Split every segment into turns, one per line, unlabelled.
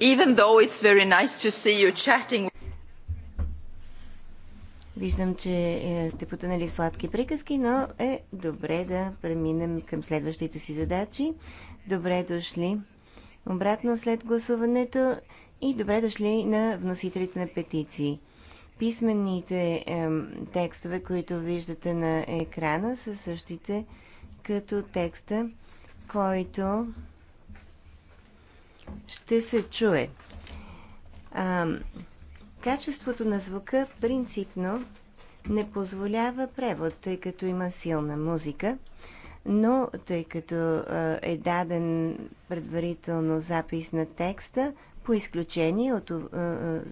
Even though it's very nice to see you chatting.
Виждам, че е, сте потънали в сладки приказки, но е добре да преминем към следващите си задачи. Добре дошли обратно след гласуването и добре дошли на вносителите на петиции. Писмените е, текстове, които виждате на екрана, са същите като текста, който ще се чуе. А, качеството на звука принципно не позволява превод, тъй като има силна музика, но тъй като е даден предварително запис на текста, по изключение от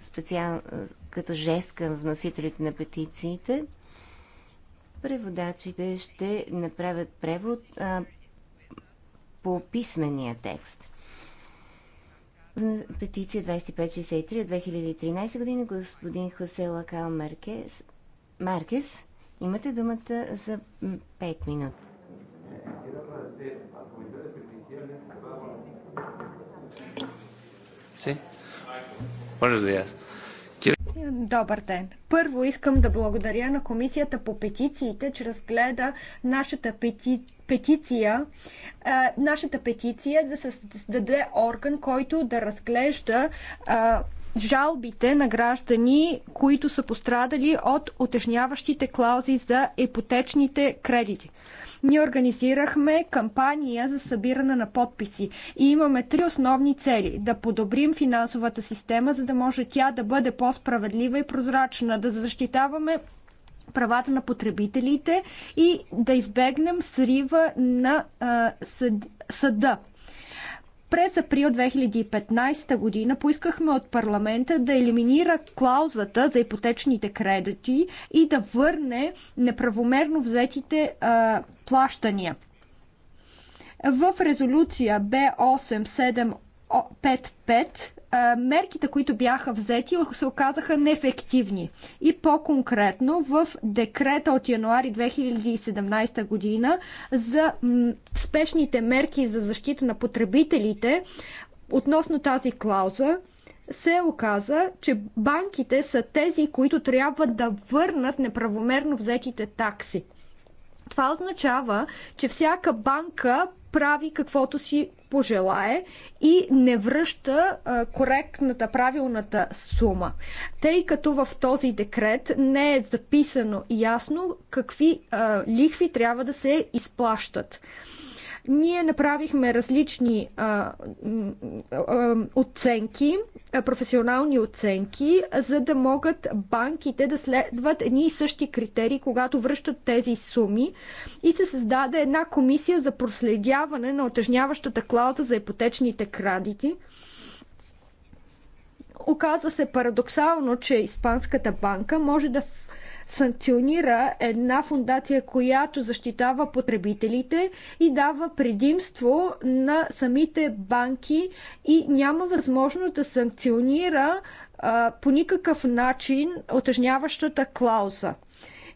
специал, като жест към вносителите на петициите, преводачите ще направят превод а, по писмения текст петиция 2563 от 2013 година господин Хосе Лакал Маркес. Маркес, имате думата за 5 минути.
Добър ден! Първо искам да благодаря на Комисията по петициите, че разгледа нашата пети петиция, нашата петиция да се създаде орган, който да разглежда жалбите на граждани, които са пострадали от утешняващите клаузи за ипотечните кредити. Ние организирахме кампания за събиране на подписи и имаме три основни цели. Да подобрим финансовата система, за да може тя да бъде по-справедлива и прозрачна, да защитаваме правата на потребителите и да избегнем срива на а, съд, съда. През април 2015 година поискахме от парламента да елиминира клаузата за ипотечните кредити и да върне неправомерно взетите а, плащания. В резолюция Б8755 мерките, които бяха взети, се оказаха неефективни. И по-конкретно в декрета от януари 2017 година за спешните мерки за защита на потребителите относно тази клауза, се оказа, че банките са тези, които трябва да върнат неправомерно взетите такси. Това означава, че всяка банка прави каквото си пожелае и не връща а, коректната, правилната сума. Тъй като в този декрет не е записано ясно какви а, лихви трябва да се изплащат. Ние направихме различни а, а, оценки, професионални оценки, за да могат банките да следват едни и същи критерии, когато връщат тези суми и се създаде една комисия за проследяване на отежняващата клауза за ипотечните кредити. Оказва се парадоксално, че Испанската банка може да санкционира една фундация, която защитава потребителите и дава предимство на самите банки и няма възможност да санкционира по никакъв начин отъжняващата клауза.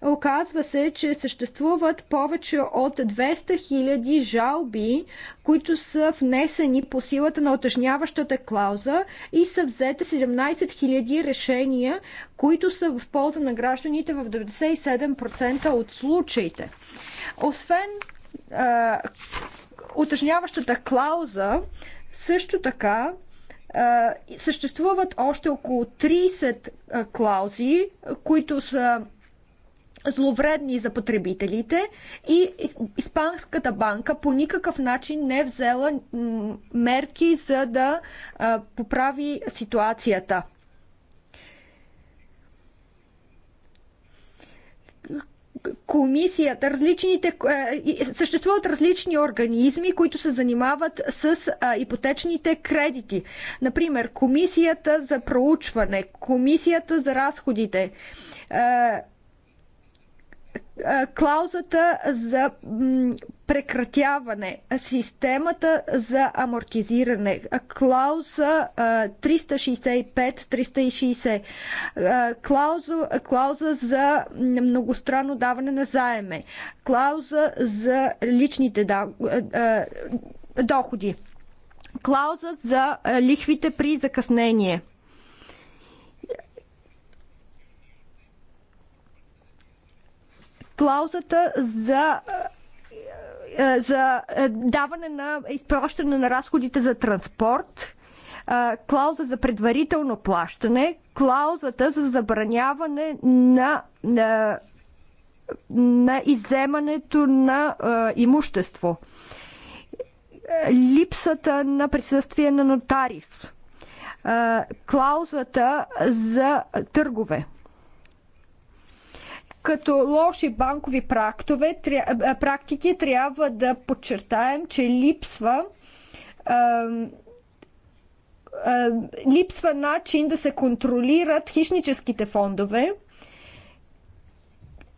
Оказва се, че съществуват повече от 200 000 жалби, които са внесени по силата на отъжняващата клауза и са взете 17 000 решения, които са в полза на гражданите в 97% от случаите. Освен а, клауза, също така съществуват още около 30 клаузи, които са зловредни за потребителите и Испанската банка по никакъв начин не е взела мерки за да поправи ситуацията. комисията, различните, е, съществуват различни организми, които се занимават с ипотечните кредити. Например, комисията за проучване, комисията за разходите, е, клаузата за прекратяване, системата за амортизиране, клауза 365-360, клауза, клауза за многостранно даване на заеме, клауза за личните доходи, клауза за лихвите при закъснение – клаузата за е, е, за е, даване на изпращане на разходите за транспорт, клауза за предварително плащане, клаузата за забраняване на, на, на изземането на а, имущество, липсата на присъствие на нотарис, а, клаузата за търгове като лоши банкови практове, тря, практики трябва да подчертаем, че липсва а, а, липсва начин да се контролират хищническите фондове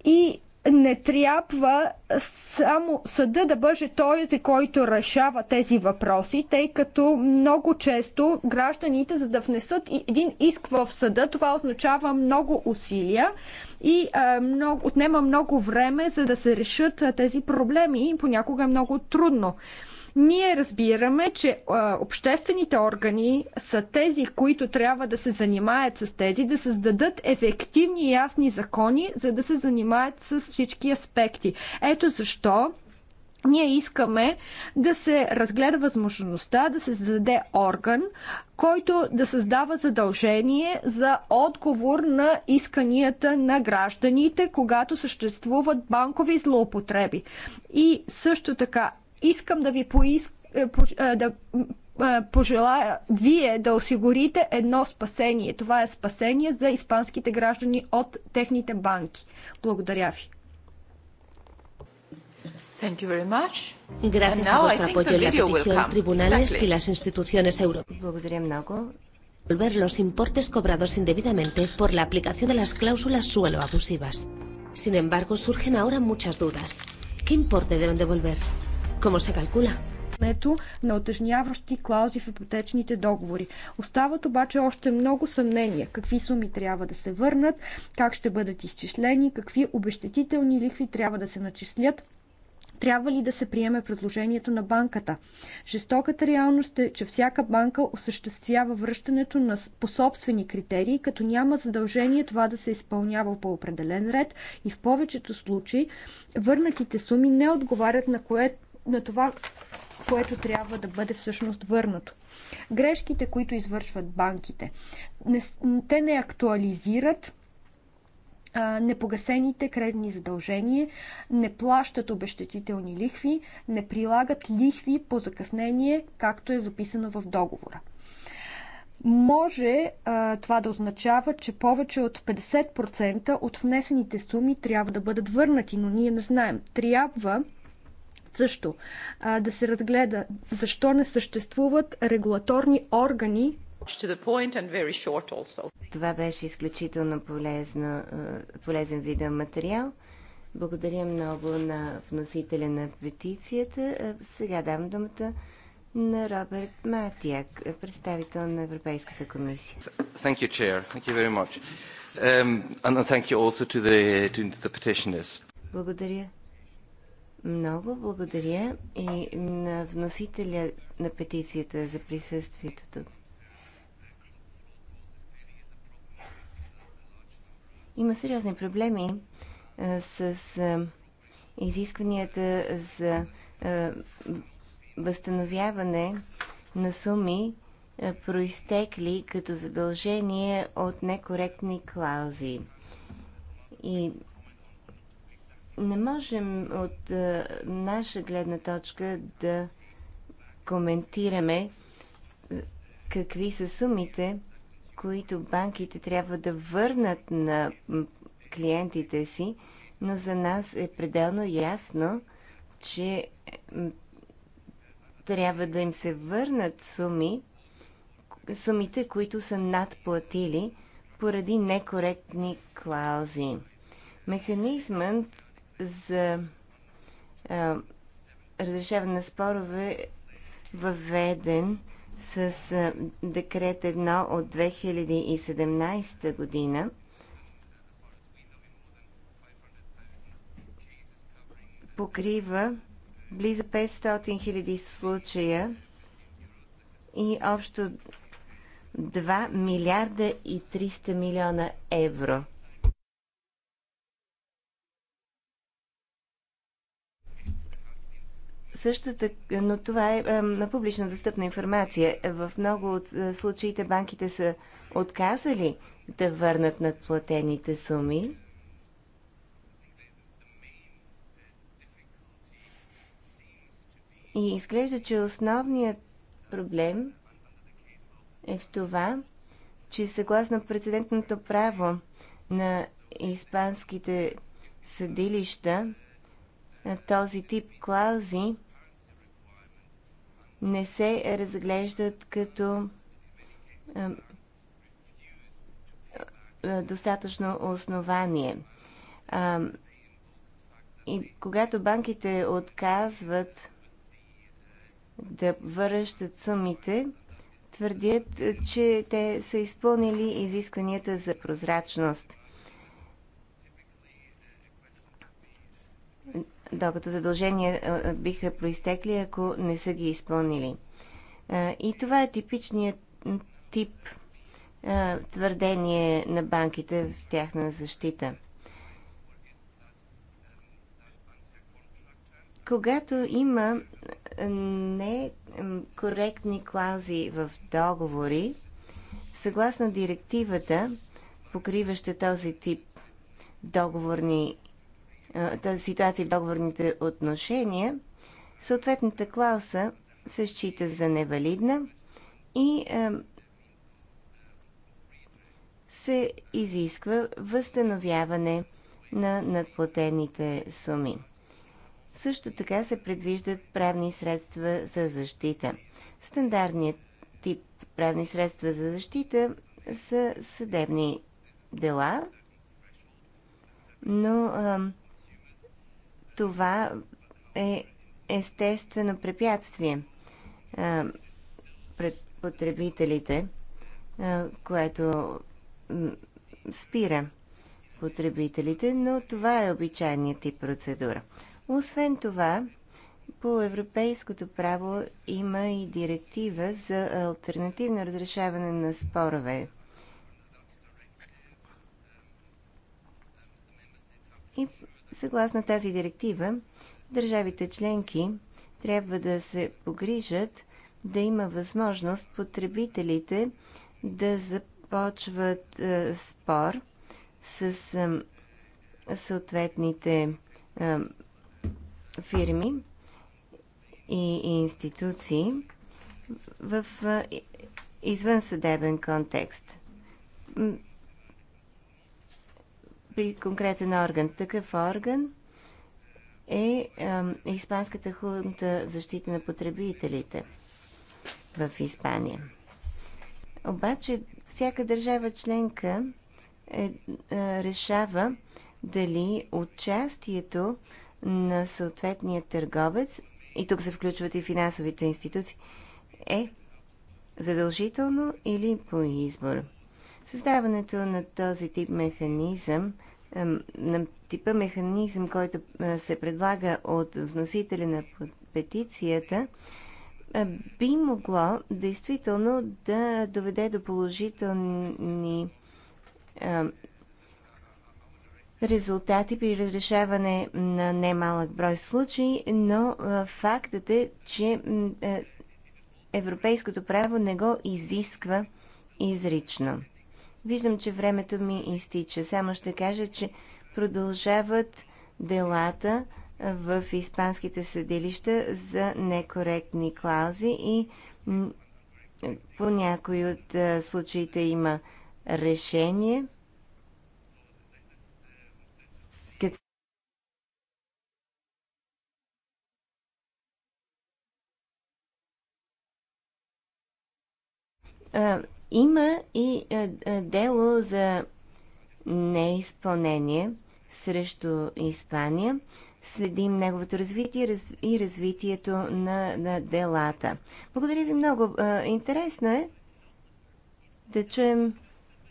и не трябва само съда да бъде този, е който решава тези въпроси, тъй като много често гражданите, за да внесат един иск в съда, това означава много усилия и е, много, отнема много време, за да се решат тези проблеми и понякога е много трудно. Ние разбираме, че а, обществените органи са тези, които трябва да се занимаят с тези, да създадат ефективни и ясни закони, за да се занимаят с всички аспекти. Ето защо ние искаме да се разгледа възможността да се зададе орган, който да създава задължение за отговор на исканията на гражданите, когато съществуват банкови злоупотреби. И също така искам да ви поиск, да пожелая вие да осигурите едно спасение. Това е спасение за испанските граждани от техните банки. Благодаря ви. Thank you very much.
Gracias a vuestro apoyo y la petición tribunales exactly. y
las instituciones europeas.
Благодаря много. Volver los importes cobrados indebidamente por la aplicación de las cláusulas
suelo abusivas. Sin embargo, surgen ahora muchas dudas. ¿Qué importe deben devolver? Como se calcula? на утежняващи клаузи в ипотечните договори. Остават обаче още много съмнения. Какви суми трябва да се върнат, как ще бъдат изчислени, какви обещетителни лихви трябва да се начислят, трябва ли да се приеме предложението на банката? Жестоката реалност е, че всяка банка осъществява връщането на по собствени критерии, като няма задължение това да се изпълнява по определен ред и в повечето случаи върнатите суми не отговарят на кое на това, което трябва да бъде всъщност върнато. Грешките, които извършват банките, не, те не актуализират а, непогасените кредитни задължения, не плащат обещетителни лихви, не прилагат лихви по закъснение, както е записано в договора може а, това да означава, че повече от 50% от внесените суми трябва да бъдат върнати, но ние не знаем. Трябва също а, да се разгледа защо не съществуват регулаторни органи. Това беше изключително полезна,
полезен видеоматериал. Благодаря много на вносителя на петицията. Сега давам думата на Роберт Матияк, представител на Европейската комисия.
Thank you, Chair. Thank you very much. Um, and
thank you also to the, to the petitioners. Благодаря много благодаря и на вносителя на петицията за присъствието тук. Има сериозни проблеми а, с а, изискванията за а, възстановяване на суми, а, проистекли като задължение от некоректни клаузи. И не можем от а, наша гледна точка да коментираме какви са сумите, които банките трябва да върнат на клиентите си, но за нас е пределно ясно, че трябва да им се върнат суми, сумите, които са надплатили поради некоректни клаузи. Механизмът за а, разрешаване на спорове въведен с декрет 1 от 2017 година. Покрива близо 500 000 случая и общо 2 милиарда и 300 милиона евро – Също така, но това е на публично достъпна информация. В много от е, случаите банките са отказали да върнат надплатените суми. И изглежда, че основният проблем е в това, че съгласно прецедентното право на испанските съдилища, е, този тип клаузи не се разглеждат като достатъчно основание. И когато банките отказват да връщат сумите, твърдят, че те са изпълнили изискванията за прозрачност. докато задължения биха проистекли, ако не са ги изпълнили. И това е типичният тип твърдение на банките в тяхна защита. Когато има некоректни клаузи в договори, съгласно директивата, покриваща този тип договорни тази ситуация в договорните отношения, съответната клауса се счита за невалидна и се изисква възстановяване на надплатените суми. Също така се предвиждат правни средства за защита. Стандартният тип правни средства за защита са съдебни дела, но това е естествено препятствие пред потребителите, което спира потребителите, но това е обичайният тип процедура. Освен това, по европейското право има и директива за альтернативно разрешаване на спорове Съгласно тази директива, държавите членки трябва да се погрижат да има възможност потребителите да започват е, спор с е, съответните е, фирми и институции в извънсъдебен контекст при конкретен орган. Такъв орган е, е Испанската хунта в защита на потребителите в Испания. Обаче всяка държава членка е, е, решава дали участието на съответния търговец, и тук се включват и финансовите институции, е задължително или по избор. Създаването на този тип механизъм на типа механизъм, който е, се предлага от вносители на петицията, е, би могло действително да доведе до положителни е, резултати при разрешаване на немалък брой случаи, но фактът е, че европейското право не го изисква изрично. Виждам, че времето ми изтича. Само ще кажа, че продължават делата в испанските съдилища за некоректни клаузи и по някои от случаите има решение. Има и е, е, дело за неизпълнение срещу Испания. Следим неговото развитие и развитието на, на делата. Благодаря ви много. Е, интересно е да чуем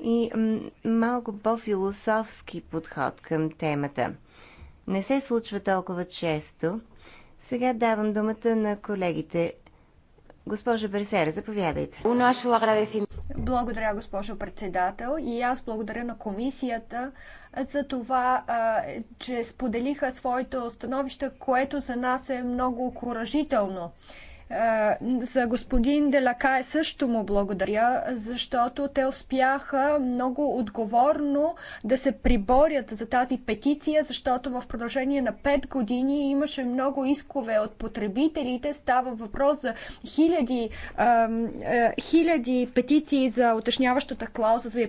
и малко по-философски подход към темата. Не се случва толкова често. Сега давам думата на колегите Госпожо Берсера, заповядайте.
Благодаря, госпожо председател. И аз благодаря на комисията за това, че споделиха своето становище, което за нас е много окоръжително. Е, за господин Делакае също му благодаря, защото те успяха много отговорно да се приборят за тази петиция, защото в продължение на 5 години имаше много искове от потребителите. Става въпрос за хиляди, е, хиляди петиции за уточняващата клауза за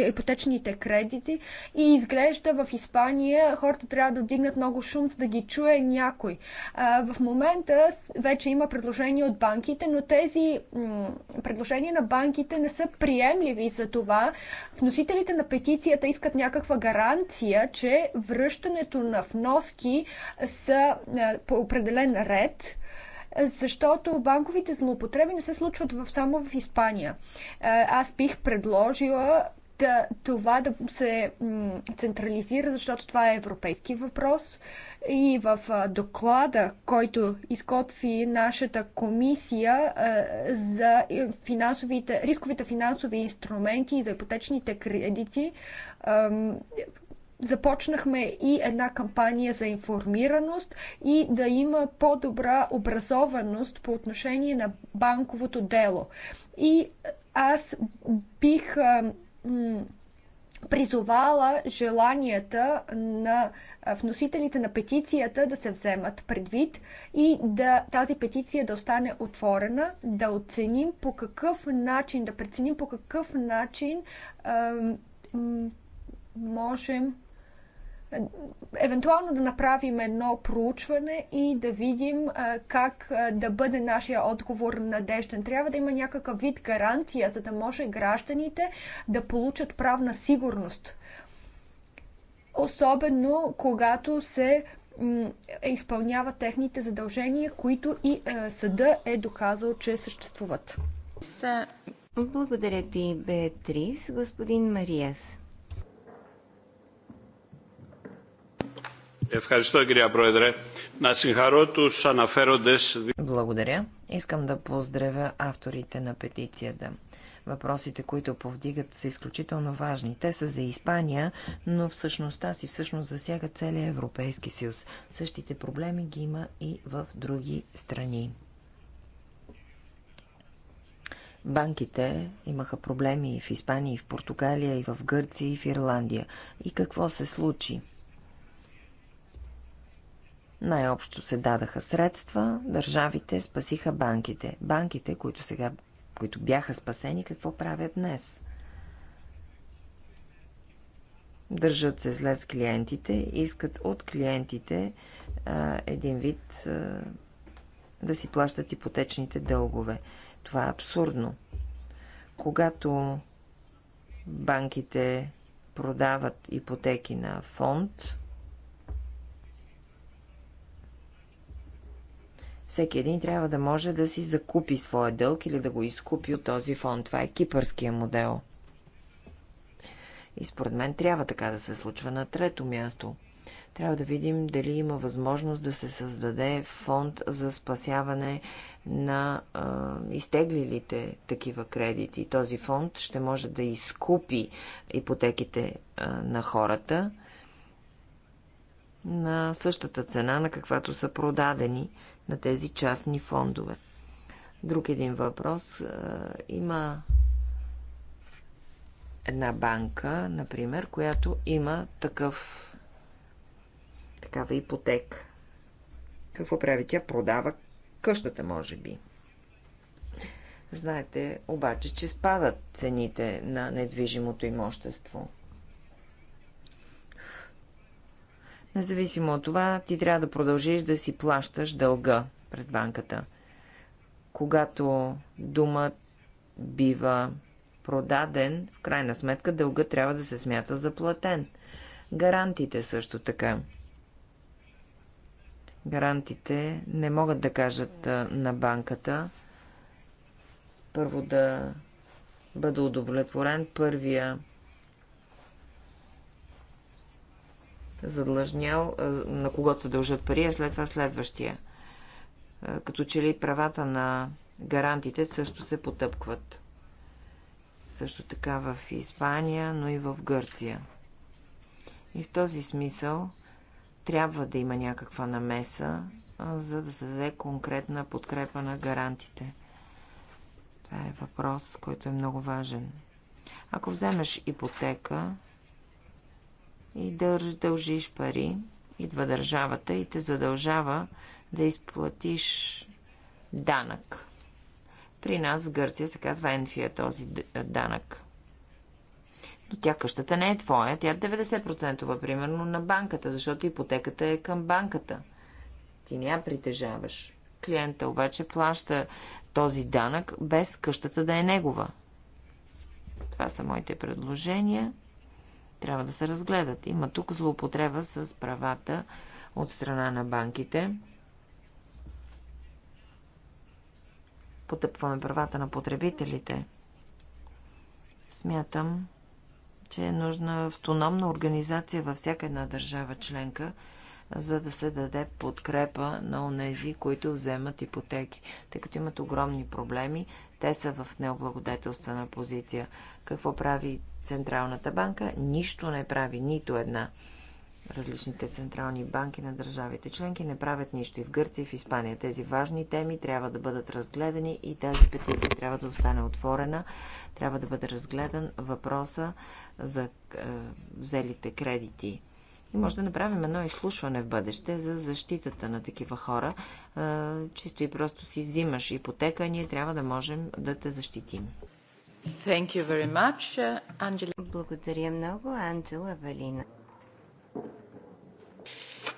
ипотечните кредити и изглежда в Испания хората трябва да вдигнат много шум, за да ги чуе някой. В момента вече има предложения от банките, но тези предложения на банките не са приемливи за това. Вносителите на петицията искат някаква гаранция, че връщането на вноски са е, по определен ред защото банковите злоупотреби не се случват в, само в Испания. Е, аз бих предложила да, това да се централизира, защото това е европейски въпрос и в доклада, който изготви нашата комисия за е, финансовите, рисковите финансови инструменти и за ипотечните кредити, започнахме и една кампания за информираност и да има по-добра образованост по отношение на банковото дело. И аз бих призовала желанията на вносителите на петицията да се вземат предвид и да тази петиция да остане отворена, да оценим по какъв начин, да преценим по какъв начин можем евентуално да направим едно проучване и да видим как да бъде нашия отговор надежден. Трябва да има някакъв вид гаранция, за да може гражданите да получат правна сигурност. Особено когато се изпълняват техните задължения, които и съда е доказал, че съществуват.
Благодаря ти, Беатрис. Господин Мариас.
Благодаря. Искам да поздравя авторите на петицията. Въпросите, които повдигат, са изключително важни. Те са за Испания, но всъщността си всъщност засяга целия Европейски съюз. Същите проблеми ги има и в други страни. Банките имаха проблеми и в Испания, и в Португалия, и в Гърция, и в Ирландия. И какво се случи? Най-общо се дадаха средства, държавите спасиха банките. Банките, които сега които бяха спасени, какво правят днес? Държат се зле с клиентите, искат от клиентите а, един вид а, да си плащат ипотечните дългове. Това е абсурдно. Когато банките продават ипотеки на фонд, Всеки един трябва да може да си закупи своя дълг или да го изкупи от този фонд. Това е кипърския модел. И според мен трябва така да се случва на трето място. Трябва да видим дали има възможност да се създаде фонд за спасяване на а, изтеглилите такива кредити. Този фонд ще може да изкупи ипотеките а, на хората на същата цена, на каквато са продадени на тези частни фондове. Друг един въпрос. Е, има една банка, например, която има такъв такава ипотека. Какво прави тя? Продава къщата, може би. Знаете обаче, че спадат цените на недвижимото имущество. Независимо от това, ти трябва да продължиш да си плащаш дълга пред банката. Когато думът бива продаден, в крайна сметка дълга трябва да се смята за платен. Гарантите също така. Гарантите не могат да кажат на банката първо да бъде удовлетворен първия задлъжнял, е, на когото се дължат пари, а след това следващия. Е, като че ли правата на гарантите също се потъпкват. Също така в Испания, но и в Гърция. И в този смисъл трябва да има някаква намеса, е, за да се даде конкретна подкрепа на гарантите. Това е въпрос, който е много важен. Ако вземеш ипотека, и дълж, дължиш пари, идва държавата и те задължава да изплатиш данък. При нас в Гърция се казва енфия е този е, данък. Но тя къщата не е твоя, тя е 90% примерно на банката, защото ипотеката е към банката. Ти не я притежаваш. Клиента обаче плаща този данък без къщата да е негова. Това са моите предложения трябва да се разгледат. Има тук злоупотреба с правата от страна на банките. Потъпваме правата на потребителите. Смятам, че е нужна автономна организация във всяка една държава членка, за да се даде подкрепа на онези, които вземат ипотеки. Тъй като имат огромни проблеми, те са в необлагодетелствена позиция. Какво прави Централната банка нищо не прави, нито една. Различните централни банки на държавите членки не правят нищо и в Гърция, и в Испания. Тези важни теми трябва да бъдат разгледани и тази петиция трябва да остане отворена. Трябва да бъде разгледан въпроса за е, взелите кредити. И може да направим едно изслушване в бъдеще за защитата на такива хора. Е, чисто и просто си взимаш ипотека, ние трябва да можем да те защитим.
Thank you very much, uh, Angela. Благодаря много, Анджела Валина.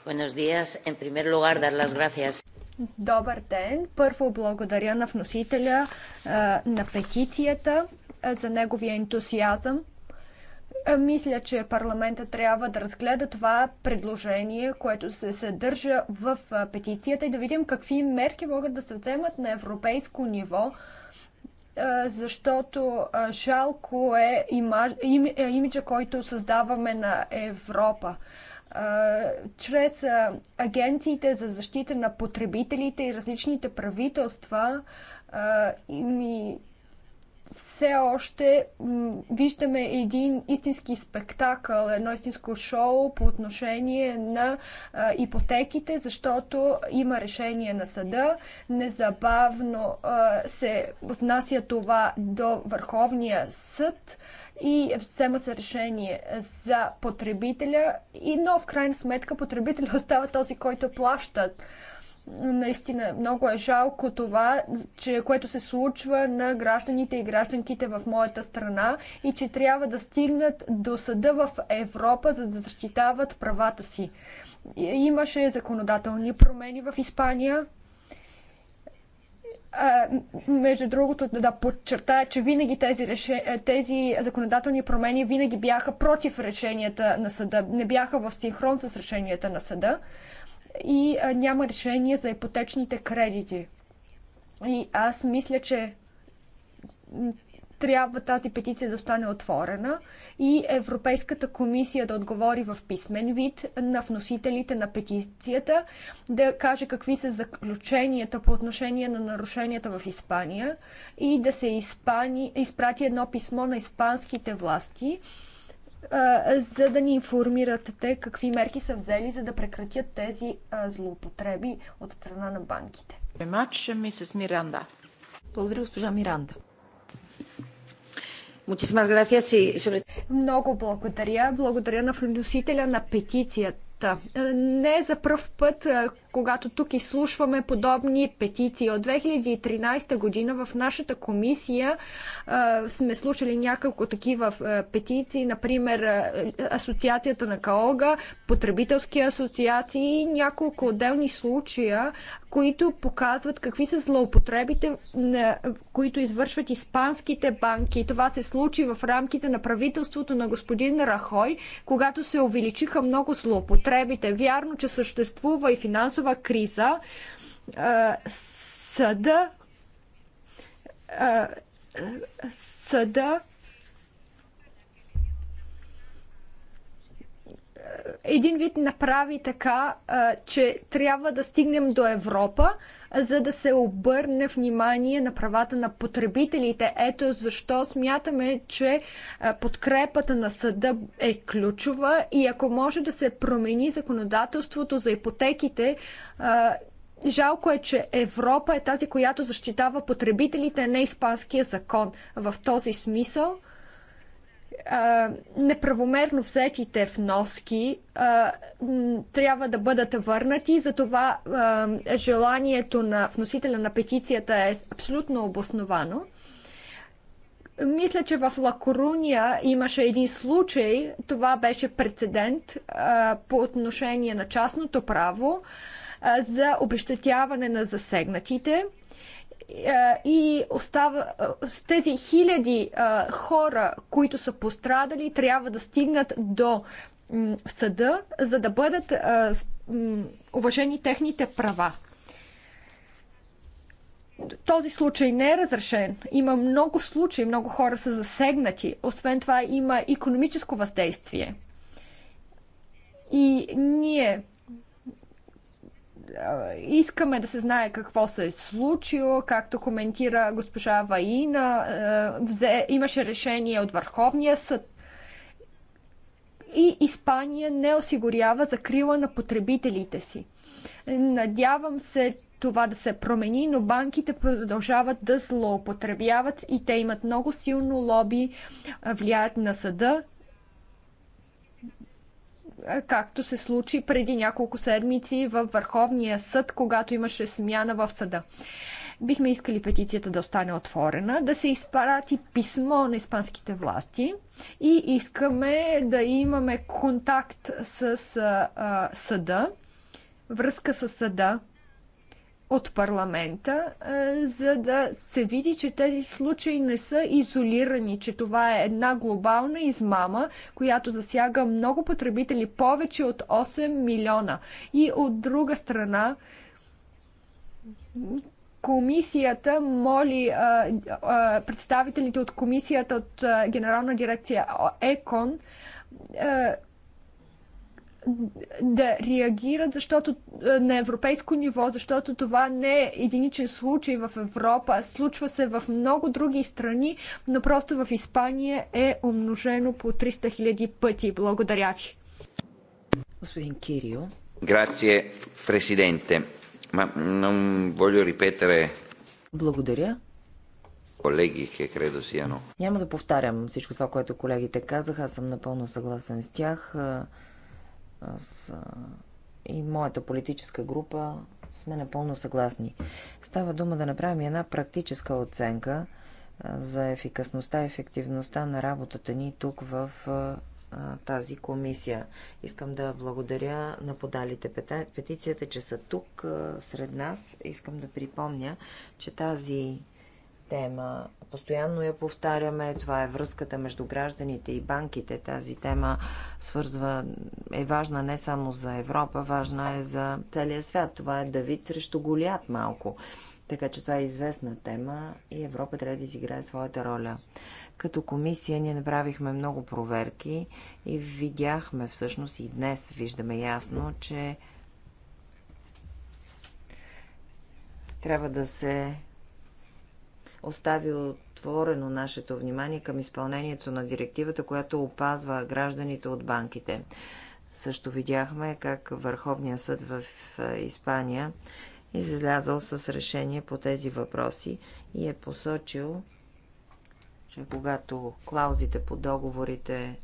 Buenos días. En primer lugar, dar las gracias.
Добър ден! Първо благодаря на вносителя на петицията за неговия ентусиазъм. Мисля, че парламента трябва да разгледа това предложение, което се съдържа в петицията и да видим какви мерки могат да се вземат на европейско ниво, защото жалко е, е имиджа, който създаваме на Европа. Чрез агенциите за защита на потребителите и различните правителства ми все още виждаме един истински спектакъл, едно истинско шоу по отношение на а, ипотеките, защото има решение на съда. Незабавно а, се отнася това до Върховния съд и взема се решение за потребителя, и, но в крайна сметка потребителя остава този, който плащат. Наистина много е жалко това, че, което се случва на гражданите и гражданките в моята страна и че трябва да стигнат до съда в Европа, за да защитават правата си. Имаше законодателни промени в Испания, между другото, да подчертая, че винаги тези, реше... Е, тези законодателни промени винаги бяха против решенията на съда, не бяха в синхрон с решенията на съда и а, няма решение за ипотечните кредити. И аз мисля, че трябва тази петиция да стане отворена и Европейската комисия да отговори в писмен вид на вносителите на петицията, да каже какви са заключенията по отношение на нарушенията в Испания и да се изпани, изпрати едно писмо на испанските власти, за да ни информират те какви мерки са взели, за да прекратят тези злоупотреби от страна на банките. Благодаря, госпожа Миранда. Много благодаря. Благодаря на вносителя на петицията. Не е за първ път когато тук изслушваме подобни петиции. От 2013 година в нашата комисия а, сме слушали няколко такива а, петиции, например Асоциацията на Каога, потребителски асоциации, и няколко отделни случая, които показват какви са злоупотребите, които извършват испанските банки. Това се случи в рамките на правителството на господин Рахой, когато се увеличиха много злоупотребите. Вярно, че съществува и финансово финансова криза съда съда един вид направи така, че трябва да стигнем до Европа, за да се обърне внимание на правата на потребителите. Ето защо смятаме, че е, подкрепата на съда е ключова и ако може да се промени законодателството за ипотеките, е, Жалко е, че Европа е тази, която защитава потребителите, а не испанския закон. В този смисъл неправомерно взетите вноски а, трябва да бъдат върнати. Затова а, желанието на вносителя на петицията е абсолютно обосновано. Мисля, че в Лакоруния имаше един случай, това беше прецедент а, по отношение на частното право а, за обещатяване на засегнатите – е, и остава, е, тези хиляди е, хора, които са пострадали, трябва да стигнат до съда, за да бъдат уважени техните права. Този случай не е разрешен. Има много случаи, много хора са засегнати. Освен това има економическо въздействие. И ние искаме да се знае какво се е случило, както коментира госпожа Ваина, е, взе, имаше решение от Върховния съд и Испания не осигурява закрила на потребителите си. Надявам се това да се промени, но банките продължават да злоупотребяват и те имат много силно лоби, влияят на съда е, както се случи преди няколко седмици в Върховния съд, когато имаше смяна в съда. Бихме искали петицията да остане отворена, да се изпарати писмо на испанските власти и искаме да имаме контакт с а, съда, връзка с съда, от парламента, е, за да се види, че тези случаи не са изолирани, че това е една глобална измама, която засяга много потребители, повече от 8 милиона. И от друга страна, комисията моли е, е, представителите от комисията от Генерална дирекция ЕКОН да реагират защото, е, на европейско ниво, защото това не е единичен случай в Европа. Случва се в много други страни, но просто в Испания е умножено по 300 000 пъти. Благодаря ви.
Господин Кирио. Грация, президенте. Ма, Благодаря.
Колеги, che credo
Няма да повтарям всичко това, което колегите казаха. Аз съм напълно съгласен с тях. Аз и моята политическа група сме напълно съгласни. Става дума да направим една практическа оценка за ефикасността и ефективността на работата ни тук в тази комисия. Искам да благодаря на подалите петицията, че са тук сред нас. Искам да припомня, че тази тема Постоянно я повтаряме. Това е връзката между гражданите и банките. Тази тема свързва, е важна не само за Европа, важна е за целия свят. Това е Давид срещу Голят малко. Така че това е известна тема и Европа трябва да изиграе своята роля. Като комисия ние направихме много проверки и видяхме всъщност и днес виждаме ясно, че трябва да се остави отворено нашето внимание към изпълнението на директивата, която опазва гражданите от банките. Също видяхме как Върховния съд в е, Испания излязал с решение по тези въпроси и е посочил, че когато клаузите по договорите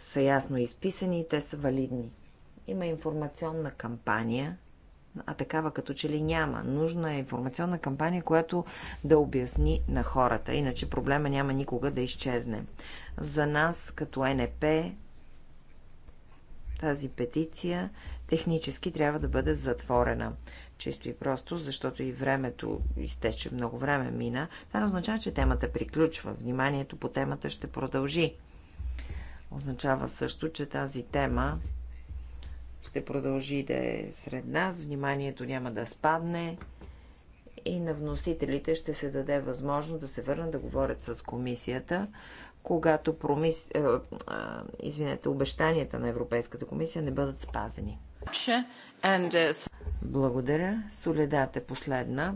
са ясно изписани и те са валидни. Има информационна кампания, а такава като че ли няма. Нужна е информационна кампания, която да обясни на хората. Иначе проблема няма никога да изчезне. За нас, като НП, тази петиция технически трябва да бъде затворена. Чисто и просто, защото и времето изтече, много време мина. Това не означава, че темата приключва. Вниманието по темата ще продължи. Означава също, че тази тема ще продължи да е сред нас, вниманието няма да спадне и на вносителите ще се даде възможност да се върнат да говорят с комисията, когато промис... Е, извинете, обещанията на Европейската комисия не бъдат спазени. Е, Благодаря. Соледата е последна.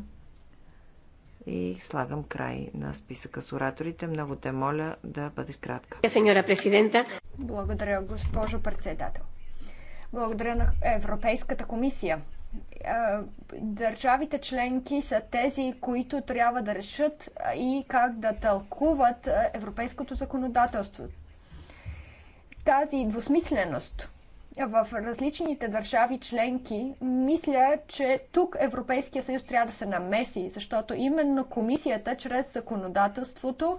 И слагам край на списъка с ораторите. Много те моля да бъдеш кратка.
Благодаря, госпожо председател. Благодаря на Европейската комисия. Държавите членки са тези, които трябва да решат и как да тълкуват европейското законодателство. Тази двусмисленост – в различните държави членки, мисля, че тук Европейския съюз трябва да се намеси, защото именно комисията чрез законодателството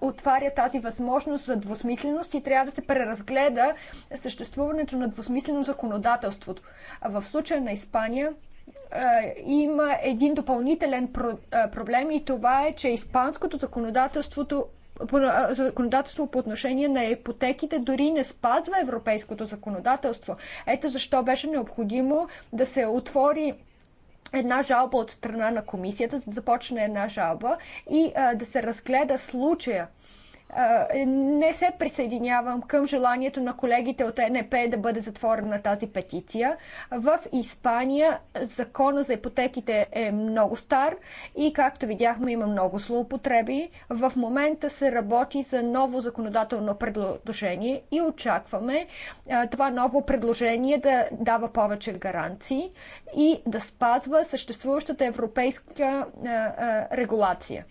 отваря тази възможност за двусмисленост и трябва да се преразгледа съществуването на двусмислено законодателството. В случая на Испания има един допълнителен проблем и това е, че испанското законодателството законодателство по отношение на ипотеките дори не спазва европейското законодателство. Ето защо беше необходимо да се отвори една жалба от страна на комисията, за да започне една жалба и а, да се разгледа случая не се присъединявам към желанието на колегите от НП да бъде затворена тази петиция. В Испания закона за ипотеките е много стар и, както видяхме, има много злоупотреби. В момента се работи за ново законодателно предложение и очакваме това ново предложение да дава повече гаранции и да спазва съществуващата европейска регулация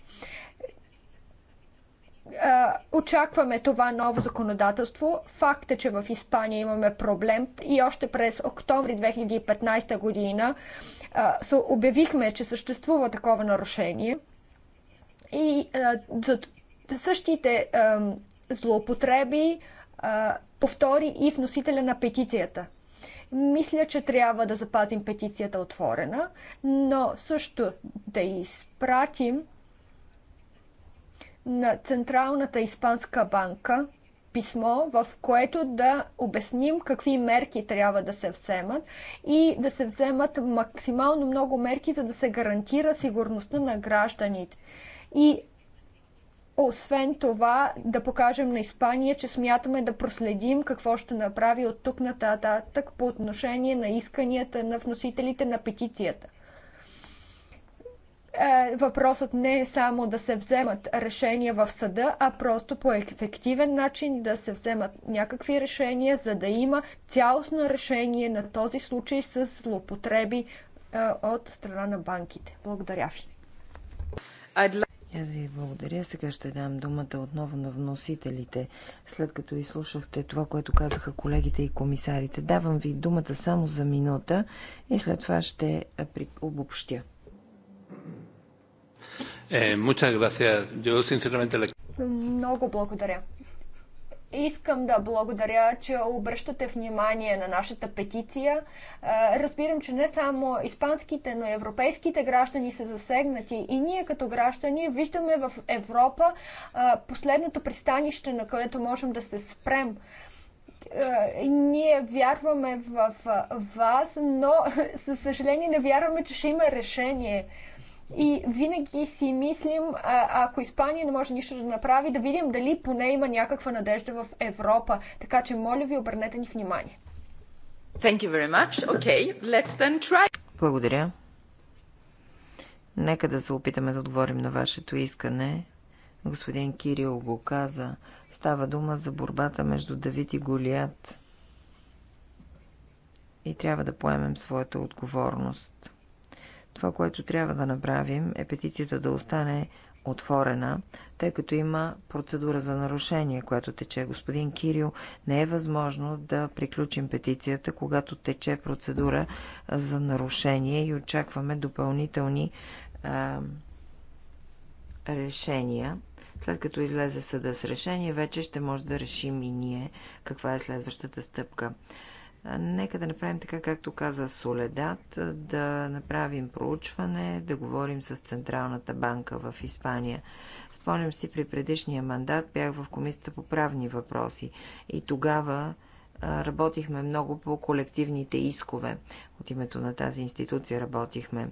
очакваме това ново законодателство. Факт е, че в Испания имаме проблем и още през октомври 2015 година се обявихме, че съществува такова нарушение. И за същите злоупотреби повтори и вносителя на петицията. Мисля, че трябва да запазим петицията отворена, но също да изпратим на Централната испанска банка писмо, в което да обясним какви мерки трябва да се вземат и да се вземат максимално много мерки, за да се гарантира сигурността на гражданите. И освен това, да покажем на Испания, че смятаме да проследим какво ще направи от тук нататък по отношение на исканията на вносителите на петицията. Е, въпросът не е само да се вземат решения в съда, а просто по ефективен начин да се вземат някакви решения, за да има цялостно решение на този случай с злоупотреби е, от страна на банките. Благодаря ви.
Аз ви благодаря. Сега ще дам думата отново на вносителите, след като изслушахте това, което казаха колегите и комисарите. Давам ви думата само за минута и след това ще обобщя.
Е,
Много благодаря. Искам да благодаря, че обръщате внимание на нашата петиция. Е, разбирам, че не само испанските, но и европейските граждани са засегнати. И ние като граждани виждаме в Европа е, последното пристанище, на което можем да се спрем ние вярваме в вас, но със съжаление не вярваме, че ще има решение. И винаги си мислим, ако Испания не може нищо да направи, да видим дали поне има някаква надежда в Европа. Така че, моля ви, обърнете ни внимание.
Thank you very much. Okay, let's then try.
Благодаря. Нека да се опитаме да отговорим на вашето искане. Господин Кирил го каза. Става дума за борбата между Давид и Голият. И трябва да поемем своята отговорност. Това, което трябва да направим, е петицията да остане отворена, тъй като има процедура за нарушение, която тече. Господин Кирил, не е възможно да приключим петицията, когато тече процедура за нарушение и очакваме допълнителни а, решения. След като излезе съда с решение, вече ще може да решим и ние каква е следващата стъпка. Нека да направим така, както каза Соледат, да направим проучване, да говорим с Централната банка в Испания. Спомням си, при предишния мандат бях в Комисията по правни въпроси и тогава работихме много по колективните искове. От името на тази институция работихме.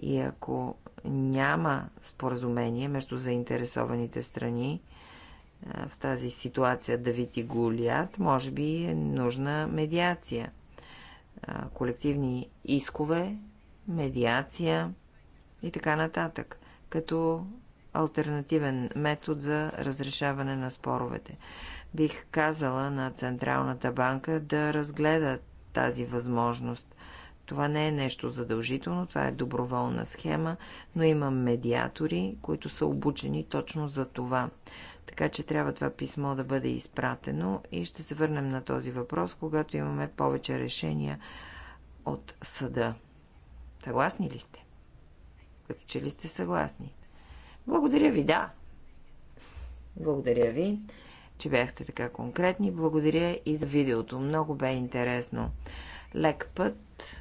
И ако няма споразумение между заинтересованите страни, в тази ситуация Давид и Голият, може би е нужна медиация. Колективни искове, медиация и така нататък, като альтернативен метод за разрешаване на споровете. Бих казала на Централната банка да разгледа тази възможност. Това не е нещо задължително, това е доброволна схема, но има медиатори, които са обучени точно за това. Така че трябва това писмо да бъде изпратено и ще се върнем на този въпрос, когато имаме повече решения от съда. Съгласни ли сте? Като че ли сте съгласни? Благодаря ви, да. Благодаря ви, че бяхте така конкретни. Благодаря и за видеото. Много бе интересно. Лек път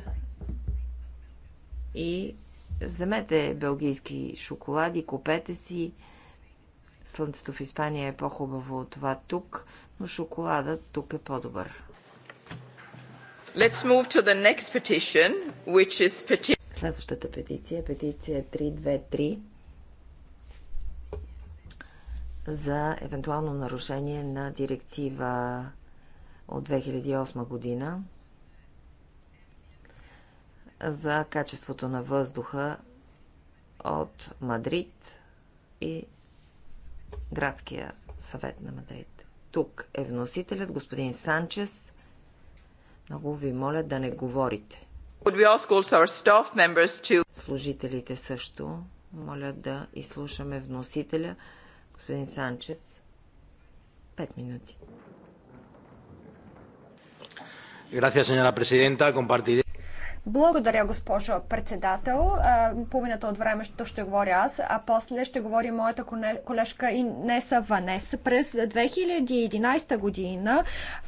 и вземете белгийски шоколади, купете си. Слънцето в Испания е по-хубаво от това тук, но шоколадът тук е по-добър. Let's move to the next petition, which is Следващата петиция, е петиция 323 за евентуално нарушение на директива от 2008 година за качеството на въздуха от Мадрид и градския съвет на Мадрид. Тук е вносителят, господин Санчес. Много ви моля да не говорите. Служителите също моля да изслушаме вносителя, господин Санчес. Пет
минути. Gracias, señora presidenta. Compartiré
благодаря, госпожо председател. Половината от времето ще говоря аз, а после ще говори моята колежка Инеса Ванес. През 2011 година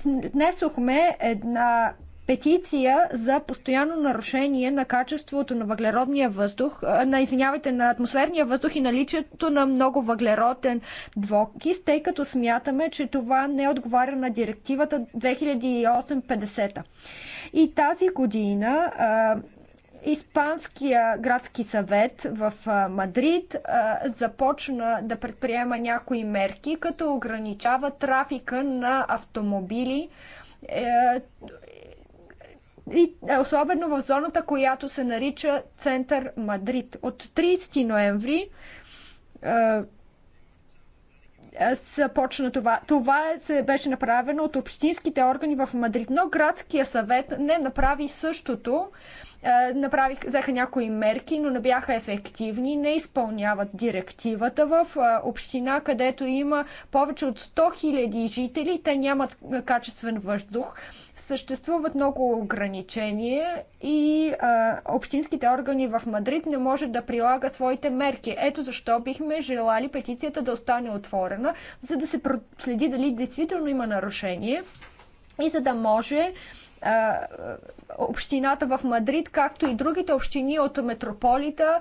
внесохме една петиция за постоянно нарушение на качеството на въглеродния въздух, на извинявайте, на атмосферния въздух и наличието на много въглероден двокис, тъй като смятаме, че това не отговаря на директивата 2008-50. И тази година а, Испанския градски съвет в Мадрид а, започна да предприема някои мерки, като ограничава трафика на автомобили е, и е, особено в зоната, която се нарича Център Мадрид. От 30 ноември започна е, е, това. Това се беше направено от общинските органи в Мадрид, но градския съвет не направи същото. Направих, взеха някои мерки, но не бяха ефективни, не изпълняват директивата в община, където има повече от 100 000 жители, те нямат качествен въздух. Съществуват много ограничения и а, общинските органи в Мадрид не може да прилагат своите мерки. Ето защо бихме желали петицията да остане отворена, за да се следи дали действително има нарушение и за да може а, общината в Мадрид, както и другите общини от метрополита,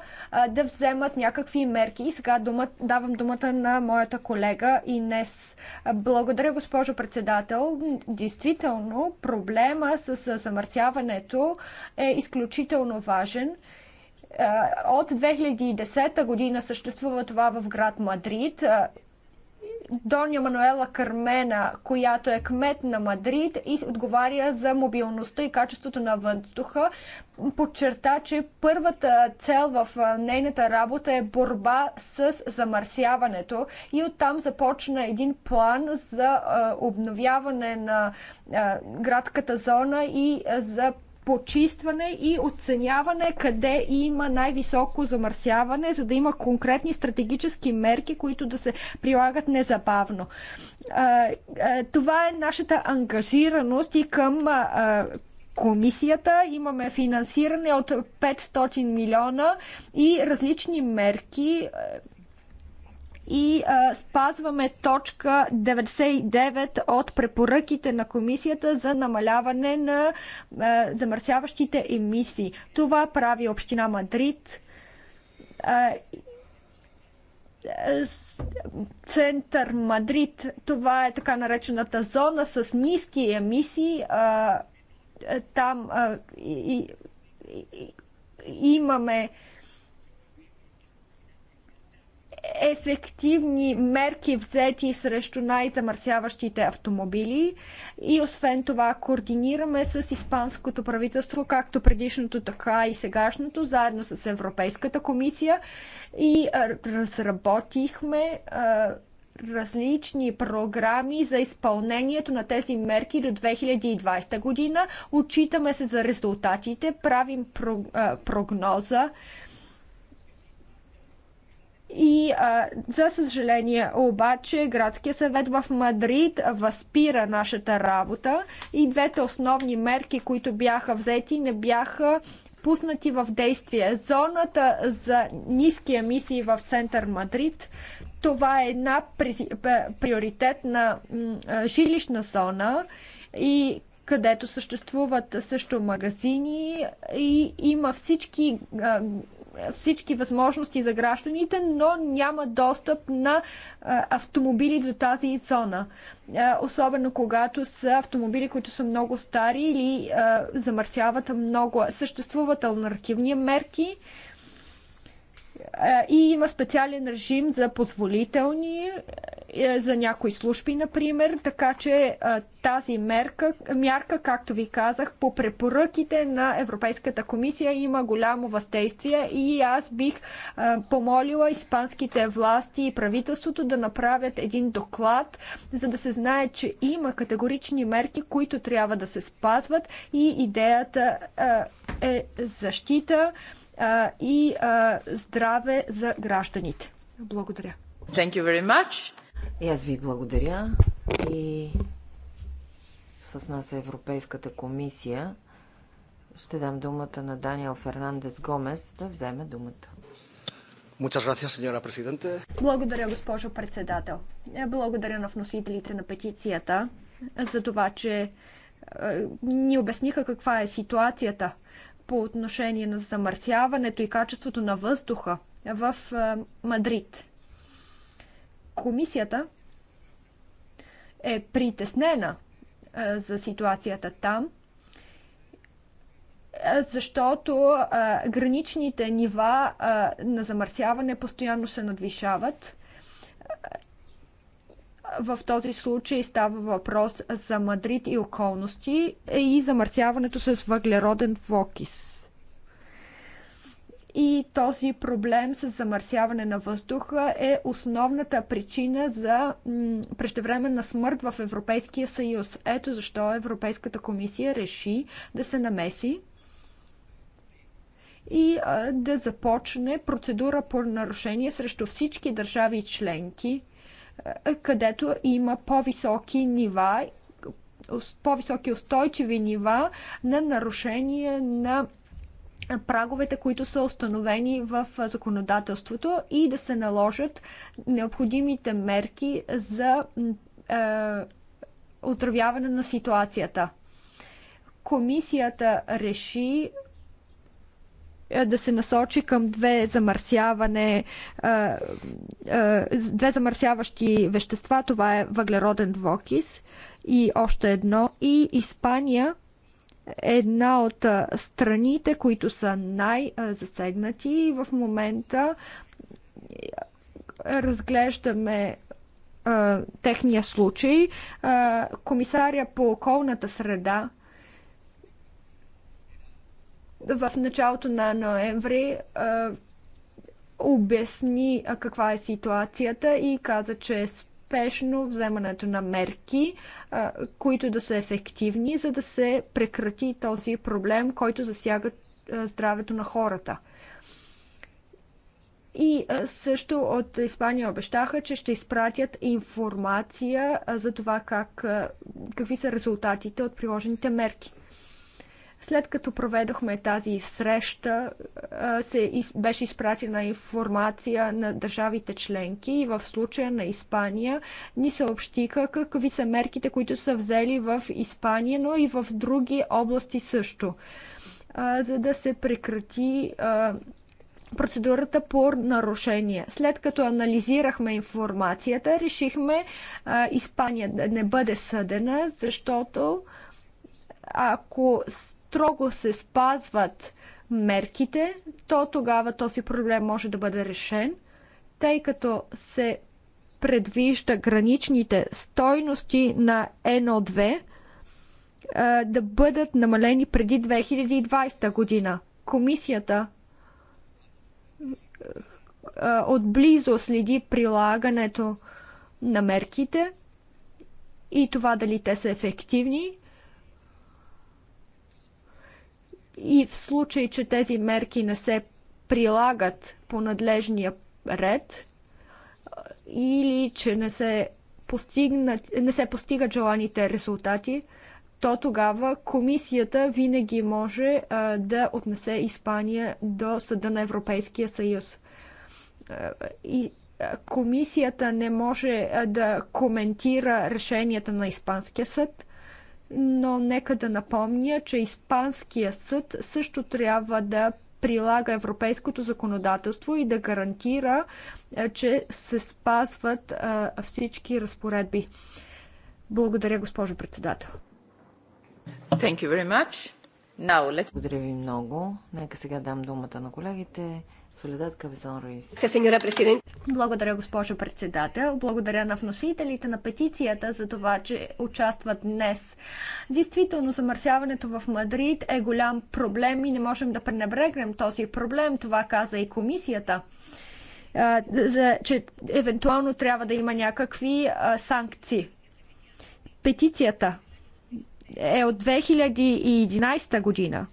да вземат някакви мерки. И сега дума, давам думата на моята колега Инес. Благодаря, госпожо председател. Действително, проблема с замърсяването е изключително важен. От 2010 година съществува това в град Мадрид. Доня Мануела Кармена, която е кмет на Мадрид и отговаря за мобилността и качеството на въздуха, подчерта, че първата цел в нейната работа е борба с замърсяването и оттам започна един план за обновяване на градската зона и за почистване и оценяване къде има най-високо замърсяване, за да има конкретни стратегически мерки, които да се прилагат незабавно. Това е нашата ангажираност и към комисията. Имаме финансиране от 500 милиона и различни мерки и а, спазваме точка 99 от препоръките на комисията за намаляване на а, замърсяващите емисии. Това прави община Мадрид. А, център Мадрид. Това е така наречената зона с ниски емисии. А, там а, и, и, и, имаме а, ефективни мерки взети срещу най-замърсяващите автомобили и освен това координираме с испанското правителство, както предишното, така и сегашното, заедно с Европейската комисия и разработихме различни програми за изпълнението на тези мерки до 2020 година. Отчитаме се за резултатите, правим прогноза и а, за съжаление обаче градския съвет в Мадрид възпира нашата работа и двете основни мерки, които бяха взети, не бяха пуснати в действие. Зоната за ниски емисии в център Мадрид това е една приоритетна жилищна зона и където съществуват също магазини и има всички е, всички възможности за гражданите, но няма достъп на е, автомобили до тази зона. Е, особено когато са автомобили, които са много стари или замърсяват много. Съществуват альтернативни мерки, и има специален режим за позволителни е, за някои служби, например, така че тази мерка, мярка, както ви казах, по препоръките на Европейската комисия има голямо въздействие и аз бих помолила испанските власти и правителството да направят един доклад, за да се знае, че има категорични мерки, които трябва да се спазват и идеята е защита а, и а, здраве за гражданите. Благодаря.
Thank you very much. И аз ви благодаря. И с нас е Европейската комисия. Ще дам думата на Даниел Фернандес Гомес да вземе думата.
Благодаря, госпожо председател. Е, благодаря на вносителите на петицията за това, че е, ни обясниха каква е ситуацията по отношение на замърсяването и качеството на въздуха в е, Мадрид. Комисията е притеснена е, за ситуацията там, е, защото граничните нива на замърсяване постоянно се надвишават в този случай става въпрос за Мадрид и околности и замърсяването с въглероден двокис. И този проблем с замърсяване на въздуха е основната причина за преждевременна смърт в Европейския съюз. Ето защо Европейската комисия реши да се намеси и да започне процедура по нарушение срещу всички държави и членки, е, където има по-високи нива, по-високи устойчиви нива на нарушение на праговете, които са установени в законодателството и да се наложат необходимите мерки за е, отравяване на ситуацията. Комисията реши е, да се насочи към две замърсяване, е, е, две замърсяващи вещества. Това е въглероден двокис и още едно. И Испания е една от страните, които са най-засегнати в момента разглеждаме техния случай. комисаря по околната среда в началото на ноември обясни каква е ситуацията и каза, че е спешно вземането на мерки, които да са ефективни, за да се прекрати този проблем, който засяга здравето на хората. И също от Испания обещаха, че ще изпратят информация за това как, какви са резултатите от приложените мерки. След като проведохме тази среща, се беше изпратена информация на държавите членки и в случая на Испания ни съобщиха какви са мерките, които са взели в Испания, но и в други области също, за да се прекрати процедурата по нарушение. След като анализирахме информацията, решихме а, Испания да не бъде съдена, защото ако строго се спазват мерките, то тогава този проблем може да бъде решен, тъй като се предвижда граничните стойности на НО2 да бъдат намалени преди 2020 година. Комисията отблизо следи прилагането на мерките и това дали те са ефективни и в случай, че тези мерки не се прилагат по надлежния ред или че не се, постигнат, не се постигат желаните резултати, то тогава комисията винаги може а, да отнесе Испания до Съда на Европейския съюз. и комисията не може да коментира решенията на Испанския съд – но нека да напомня, че Испанския съд също трябва да прилага европейското законодателство и да гарантира, е, че се спазват е, всички разпоредби. Благодаря, госпожо председател.
Благодаря ви много. Нека сега дам думата на колегите. Соледат Кабезон Руис.
Благодаря, госпожо председател. Благодаря на вносителите на петицията за това, че участват днес. Действително, замърсяването в Мадрид е голям проблем и не можем да пренебрегнем този проблем. Това каза и комисията за, че евентуално трябва да има някакви а, санкции. Петицията е от 2011 година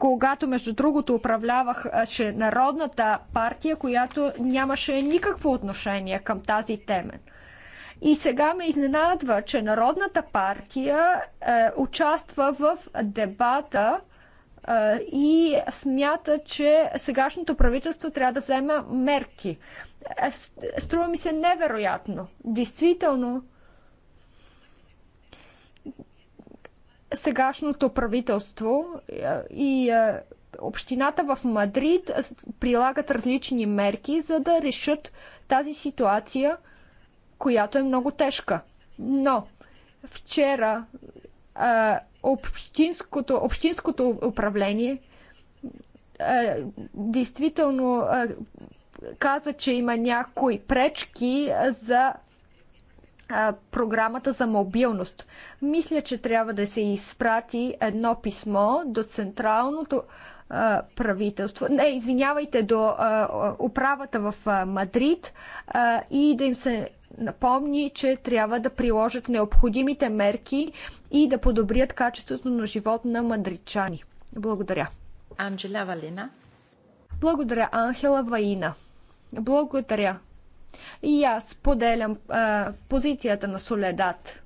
когато между другото управляваше Народната партия, която нямаше никакво отношение към тази тема. И сега ме изненадва, че Народната партия е, участва в дебата е, и смята, че сегашното правителство трябва да взема мерки. Е, струва ми се невероятно. Действително, сегашното правителство е, и е, общината в Мадрид прилагат различни мерки, за да решат тази ситуация, която е много тежка. Но вчера е, общинското, общинското управление действително каза, че има някои пречки за програмата за мобилност. Мисля, че трябва да се изпрати едно писмо до Централното правителство, не, извинявайте, до управата в Мадрид и да им се напомни, че трябва да приложат необходимите мерки и да подобрят качеството на живот на мадричани. Благодаря.
Анджела Валина.
Благодаря, Анхела Ваина. Благодаря. И аз поделям а, позицията на Соледат.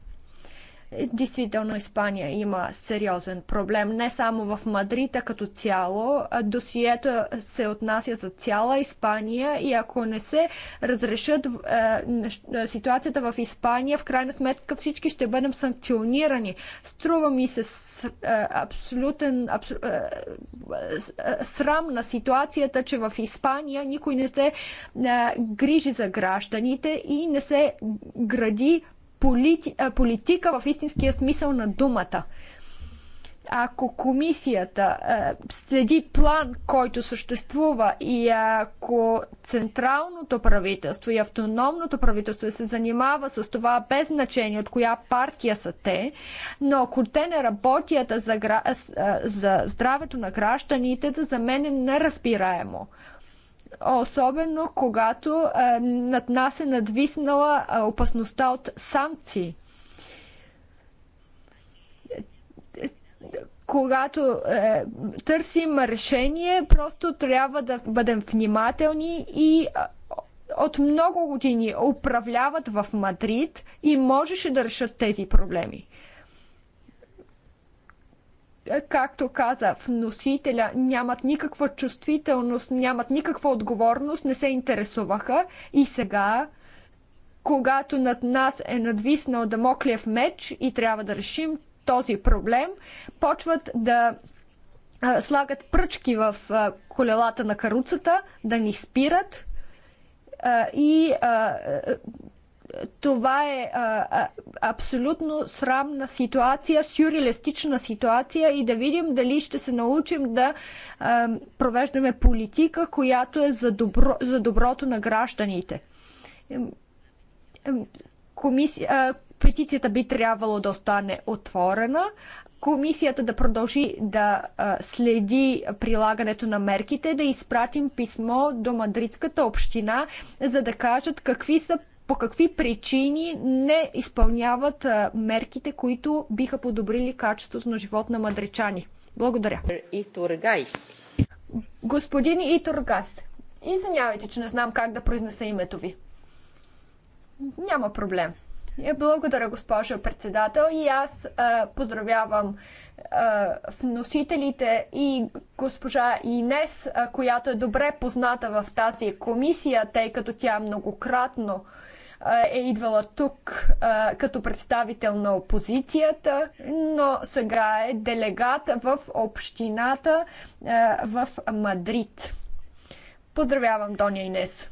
Действително Испания има сериозен проблем. Не само в Мадрид, а като цяло. Досието се отнася за цяла Испания и ако не се разрешат е, ситуацията в Испания, в крайна сметка всички ще бъдем санкционирани. Струва ми се абсолютен абсу... срам на ситуацията, че в Испания никой не се грижи за гражданите и не се гради полити, политика в истинския смисъл на думата. Ако комисията следи план, който съществува и ако централното правителство и автономното правителство се занимава с това без значение от коя партия са те, но ако те не работят за, за здравето на гражданите, за мен е неразбираемо особено когато над нас е надвиснала опасността от санкции. Когато е, търсим решение, просто трябва да бъдем внимателни и от много години управляват в Мадрид и можеше да решат тези проблеми. Е, както каза вносителя, нямат никаква чувствителност, нямат никаква отговорност, не се интересуваха и сега когато над нас е надвиснал Дамоклев меч и трябва да решим този проблем, почват да слагат пръчки в колелата на каруцата, да ни спират и това е а, а, абсолютно срамна ситуация, сюрреалистична ситуация и да видим дали ще се научим да а, провеждаме политика, която е за, добро, за доброто на гражданите. Комисия, а, петицията би трябвало да остане отворена, комисията да продължи да следи прилагането на мерките, да изпратим писмо до Мадридската община, за да кажат какви са по какви причини не изпълняват мерките, които биха подобрили качеството на живот на мадричани. Благодаря. Итургайс. Господин Итургайс, извинявайте, че не знам как да произнеса името ви. Няма проблем. Е, благодаря, госпожо председател. И аз а, поздравявам а, вносителите и госпожа Инес, а, която е добре позната в тази комисия, тъй като тя многократно е идвала тук като представител на опозицията, но сега е делегат в общината в Мадрид. Поздравявам Доня Инес!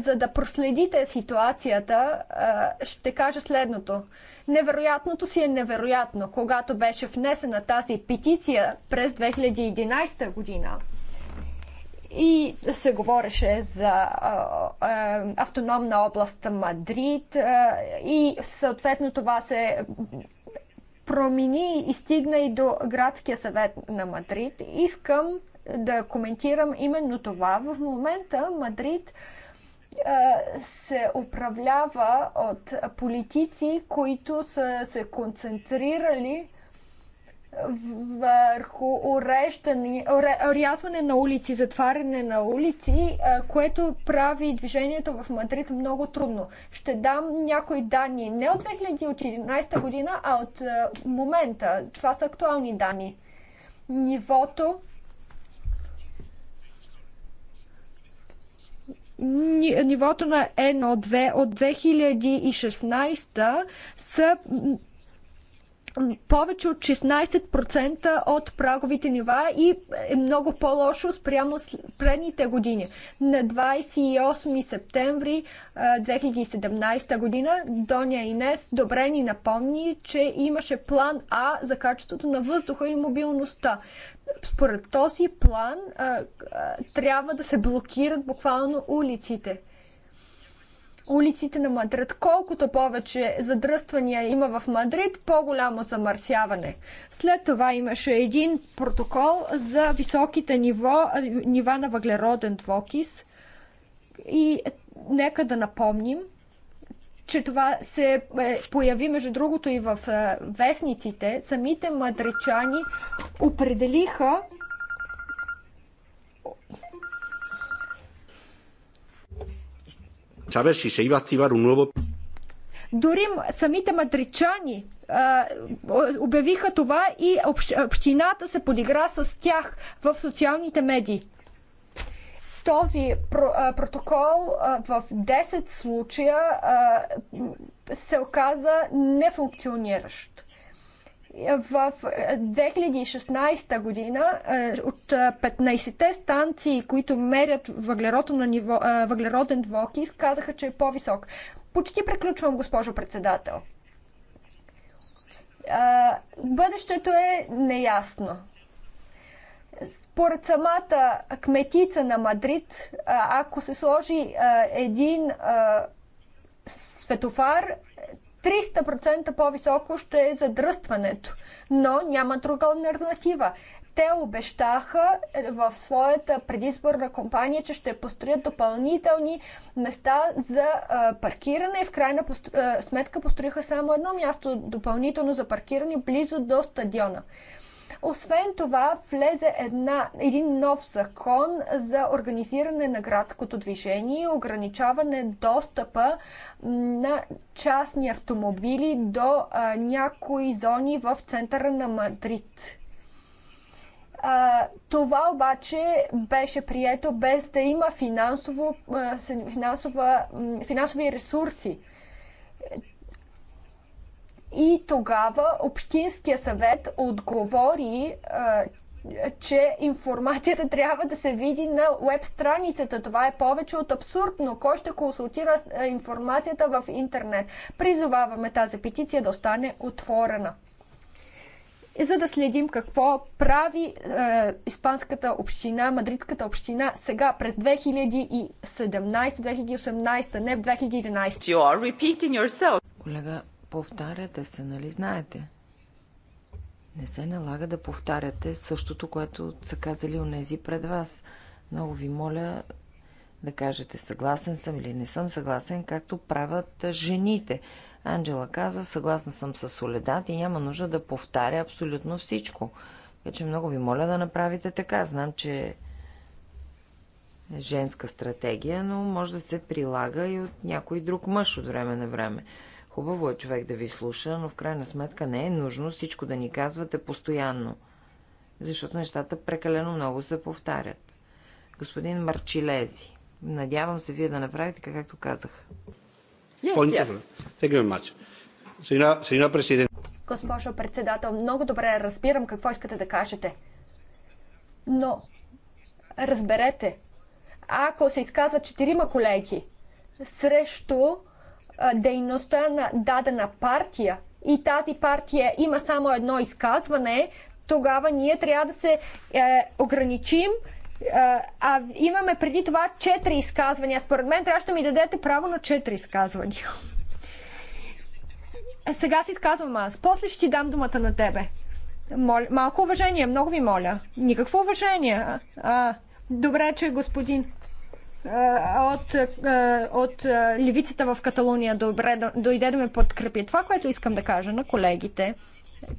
за да проследите ситуацията, ще кажа следното. Невероятното си е невероятно. Когато беше внесена тази петиция през 2011 година, и се говореше за а, а, автономна област Мадрид а, и съответно това се промени и стигна и до градския съвет на Мадрид. Искам да коментирам именно това. В момента Мадрид се управлява от политици, които са се концентрирали върху уреждане, рязване на улици, затваряне на улици, което прави движението в Мадрид много трудно. Ще дам някои данни не от 2011 година, а от момента. Това са актуални данни. Нивото нивото на N2 от 2016 са повече от 16% от праговите нива и е много по-лошо спрямо предните години. На 28 септември 2017 година Доня Инес добре ни напомни, че имаше план А за качеството на въздуха и мобилността. Според този план трябва да се блокират буквално улиците улиците на Мадрид. Колкото повече задръствания има в Мадрид, по-голямо замърсяване. След това имаше един протокол за високите ниво, нива на въглероден двокис. И нека да напомним, че това се е, появи, между другото, и в е, вестниците. Самите мадричани определиха
saber si se iba a activar un nuevo
дори самите матричани а, обявиха това и общината се подигра с тях в социалните медии. Този протокол а, в 10 случая а, се оказа нефункциониращ в 2016 е, година е, от 15-те е, станции, които мерят на ниво, въглероден двокис, казаха, че е по-висок. Почти преключвам, госпожо председател. Бъдещето е неясно. Според самата кметица на Мадрид, ако се сложи един светофар, 300% по-високо ще е задръстването, но няма друга альтернатива. Те обещаха е, в своята предизборна кампания, че ще построят допълнителни места за паркиране и в крайна сметка построиха само едно място допълнително за паркиране близо до стадиона. Освен това, влезе една, един нов закон за организиране на градското движение и ограничаване достъпа на частни автомобили до а, някои зони в центъра на Мадрид. А, това обаче беше прието без да има финансово, финансова, финансови ресурси. И тогава Общинския съвет отговори, че информацията трябва да се види на веб страницата. Това е повече от абсурдно. Кой ще консултира информацията в интернет? Призоваваме тази петиция да остане отворена. И за да следим какво прави е, Испанската община, Мадридската община сега през 2017-2018, не в 2011.
You Колега, Повтаряте
се, нали знаете? Не се налага да повтаряте същото, което са казали онези пред вас. Много ви моля да кажете съгласен съм или не съм съгласен, както правят жените. Анджела каза, съгласна съм с Соледат и няма нужда да повтаря абсолютно всичко. Така че много ви моля да направите така. Знам, че е женска стратегия, но може да се прилага и от някой друг мъж от време на време. Хубаво е човек да ви слуша, но в крайна сметка не е нужно всичко да ни казвате постоянно, защото нещата прекалено много се повтарят. Господин Марчилези, надявам се вие да направите така, както казах.
Yes,
yes. Сега, сега президент.
Госпожо председател, много добре разбирам какво искате да кажете. Но разберете, ако се изказват четирима колеги срещу дейността на дадена партия и тази партия има само едно изказване, тогава ние трябва да се е, ограничим. Е, а имаме преди това четири изказвания. Според мен трябва да ми дадете право на четири изказвания. Е, сега се изказвам аз. После ще ти дам думата на тебе. Мол... Малко уважение, много ви моля. Никакво уважение. А, добре, че е господин от, от левицата в Каталуния добре, дойде да ме подкрепи. Това, което искам да кажа на колегите,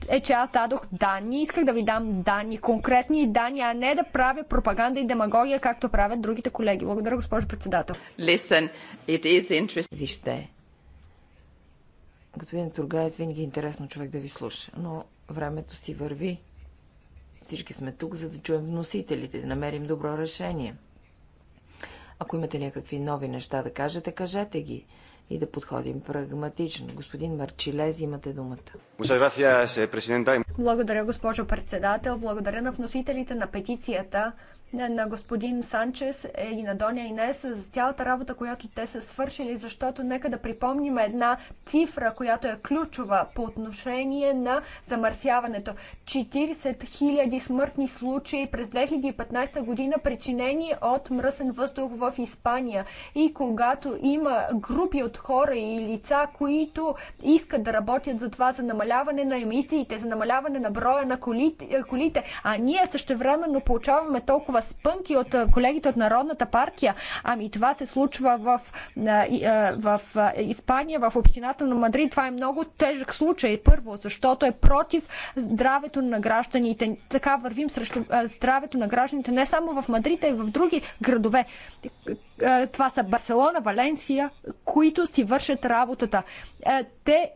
е, че аз дадох данни, исках да ви дам данни, конкретни данни, а не да правя пропаганда и демагогия, както правят другите колеги. Благодаря, госпожо председател.
Listen, it is interesting. Вижте,
господин Тургаец, винаги е интересно човек да ви слуша, но времето си върви. Всички сме тук, за да чуем вносителите, да намерим добро решение. Ако имате някакви нови неща да кажете, кажете ги и да подходим прагматично. Господин Марчилез, имате думата.
Eh,
Благодаря, госпожо председател. Благодаря на вносителите на петицията на господин Санчес е и на Доня Инес за цялата работа, която те са свършили, защото нека да припомним една цифра, която е ключова по отношение на замърсяването. 40 000 смъртни случаи през 2015 година, причинени от мръсен въздух в Испания. И когато има групи от хора и лица, които искат да работят за това, за намаляване на емисиите, за намаляване на броя на колите, колите а ние същевременно получаваме толкова спънки от колегите от Народната партия. Ами това се случва в, в Испания, в общината на Мадрид. Това е много тежък случай. Първо, защото е против здравето на гражданите. Така вървим срещу здравето на гражданите не само в Мадрид, а и в други градове. Е, това са Барселона, Валенсия, които си вършат работата. Е, те е,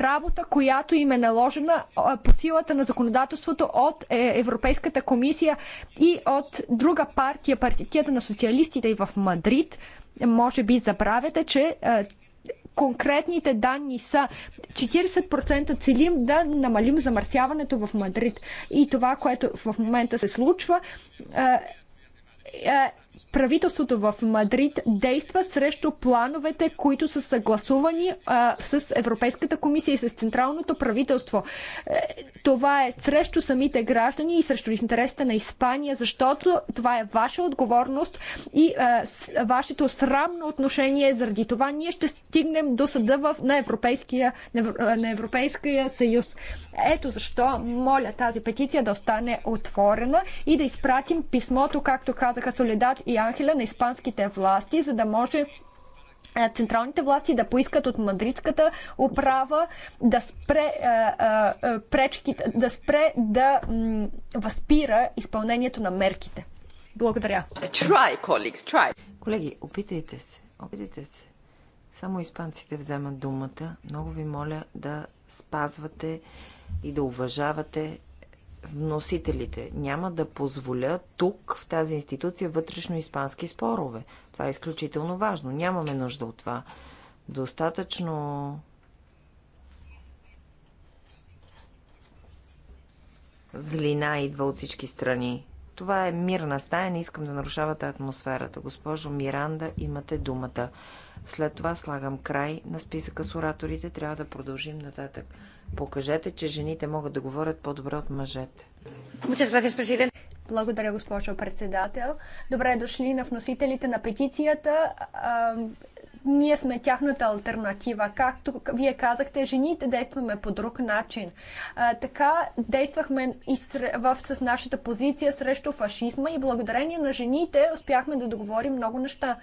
работа, която им е наложена по силата на законодателството от Европейската комисия и от друга партия, партията на социалистите и в Мадрид. Може би забравяте, че конкретните данни са 40% целим да намалим замърсяването в Мадрид. И това, което в момента се случва, правителството в Мадрид действа срещу плановете, които са съгласувани а, с Европейската комисия и с Централното правителство. Е, това е срещу самите граждани и срещу интересите на Испания, защото това е ваша отговорност и а, е, вашето срамно отношение. Заради това ние ще стигнем до съда в, на, Европейския, на Европейския съюз. Ето защо моля тази петиция да остане отворена и да изпратим писмото, както казаха Соледат и Анхеля на испанските власти, за да може централните власти да поискат от мадридската управа да спре, пречките, да, спре да възпира изпълнението на мерките. Благодаря.
Try, colleagues, try. Колеги, опитайте се. Опитайте се. Само испанците вземат думата. Много ви моля да спазвате и да уважавате вносителите. Няма да позволя тук, в тази институция, вътрешно-испански спорове. Това е изключително важно. Нямаме нужда от това. Достатъчно злина идва от всички страни. Това е мирна стая, не искам да нарушавате атмосферата. Госпожо Миранда, имате думата. След това слагам край на списъка с ораторите. Трябва да продължим нататък. Покажете, че жените могат да говорят по-добре от мъжете.
Благодаря, госпожо председател. Добре дошли на вносителите на петицията ние сме тяхната альтернатива. Както вие казахте, жените действаме по друг начин. А, така действахме и в, с нашата позиция срещу фашизма и благодарение на жените успяхме да договорим много неща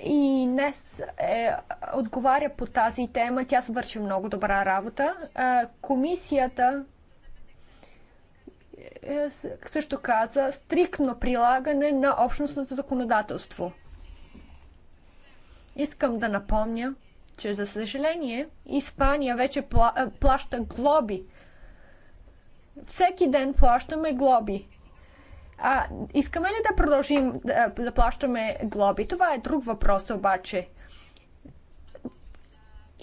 и днес е, отговаря по тази тема. Тя свърши много добра работа. Е, комисията е, също каза стриктно прилагане на общностното законодателство. Искам да напомня, че за съжаление Испания вече пла, е, плаща глоби. Всеки ден плащаме глоби а, искаме ли да продължим да, да плащаме глоби? Това е друг въпрос обаче.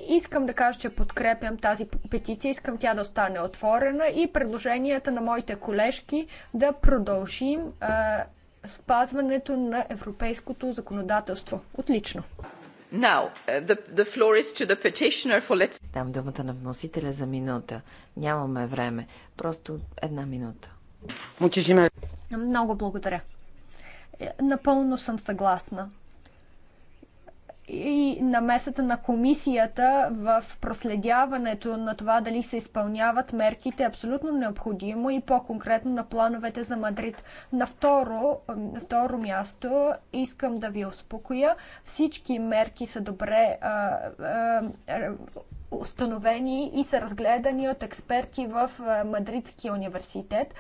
Искам да кажа, че подкрепям тази петиция, искам тя да остане отворена и предложенията на моите колежки да продължим а, спазването на европейското законодателство. Отлично!
Now, uh, the, the floor is to the petitioner for let's... Дам думата на вносителя за минута. Нямаме време. Просто една минута.
Много благодаря. Е, напълно съм съгласна и намесата на комисията в проследяването на това дали се изпълняват мерките е абсолютно необходимо и по-конкретно на плановете за Мадрид. На второ, на второ място искам да ви успокоя. Всички мерки са добре а, а, установени и са разгледани от експерти в е, Мадридския университет.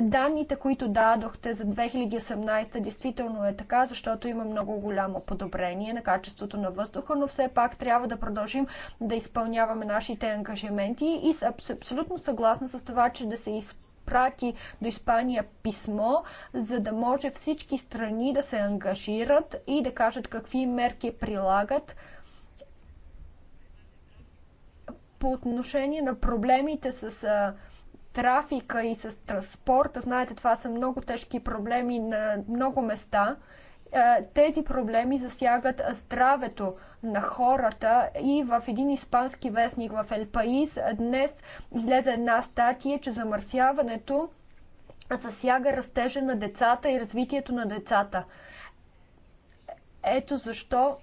Данните, които дадохте за 2018, действително е така, защото има много голямо подобрение на качеството на въздуха, но все пак трябва да продължим да изпълняваме нашите ангажименти и са абсолютно съгласна с това, че да се изпълнява прати до Испания писмо, за да може всички страни да се ангажират и да кажат какви мерки прилагат, по отношение на проблемите с а, трафика и с транспорта, знаете, това са много тежки проблеми на много места. Тези проблеми засягат здравето на хората и в един испански вестник в Ел Паис днес излезе една статия, че замърсяването засяга растежа на децата и развитието на децата. Ето защо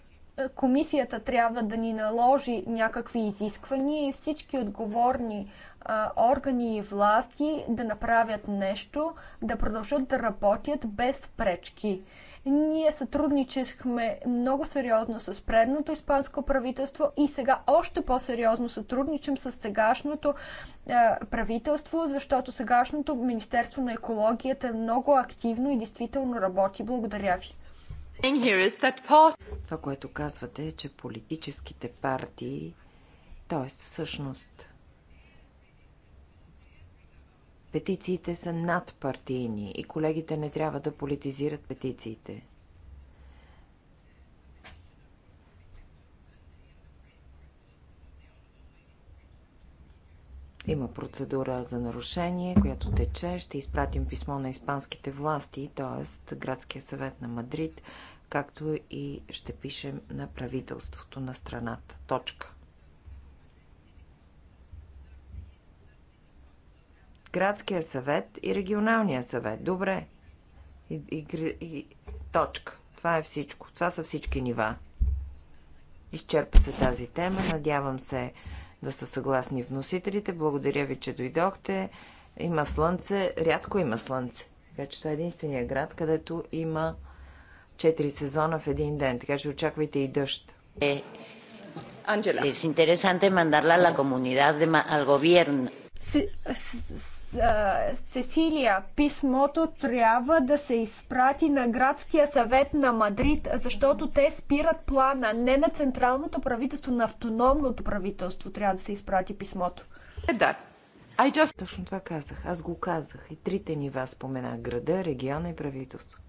комисията трябва да ни наложи някакви изисквания и всички отговорни а, органи и власти да направят нещо, да продължат да работят без пречки. Ние сътрудничахме много сериозно с предното испанско правителство и сега още по-сериозно сътрудничим с сегашното е, правителство, защото сегашното Министерство на екологията е много активно и действително работи. Благодаря ви.
Това, което казвате е, че политическите партии, т.е. всъщност петициите са надпартийни и колегите не трябва да политизират петициите. Има процедура за нарушение, която тече. Ще изпратим писмо на испанските власти, т.е. Градския съвет на Мадрид, както и ще пишем на правителството на страната. Точка. Градския съвет и регионалния съвет. Добре. И, и, и, точка. Това е всичко. Това са всички нива. Изчерпа се тази тема. Надявам се да са съгласни вносителите. Благодаря ви, че дойдохте. Има слънце. Рядко има слънце. Така че това е единствения град, където има четири сезона в един ден, така че очаквайте и дъжд. Е, Анджела. Es interesante mandarla a la comunidad, de, al gobierno.
Сесилия, писмото трябва да се изпрати на Градския съвет на Мадрид, защото те спират плана. Не на централното правителство, на автономното правителство трябва да се изпрати писмото.
Е, да. Just... Точно това казах. Аз го казах. И трите нива споменах. Града, региона и правителството.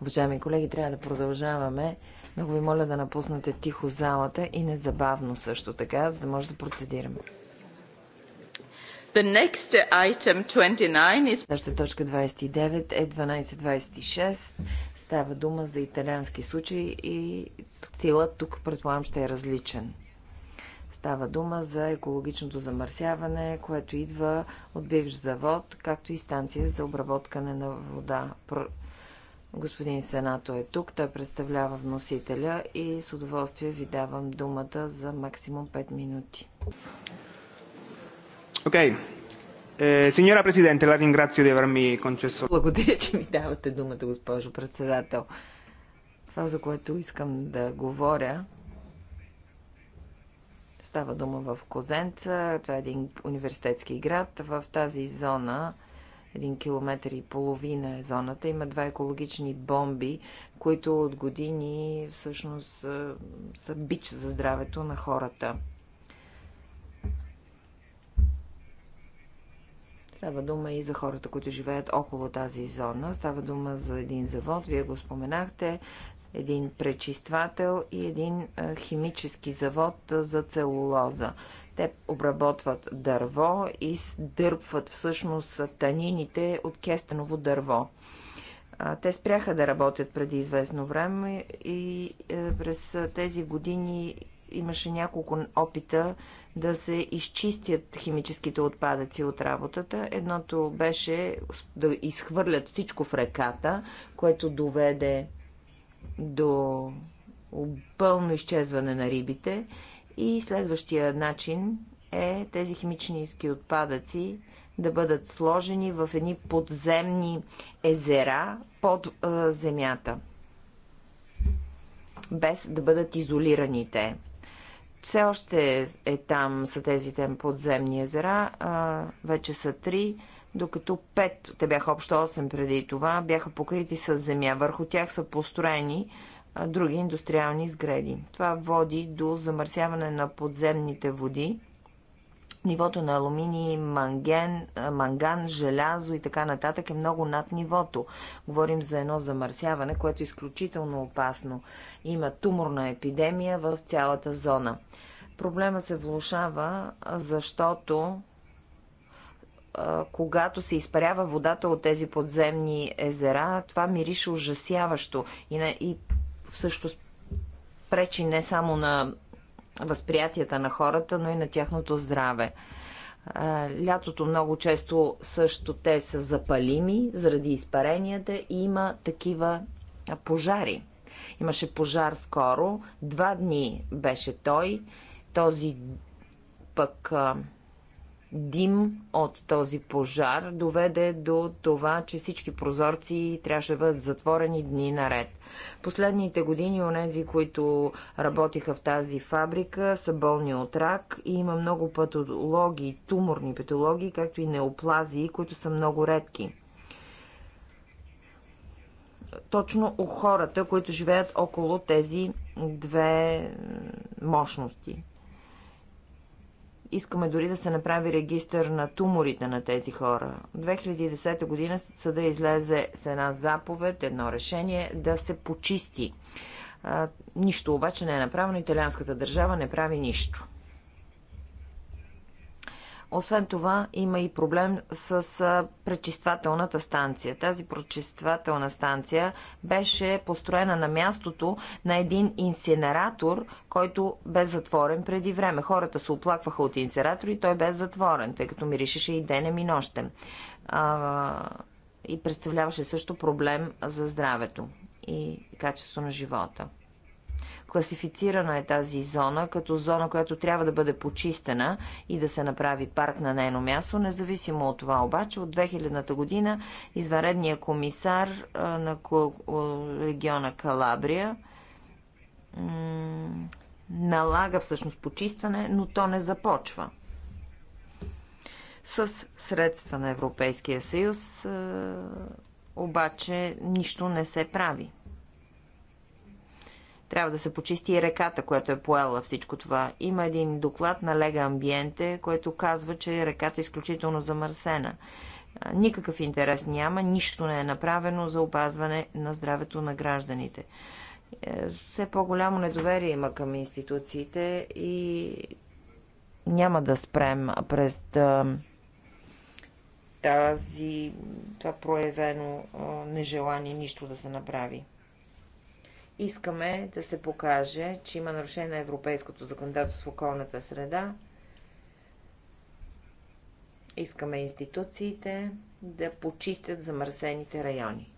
Уважаеми колеги, трябва да продължаваме. Много ви моля да напуснете тихо залата и незабавно също така, за да може да процедираме. The next item 29 is... Следващата точка 29 е 1226. Става дума за италиански случай и стилът тук предполагам ще е различен. Става дума за екологичното замърсяване, което идва от бивш завод, както и станция за обработкане на вода. Господин Сенато е тук, той представлява вносителя и с удоволствие ви давам думата за максимум 5 минути.
Окей. Сеньора Eh, signora Presidente, la ringrazio кончесо. Благодаря,
че ми давате думата, госпожо председател. Това, за което искам да говоря, Става дума в Козенца, това е един университетски град. В тази зона, един километр и половина е зоната, има два екологични бомби, които от години всъщност е, са бич за здравето на хората. Става дума и за хората, които живеят около тази зона. Става дума за един завод, вие го споменахте, един пречиствател и един химически завод за целулоза. Те обработват дърво и дърпват всъщност танините от кестеново дърво. Те спряха да работят преди известно време и е, през тези години имаше няколко опита да се изчистят химическите отпадъци от работата. Едното беше да изхвърлят всичко в реката, което доведе до пълно изчезване на рибите. И следващия начин е тези химически отпадъци да бъдат сложени в едни подземни езера под е, земята, без да бъдат изолирани те. Все още е там са тези тем подземни езера, а, вече са три докато 5, те бяха общо 8 преди това, бяха покрити с земя. Върху тях са построени други индустриални сгради. Това води до замърсяване на подземните води, нивото на алуминий, манген, манган, желязо и така нататък е много над нивото. Говорим за едно замърсяване, което е изключително опасно. Има туморна епидемия в цялата зона. Проблема се влушава, защото когато се изпарява водата от тези подземни езера, това мирише ужасяващо и, на, и всъщност пречи не само на възприятията на хората, но и на тяхното здраве. Лятото много често също те са запалими заради изпаренията и има такива пожари. Имаше пожар скоро, два дни беше той, този пък дим от този пожар доведе до това, че всички прозорци трябваше да бъдат затворени дни наред. Последните години онези, които работиха в тази фабрика, са болни от рак и има много патологии, туморни патологии, както и неоплазии, които са много редки точно у хората, които живеят около тези две мощности. Искаме дори да се направи регистър на туморите на тези хора. 2010 година съда излезе с една заповед, едно решение да се почисти. А, нищо обаче не е направено. Италианската държава не прави нищо. Освен това, има и проблем с пречиствателната станция. Тази пречиствателна станция беше построена на мястото на един инсинератор, който бе затворен преди време. Хората се оплакваха от инсинератор и той бе затворен, тъй като миришеше и денем и нощем. А, и представляваше също проблем за здравето и качество на живота. Класифицирана е тази зона като зона, която трябва да бъде почистена и да се направи парк на нейно място. Независимо от това обаче, от 2000-та година изваредният комисар на региона Калабрия налага всъщност почистване, но то не започва. С средства на Европейския съюз обаче нищо не се прави. Трябва да се почисти и реката, която е поела всичко това. Има един доклад на Лега Амбиенте, който казва, че реката е изключително замърсена. Никакъв интерес няма, нищо не е направено за опазване на здравето на гражданите. Е, все по-голямо недоверие има към институциите и няма да спрем през тази, това проявено нежелание нищо да се направи. Искаме да се покаже, че има нарушение на европейското законодателство в околната среда. Искаме институциите да почистят замърсените райони.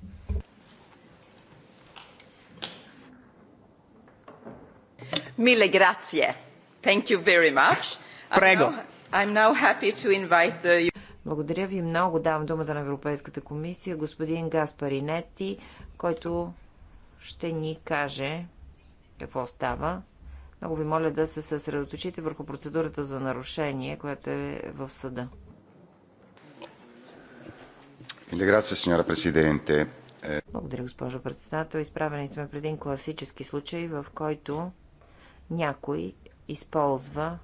Миле грация! Thank you very much. Прего. I'm now happy to invite the... Благодаря ви много. Давам думата на Европейската комисия. Господин Гаспаринети, който ще ни каже какво става. Много ви моля да се съсредоточите върху процедурата за нарушение, която е в съда. Благодаря, госпожо председател. Изправени сме пред един класически случай, в който някой използва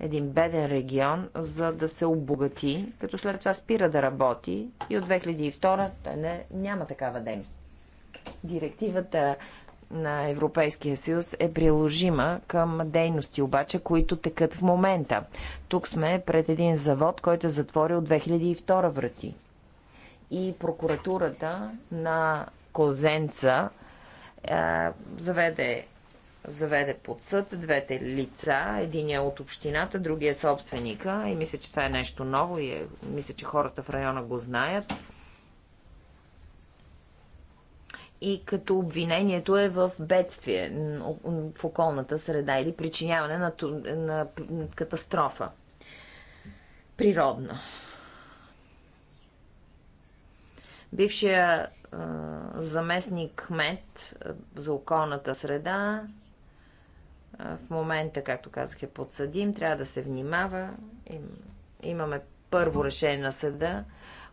един беден регион, за да се обогати, като след това спира да работи и от 2002 не, няма такава дейност. Директивата на Европейския съюз е приложима към дейности, обаче, които текат в момента. Тук сме пред един завод, който е затворил 2002 врати. И прокуратурата на Козенца е, заведе, заведе под съд двете лица. Единия е от общината, другия е собственика. И мисля, че това е нещо ново и е, мисля, че хората в района го знаят и като обвинението е в бедствие в околната среда или причиняване на, на катастрофа природна. Бившия е, заместник мед за околната среда е, в момента, както казах, е подсъдим, трябва да се внимава. Им, имаме първо решение на съда. Е,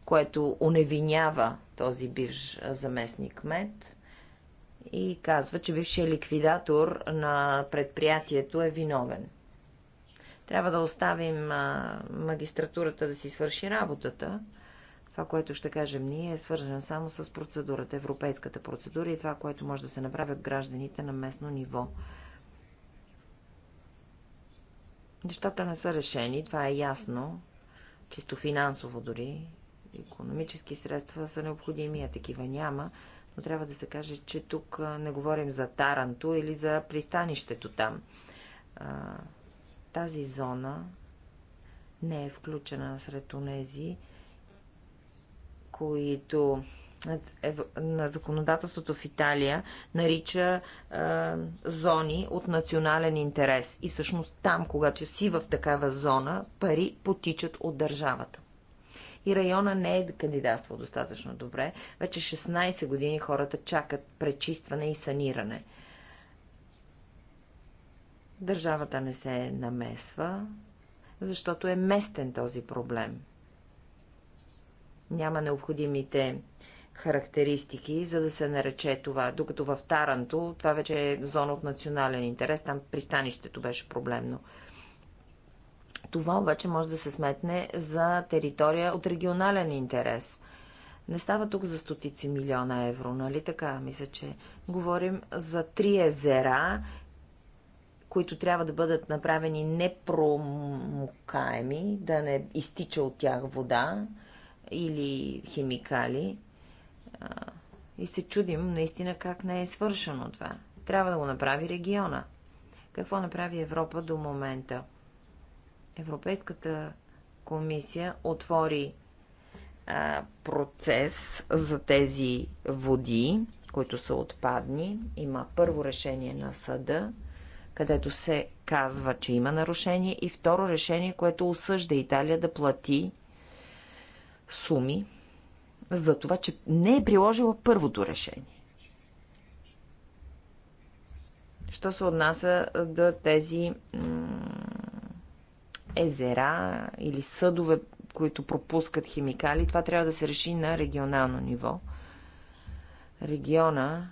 което оневинява този бивш заместник мед и казва, че бившият ликвидатор на предприятието е виновен. Трябва да оставим магистратурата да си свърши работата. Това, което ще кажем ние, е свързано само с процедурата, европейската процедура и това, което може да се направи от гражданите на местно ниво. Нещата не са решени, това е ясно, чисто финансово дори, економически средства са необходими, а такива няма. Но трябва да се каже, че тук не говорим за Таранто или за пристанището там. Тази зона не е включена сред онези, които е на законодателството в Италия нарича е, зони от национален интерес. И всъщност там, когато си в такава зона, пари потичат от държавата и района не е кандидатствал достатъчно добре. Вече 16 години хората чакат пречистване и саниране. Държавата не се намесва, защото е местен този проблем. Няма необходимите характеристики, за да се нарече това. Докато в Таранто, това вече е зона от национален интерес, там пристанището беше проблемно. Това обаче може да се сметне за територия от регионален интерес. Не става тук за стотици милиона евро, нали така? Мисля, че говорим за три езера, които трябва да бъдат направени непромокаеми, да не изтича от тях вода или химикали. И се чудим наистина как не е свършено това. Трябва да го направи региона. Какво направи Европа до момента? Европейската комисия отвори а, процес за тези води, които са отпадни. Има първо решение на съда, където се казва, че има нарушение и второ решение, което осъжда Италия да плати суми за това, че не е приложила първото решение. Що се отнася до тези езера или съдове, които пропускат химикали. Това трябва да се реши на регионално ниво. Региона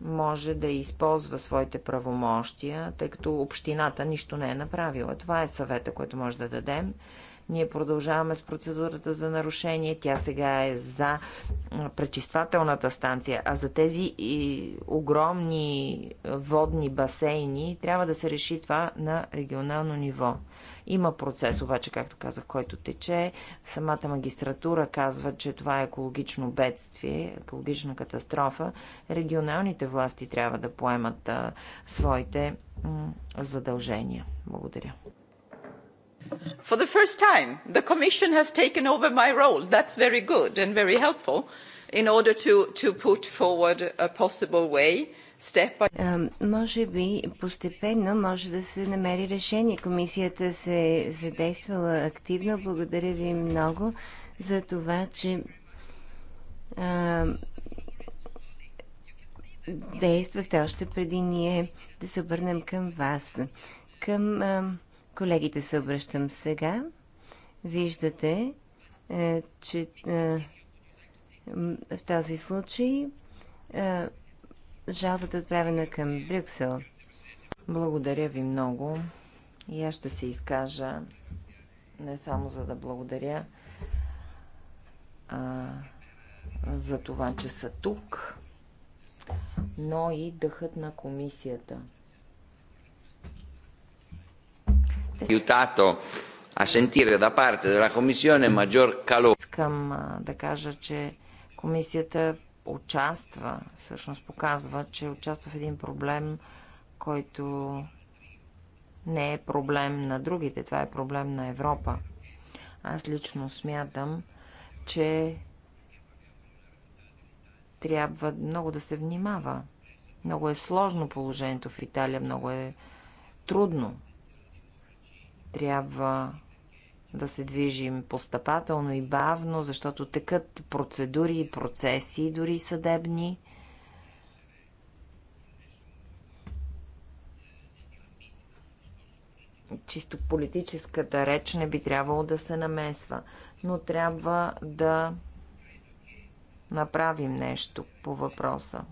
може да използва своите правомощия, тъй като общината нищо не е направила. Това е съвета, който може да дадем. Ние продължаваме с процедурата за нарушение. Тя сега е за пречиствателната станция, а за тези и огромни водни басейни трябва да се реши това на регионално ниво. Има процес, обаче, както казах, който тече. Самата магистратура казва, че това е екологично бедствие, екологична катастрофа. Регионалните власти трябва да поемат а, своите задължения. Благодаря.
For the first time, the Commission has taken over my role. That's very good and very helpful in order to, to put forward a possible way uh,
е, може би постепенно може да се намери решение. Комисията се е задействала активно. Благодаря ви много за това, че а, действахте още преди ние да се обърнем към вас. Към а, колегите се обръщам сега. Виждате, а, е, че а, в този
случай а, жалбата отправена към Брюксел. Благодаря ви много. И аз ще се изкажа не само за да благодаря а, за това, че са тук, но и дъхът на комисията. Ютато а сентире да парте
della комисионе maggior кало.
Искам да кажа, че комисията участва, всъщност показва, че участва в един проблем, който не е проблем на другите, това е проблем на Европа. Аз лично смятам, че трябва много да се внимава. Много е сложно положението в Италия, много е трудно. Трябва да се движим постъпателно и бавно, защото текат процедури и процеси, дори съдебни. Чисто политическата реч не би трябвало да се намесва, но трябва да направим нещо по въпроса.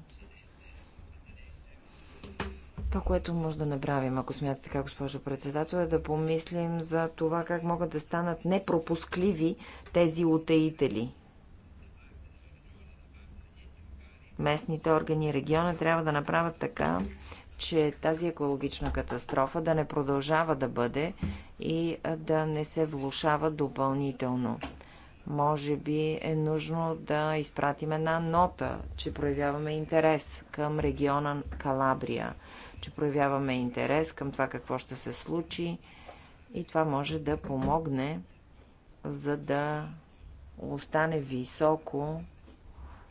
Това, което може да направим, ако смятате така, госпожо председател, е да помислим за това как могат да станат непропускливи тези утеители. Местните органи, и региона трябва да направят така, че тази екологична катастрофа да не продължава да бъде и да не се влушава допълнително. Може би е нужно да изпратим една нота, че проявяваме интерес към региона Калабрия – че проявяваме интерес към това какво ще се случи и това може да помогне, за да остане високо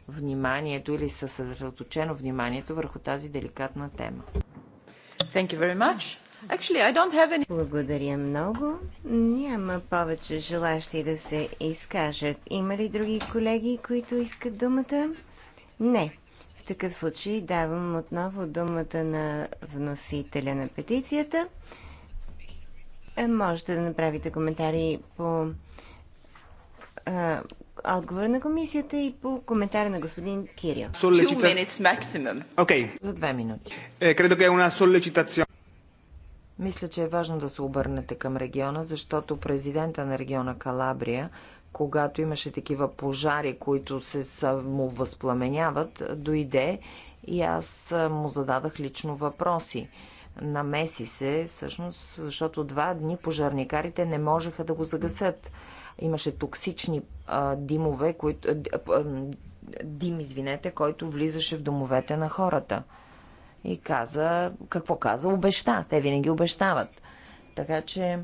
вниманието или съсредоточено вниманието върху тази деликатна тема. Thank you very much. Actually, I don't have any... Благодаря много. Няма повече
желащи да се изкажат. Има ли други колеги, които искат думата? Не такъв случай давам отново думата на вносителя на петицията. Е, можете да направите коментари по а, отговора на комисията и по коментари на господин
Кирил. Okay. За две минути. Е, е Мисля, че е важно да се обърнете към региона, защото президента на региона Калабрия когато имаше такива пожари, които се самовъзпламеняват, дойде и аз му зададах лично въпроси. Намеси се, всъщност, защото два дни пожарникарите не можеха да го загасят. Имаше токсични а, димове, които, а, дим, извинете, който влизаше в домовете на хората. И каза, какво каза? Обеща. Те винаги обещават. Така че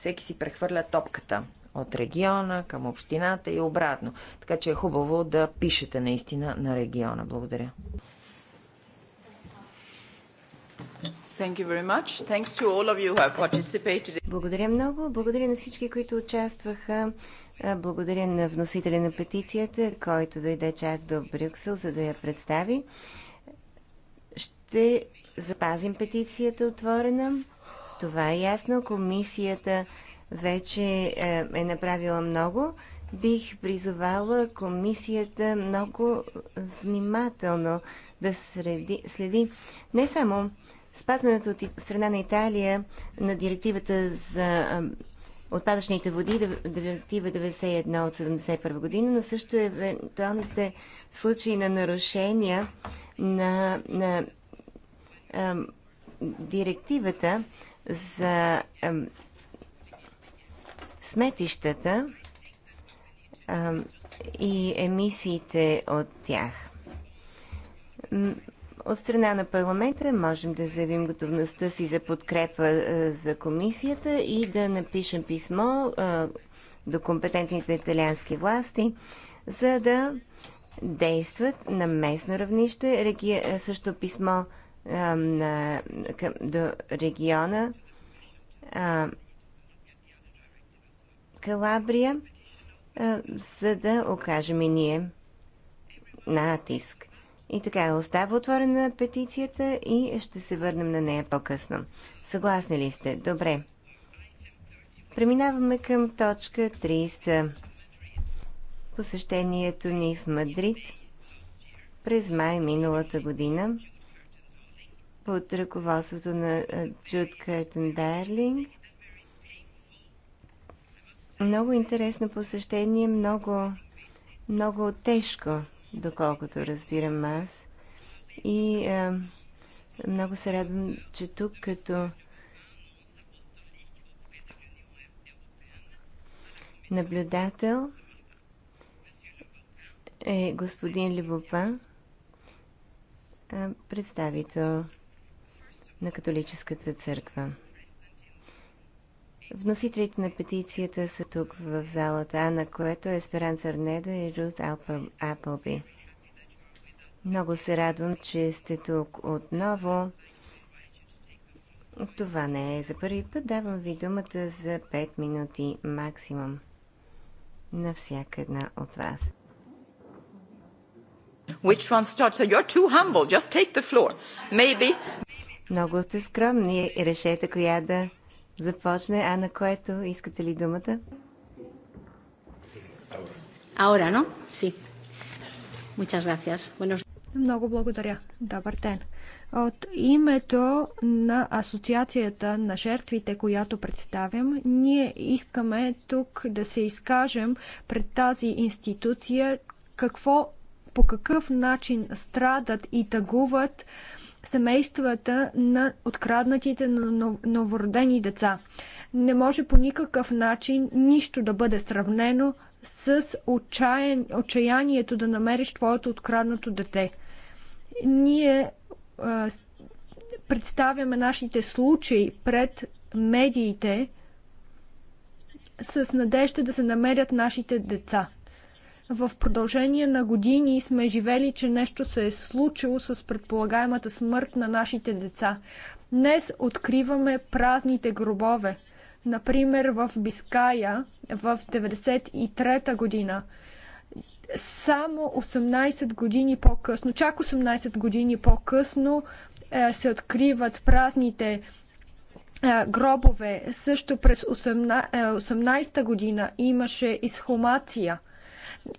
всеки си прехвърля топката от региона към общината и обратно. Така че е хубаво да пишете наистина на региона. Благодаря.
Благодаря много. Благодаря на всички, които участваха. Благодаря на вносителя на петицията, който дойде чак до Брюксел, за да я представи. Ще запазим петицията отворена. Това е ясно. Комисията вече е, е направила много. Бих призовала комисията много внимателно да следи, следи не само спазването от страна на Италия на директивата за е, отпадъчните води, директива 91 от 71 година, но също евентуалните случаи на нарушения на, на ам, директивата за сметищата и емисиите от тях. От страна на парламента можем да заявим готовността си за подкрепа е, за комисията и да напишем писмо е, до компетентните италиански власти, за да действат на местно равнище. Реги... Е, също писмо на, към, до региона а, Калабрия, а, за да окажем и ние натиск. И така, остава отворена петицията и ще се върнем на нея по-късно. Съгласни ли сте? Добре. Преминаваме към точка 30. Посещението ни в Мадрид през май миналата година под ръководството на Джуд Къртен Дарлинг. Много интересно посещение, много, много тежко, доколкото разбирам аз. И а, много се радвам, че тук като наблюдател е господин Любопа, представител на католическата църква. Вносителите на петицията са тук в залата, а на което е Есперанца Орнедо и Рут Аплби. Много се радвам, че сте тук отново. Това не е за първи път. Давам ви думата за 5 минути максимум на всяка една от вас.
Which one starts? So you're too humble. Just take the floor.
Maybe. Много сте скромни. Решете коя да започне. А на което искате ли думата? Аура, но? Си. Muchas gracias. Buenos...
Много благодаря. Добър ден. От името на Асоциацията на жертвите, която представям, ние искаме тук да се изкажем пред тази институция какво, по какъв начин страдат и тъгуват семействата на откраднатите на новородени деца. Не може по никакъв начин нищо да бъде сравнено с отчаян, отчаянието да намериш твоето откраднато дете. Ние а, представяме нашите случаи пред медиите с надежда да се намерят нашите деца. В продължение на години сме живели, че нещо се е случило с предполагаемата смърт на нашите деца. Днес откриваме празните гробове. Например, в Биская в 93-та година. Само 18 години по-късно, чак 18 години по-късно, е, се откриват празните е, гробове. Също през 18-та е, година имаше изхумация –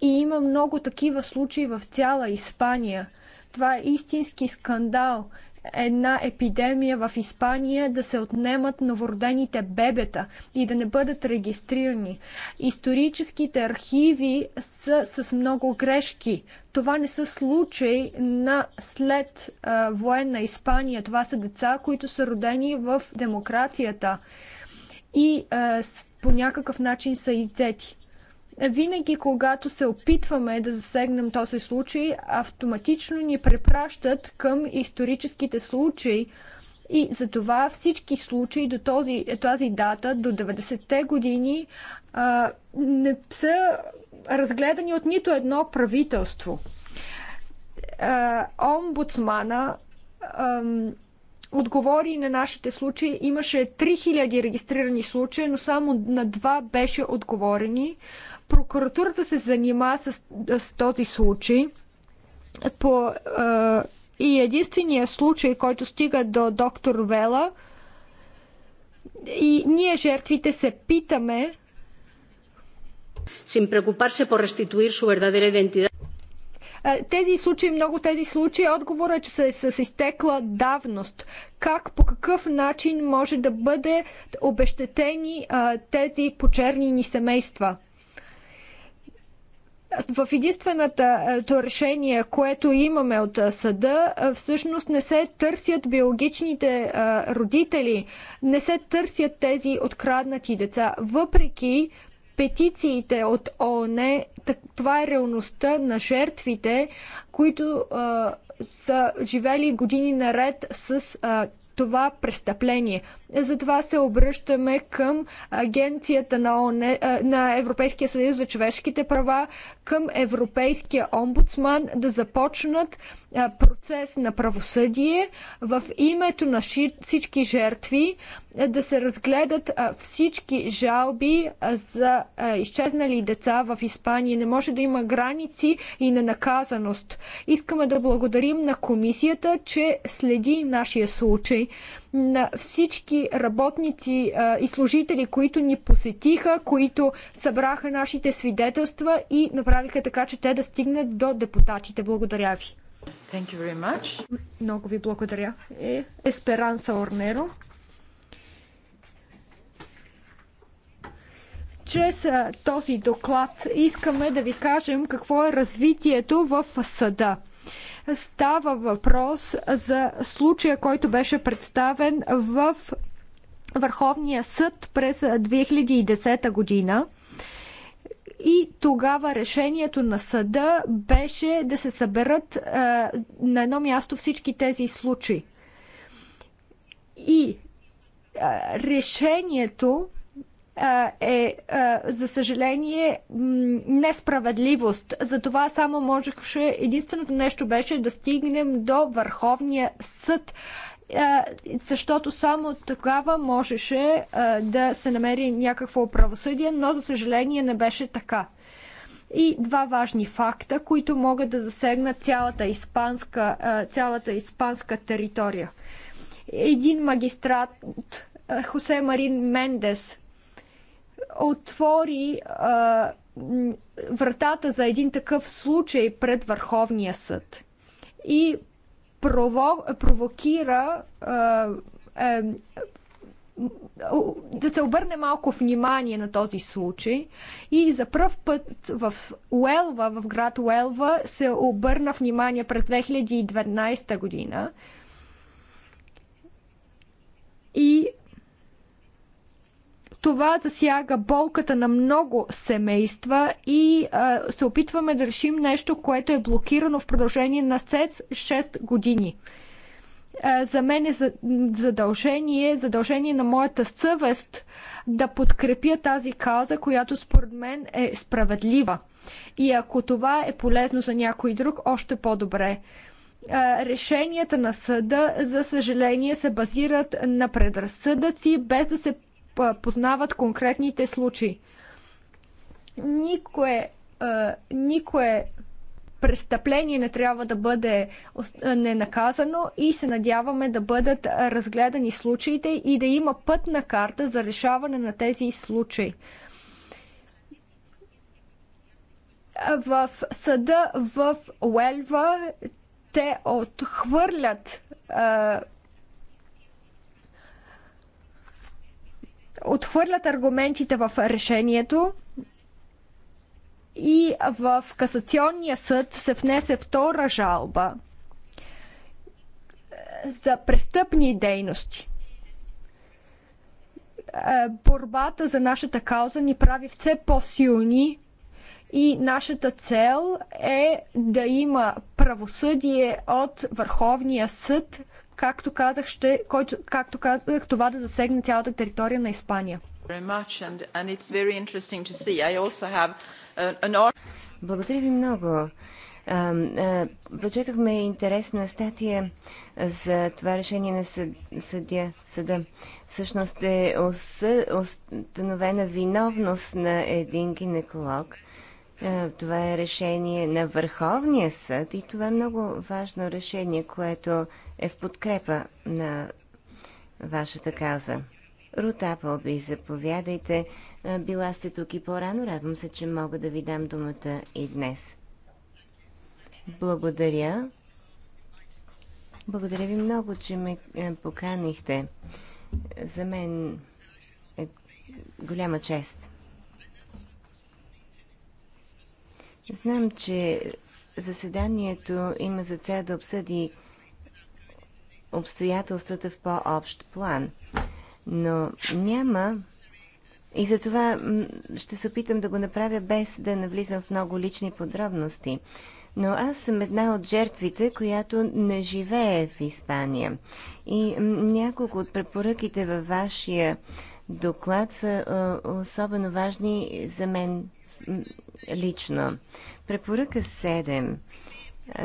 и има много такива случаи в цяла Испания. Това е истински скандал. Една епидемия в Испания да се отнемат новородените бебета и да не бъдат регистрирани. Историческите архиви са с много грешки. Това не са случаи на след а, военна Испания. Това са деца, които са родени в демокрацията и а, по някакъв начин са иззети. Винаги, когато се опитваме да засегнем този случай, автоматично ни препращат към историческите случаи. И за това всички случаи до този, тази дата, до 90-те години, а, не са разгледани от нито едно правителство. А, омбудсмана а, отговори на нашите случаи. Имаше 3000 регистрирани случаи, но само на два беше отговорени. А, Прокуратурата се занима с, с този случай по, а, и единствения случай, който стига до доктор Вела. И ние жертвите се питаме sin preocuparse por restituir su verdadera identidad. Тези случаи, много тези случаи, отговорът е, че са с изтекла давност. Как, по какъв начин може да бъде обещетени а, тези почернини семейства? в единственото е, решение, което имаме от е, съда, е, всъщност не се търсят биологичните родители, не се търсят тези откраднати деца, въпреки петициите от ООН, това е реалността на жертвите, които са живели години наред с това престъпление. Е, затова се обръщаме към Агенцията на, ОНЕ, на Европейския съюз за човешките права, към Европейския омбудсман да започнат процес на правосъдие в името на всички жертви, е, да се разгледат всички жалби за изчезнали деца в Испания. Не може да има граници и ненаказаност. Искаме да благодарим на комисията, че следи нашия случай на всички работници и служители, които ни посетиха, които събраха нашите свидетелства и направиха така, че те да стигнат до депутатите. Благодаря ви. Thank you very much. Много ви благодаря. Е, Есперанса Орнеро. чрез този доклад искаме да ви кажем какво е развитието в съда. Става въпрос за случая, който беше представен в Върховния съд през 2010 година. И тогава решението на съда беше да се съберат е, на едно място всички тези случаи. И е, решението е, за съжаление, несправедливост. За това само можеше, единственото нещо беше да стигнем до Върховния съд, защото само тогава можеше да се намери някакво правосъдие, но за съжаление не беше така. И два важни факта, които могат да засегнат цялата испанска, цялата испанска територия. Един магистрат Хосе Марин Мендес отвори а, вратата за един такъв случай пред Върховния съд и прово, провокира а, а, е, да се обърне малко внимание на този случай. И за първ път в Уелва, в град Уелва, се обърна внимание през 2012 година. И това засяга болката на много семейства и а, се опитваме да решим нещо, което е блокирано в продължение на 6 години за мен е задължение, задължение на моята съвест да подкрепя тази кауза, която според мен е справедлива. И ако това е полезно за някой друг, още по-добре. Решенията на съда, за съжаление, се базират на предразсъдъци, без да се познават конкретните случаи. Никое, никое престъпление не трябва да бъде ненаказано и се надяваме да бъдат разгледани случаите и да има пътна карта за решаване на тези случаи. В съда в Уелва те отхвърлят отхвърлят аргументите в решението и в касационния съд се внесе втора жалба за престъпни дейности. Е, борбата за нашата кауза ни прави все по-силни и нашата цел е да има правосъдие от Върховния съд както казах, ще, който, както казах, това да засегне цялата територия на Испания.
Uh,
Благодаря ви много. Прочетохме интересна статия за това решение на съд, съдя, съда. Всъщност е установена виновност на един гинеколог. Това е решение на Върховния съд и това е много важно решение, което е в подкрепа на вашата кауза. Рут Аплби, заповядайте. Била сте тук и по-рано. Радвам се, че мога да ви дам думата и днес. Благодаря. Благодаря ви много, че ме поканихте. За мен е голяма чест. Знам, че заседанието има за цел да обсъди обстоятелствата в по-общ план. Но няма. И за това ще се опитам да го направя без да навлизам в много лични подробности. Но аз съм една от жертвите, която не живее в Испания. И няколко от препоръките във вашия доклад са особено важни за мен лично. Препоръка 7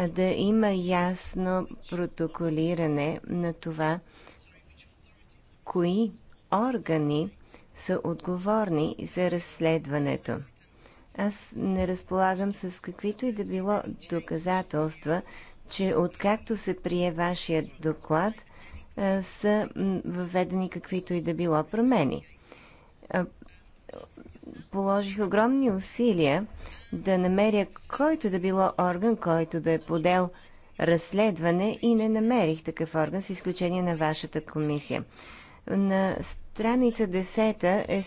да има ясно протоколиране на това, кои органи са отговорни за разследването. Аз не разполагам с каквито и да било доказателства, че откакто се прие вашия доклад, са въведени каквито и да било промени. Положих огромни усилия да намеря който да било орган, който да е подел разследване и не намерих такъв орган, с изключение на вашата комисия. На страница 10 е,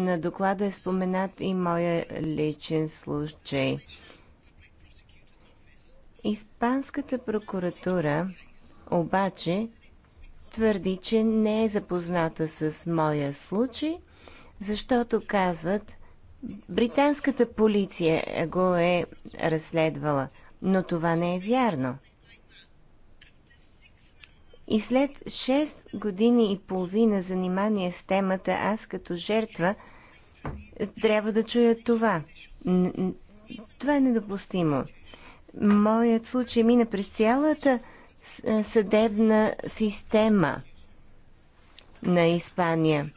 на доклада е споменат и моя личен случай. Испанската прокуратура обаче твърди, че не е запозната с моя случай, защото казват, Британската полиция го е разследвала, но това не е вярно. И след 6 години и половина занимание с темата, аз като жертва трябва да чуя това. Това е недопустимо. Моят случай мина през цялата съдебна система на Испания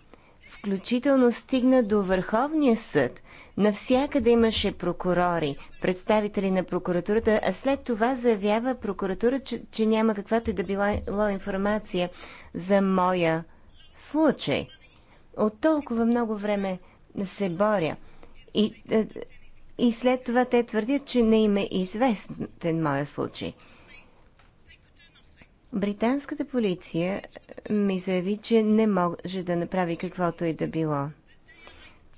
включително стигна до Върховния съд. Навсякъде имаше прокурори, представители на прокуратурата, а след това заявява прокуратура, че, че няма каквато и да била информация за моя случай. От толкова много време се боря. И, е, и след това те твърдят, че не им е известен моя случай. Британската полиция ми заяви, че не може да направи каквото и да било.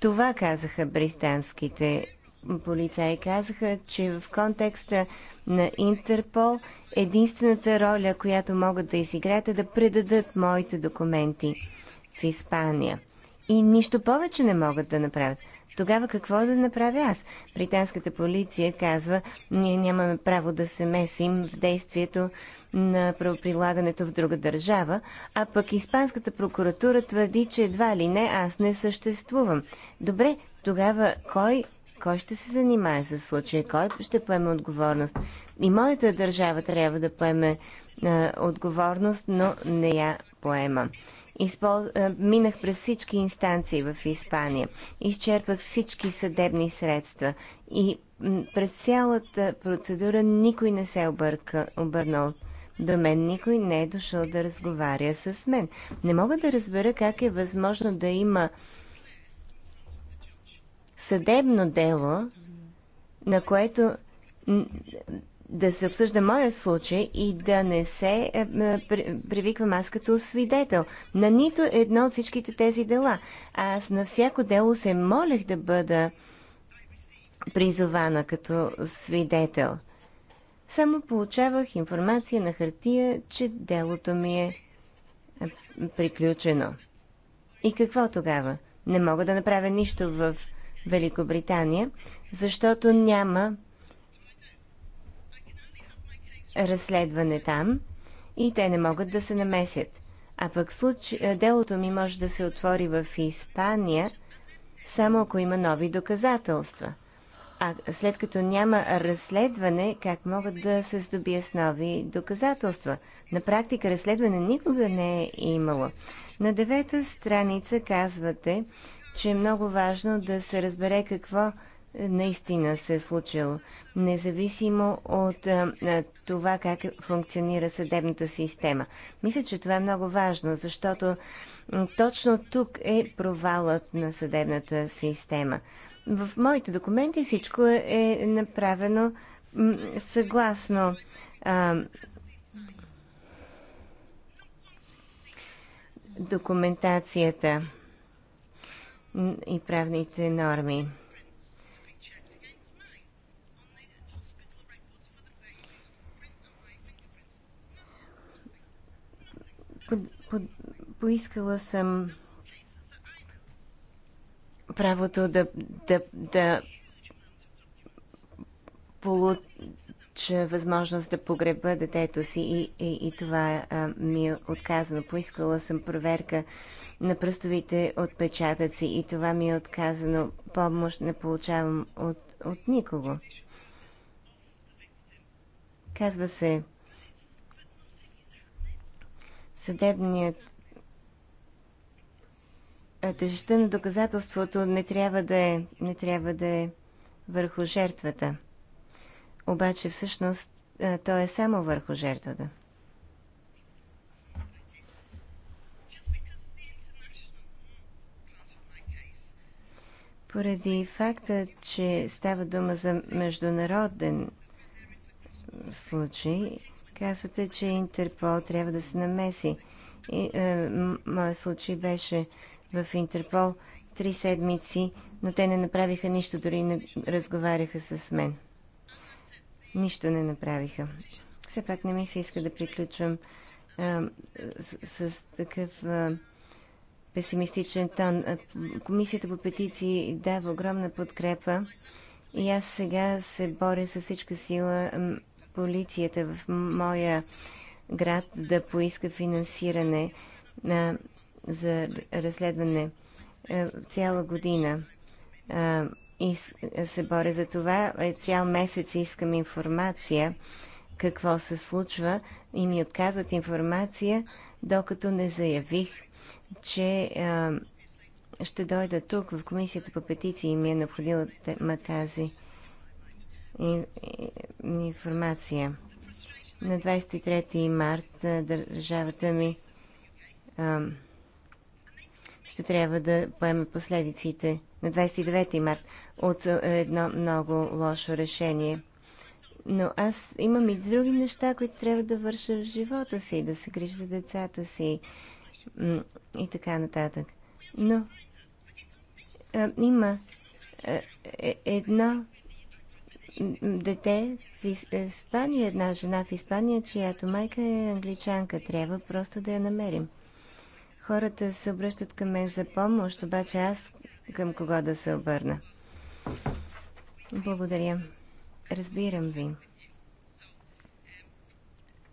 Това казаха британските полицаи. Казаха, че в контекста на Интерпол единствената роля, която могат да изиграят е да предадат моите документи в Испания. И нищо повече не могат да направят. Тогава какво да направя аз? Британската полиция казва, ние нямаме право да се месим в действието на правоприлагането в друга държава, а пък Испанската прокуратура твърди, че едва ли не аз не съществувам. Добре, тогава кой кой ще се занимае с случая, кой ще поеме отговорност. И моята държава трябва да поеме а, отговорност, но не я поема. Изпол... Минах през всички инстанции в Испания. Изчерпах всички съдебни средства. И през цялата процедура никой не се обърка... обърнал до мен. Никой не е дошъл да разговаря с мен. Не мога да разбера как е възможно да има съдебно дело, на което да се обсъжда моя случай и да не се е, привиквам аз като свидетел на нито едно от всичките тези дела. Аз на всяко дело се молех да бъда призована като свидетел. Само получавах информация на хартия, че делото ми е, е приключено. И какво тогава? Не мога да направя нищо в Великобритания, защото няма разследване там и те не могат да се намесят. А пък случ... делото ми може да се отвори в Испания, само ако има нови доказателства. А след като няма разследване, как могат да се здобия с нови доказателства? На практика разследване никога не е имало. На девета страница казвате, че е много важно да се разбере какво наистина се е случил, независимо от а, това как функционира съдебната система. Мисля, че това е много важно, защото точно тук е провалът на съдебната система. В моите документи всичко е, е направено съгласно а, документацията и правните норми. Поискала съм правото да, да, да получа възможност да погреба детето си и, и, и това а, ми е отказано. Поискала съм проверка на пръстовите отпечатъци и това ми е отказано. Помощ не получавам от, от никого. Казва се, съдебният е, тежестта на доказателството не трябва да е, не трябва да е върху жертвата. Обаче всъщност е, то е само върху жертвата. Поради факта, че става дума за международен случай, казвате, че Интерпол трябва да се намеси. И, е, моят случай беше в Интерпол три седмици, но те не направиха нищо, дори не разговаряха с мен. Нищо не направиха. Все пак не ми се иска да приключвам а, с, с такъв а, песимистичен тон. Комисията по петиции дава огромна подкрепа и аз сега се боря с всичка сила полицията в моя град да поиска финансиране на за разследване е, цяла година е, и е, се боря за това. Цял месец искам информация какво се случва и ми отказват информация, докато не заявих, че ще дойда тук в Комисията по петиции и ми е необходима тази информация. На 23 март държавата ми а, ще трябва да поеме последиците на 29 март от е, едно много лошо решение. Но аз имам и други неща, които трябва да върша в живота си, да се грижа за децата си и така нататък. Но а, има а, е, едно дете в е, Испания, една жена в Испания, чиято майка е англичанка. Трябва просто да я намерим. Хората се обръщат към мен за помощ, обаче аз към кого да се обърна. Благодаря. Разбирам ви.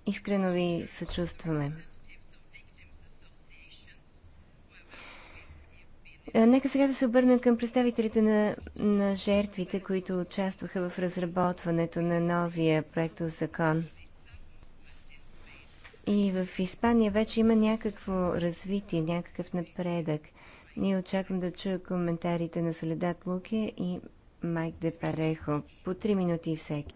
Искрено ви съчувстваме. Нека сега да се обърнем към представителите на, на жертвите, които участваха в разработването на новия проект закон. И в Испания вече има някакво развитие, някакъв напредък. Ние очаквам да чуя коментарите на Соледат Луке и Майк Депарехо. По три минути всеки.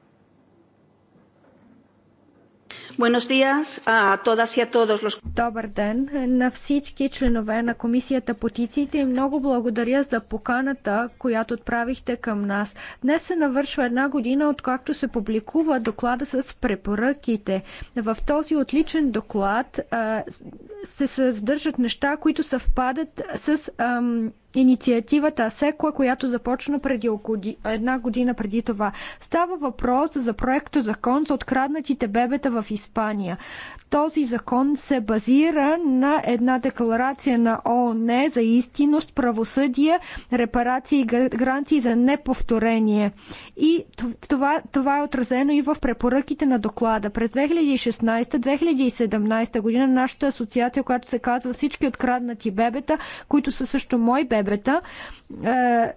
Добър ден на всички членове на Комисията по тициите и много благодаря за поканата, която отправихте към нас. Днес се навършва една година, откакто се публикува доклада с препоръките. В този отличен доклад се съдържат неща, които съвпадат с инициативата Асекла, която започна преди около една година преди това. Става въпрос за проекто закон за откраднатите бебета в Испания Испания. Този закон се базира на една декларация на ООН за истинност, правосъдие, репарации и гаранции за неповторение. И това, това е отразено и в препоръките на доклада. През 2016-2017 година нашата асоциация, която се казва Всички откраднати бебета, които са също мои бебета, е,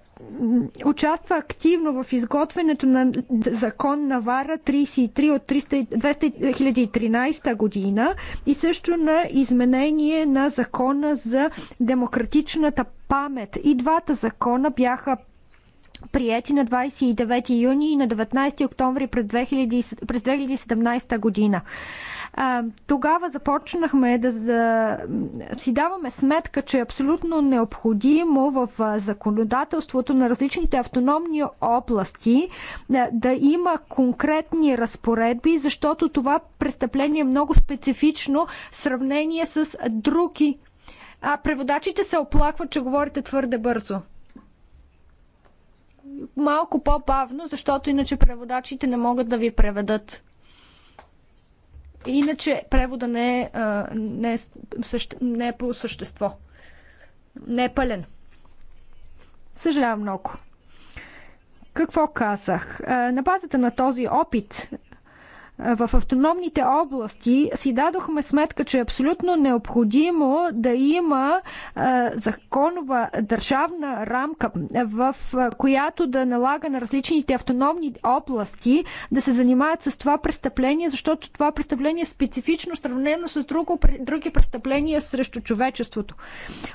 участва активно в изготвянето на закон на Вара 33 от 300, 2013 година и също на изменение на закона за демократичната памет. И двата закона бяха приети на 29 юни и на 19 октомври през 2017 година а, тогава започнахме да, да си даваме сметка, че е абсолютно необходимо в законодателството на различните автономни области да, да има конкретни разпоредби, защото това престъпление е много специфично в сравнение с други. А преводачите се оплакват, че говорите твърде бързо малко по-бавно, защото иначе преводачите не могат да ви преведат. Иначе превода не е, не е, съще, не е по същество. Не е пълен. Съжалявам много. Какво казах? На базата на този опит е, в автономните области си дадохме сметка, че е абсолютно необходимо да има е, законова държавна рамка, в е, която да налага на различните автономни области да се занимават с това престъпление, защото това престъпление е специфично сравнено с друго, други престъпления срещу човечеството.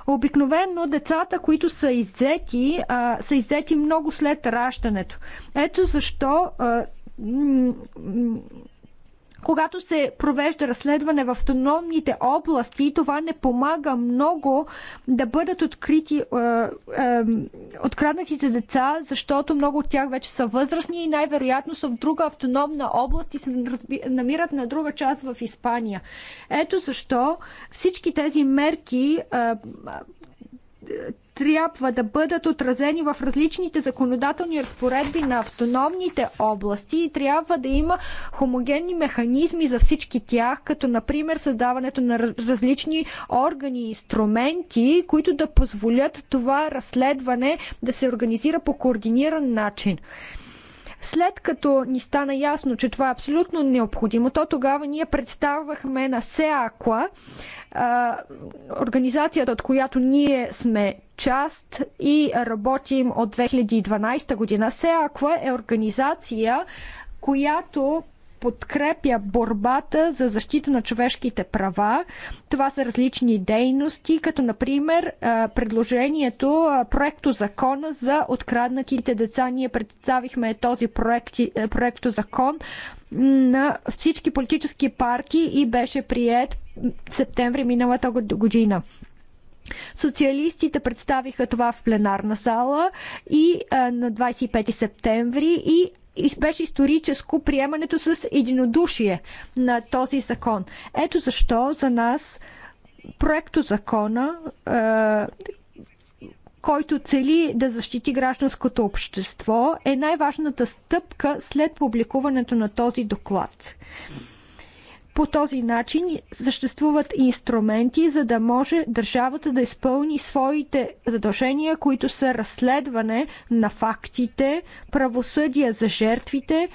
Обикновено децата, които са иззети, са иззети много след раждането. Ето защо когато се провежда разследване в автономните области, това не помага много да бъдат открити е, е, откраднатите деца, защото много от тях вече са възрастни и най-вероятно са в друга автономна област и се намират на друга част в Испания. Ето защо всички тези мерки е, трябва да бъдат отразени в различните законодателни разпоредби на автономните области и трябва да има хомогенни механизми за всички тях, като например създаването на различни органи и инструменти, които да позволят това разследване да се организира по координиран начин. След като ни стана ясно, че това е абсолютно необходимо, то тогава ние представахме на СЕАКЛА организацията, от която ние сме част и работим от 2012 година. СЕАКВА е организация, която подкрепя борбата за защита на човешките права. Това са различни дейности, като например предложението, проекто закона за откраднатите деца. Ние представихме този проект, е, проекто закон на всички политически партии и беше прият септември миналата година. Социалистите представиха това в пленарна зала и а, на 25 септември и беше историческо приемането с единодушие на този закон. Ето защо за нас проекто закона, е, който цели да защити гражданското общество, е най-важната стъпка след публикуването на този доклад. По този начин съществуват инструменти, за да може държавата да изпълни своите задължения, които са разследване на фактите, правосъдие за жертвите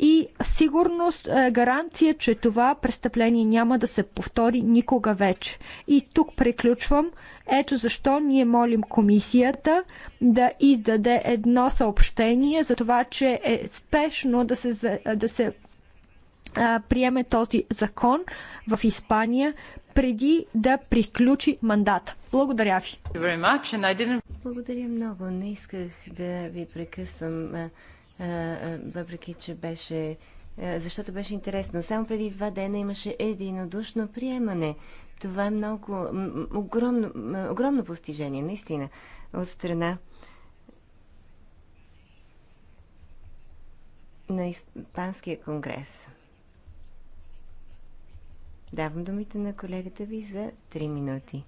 и сигурност, е, гаранция, че това престъпление няма да се повтори никога вече. И тук приключвам. Ето защо ние молим комисията да издаде едно съобщение за това, че е спешно да се, да се приеме този закон в Испания преди да приключи мандат. Благодаря ви.
Благодаря много. Не исках да ви прекъсвам, въпреки че беше. Защото беше интересно. Само преди два дена имаше единодушно приемане. Това е много огромно, огромно постижение, наистина, от страна на Испанския конгрес. Давам думите на колегата ви за 3 минути.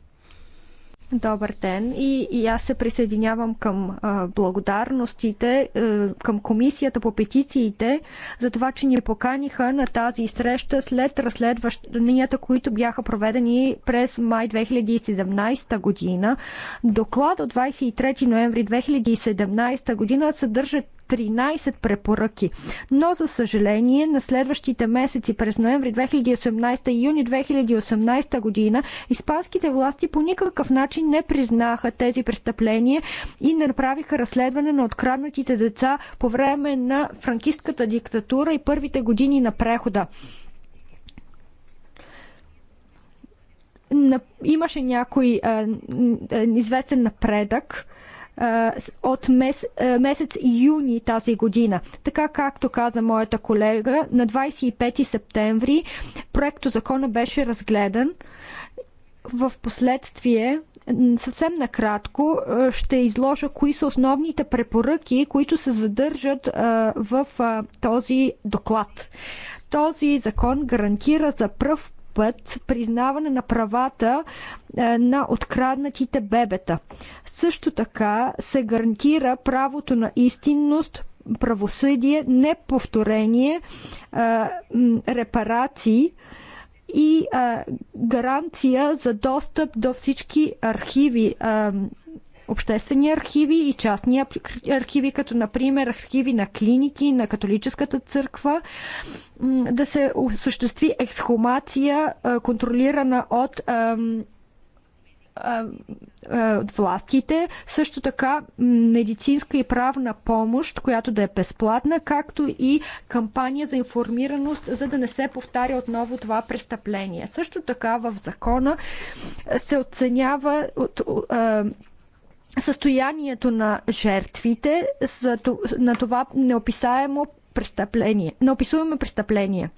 Добър ден и, и аз се присъединявам към а, благодарностите а, е, към комисията по петициите за това, че ни поканиха на тази среща след разследванията, които бяха проведени през май 2017 година. Доклад от 23 ноември 2017 година съдържа 13 препоръки. Но, за съжаление, на следващите месеци през ноември 2018 и юни 2018 година испанските власти по никакъв начин не признаха тези престъпления и не направиха разследване на откраднатите деца по време на франкистката диктатура и първите години на прехода. имаше някой а, известен напредък от мес, месец юни тази година. Така както каза моята колега, на 25 септември проекто закона беше разгледан. В последствие, съвсем накратко, ще изложа кои са основните препоръки, които се задържат в този доклад. Този закон гарантира за пръв път признаване на правата е, на откраднатите бебета. Също така се гарантира правото на истинност, правосъдие, неповторение, е, репарации и е, гаранция за достъп до всички архиви обществени архиви и частни архиви, като например архиви на клиники, на католическата църква, да се осъществи ексхумация, контролирана от от властите, също така медицинска и правна помощ, която да е безплатна, както и кампания за информираност, за да не се повтаря отново това престъпление. Също така в закона се оценява от, от, от състоянието на жертвите за на това неописаемо престъпление, неописуемо престъпление.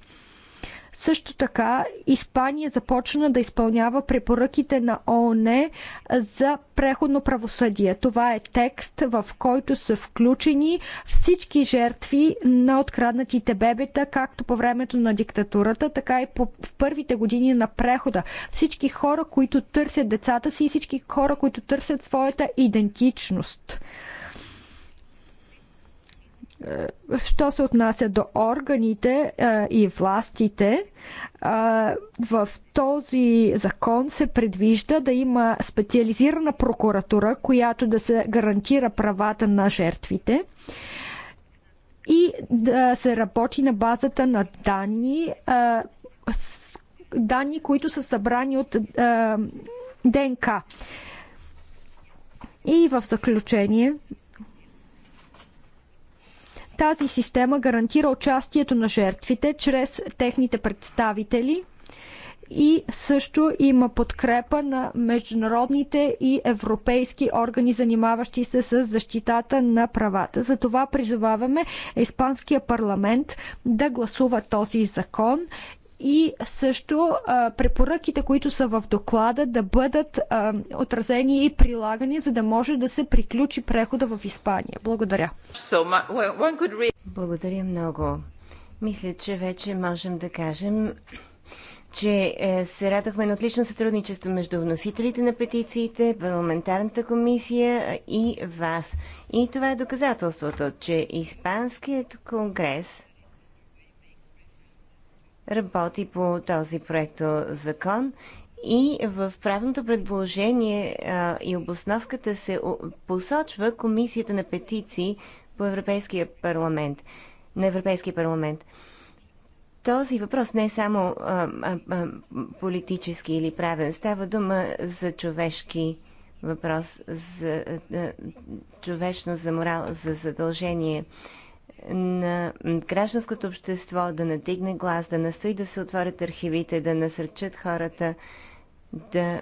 Също така Испания започна да изпълнява препоръките на ООН за преходно правосъдие. Това е текст, в който са включени всички жертви на откраднатите бебета, както по времето на диктатурата, така и по, в първите години на прехода. Всички хора, които търсят децата си и всички хора, които търсят своята идентичност. Е, що се отнася до органите а, е, и властите, а, е, в този закон се предвижда да има специализирана прокуратура, която да се гарантира правата на жертвите и да се работи на базата на данни, а, данни които са събрани от ДНК. И в заключение тази система гарантира участието на жертвите чрез техните представители и също има подкрепа на международните и европейски органи, занимаващи се с защитата на правата. Затова призоваваме Испанския парламент да гласува този закон и също а, препоръките, които са в доклада, да бъдат а, отразени и прилагани, за да може да се приключи прехода в Испания. Благодаря. Благодаря много. Мисля,
че вече можем да кажем, че е, се радвахме на отлично сътрудничество между вносителите на петициите, парламентарната комисия и вас. И това е доказателството, че Испанският конгрес – работи по този проект закон и в правното предложение а, и обосновката се посочва Комисията на петиции по Европейския парламент, на Европейския парламент. Този въпрос не е само а, а, политически или правен. Става дума за човешки въпрос, за а, човечно, за морал, за задължение на гражданското общество да натигне глас, да настои да се отворят архивите, да насърчат хората да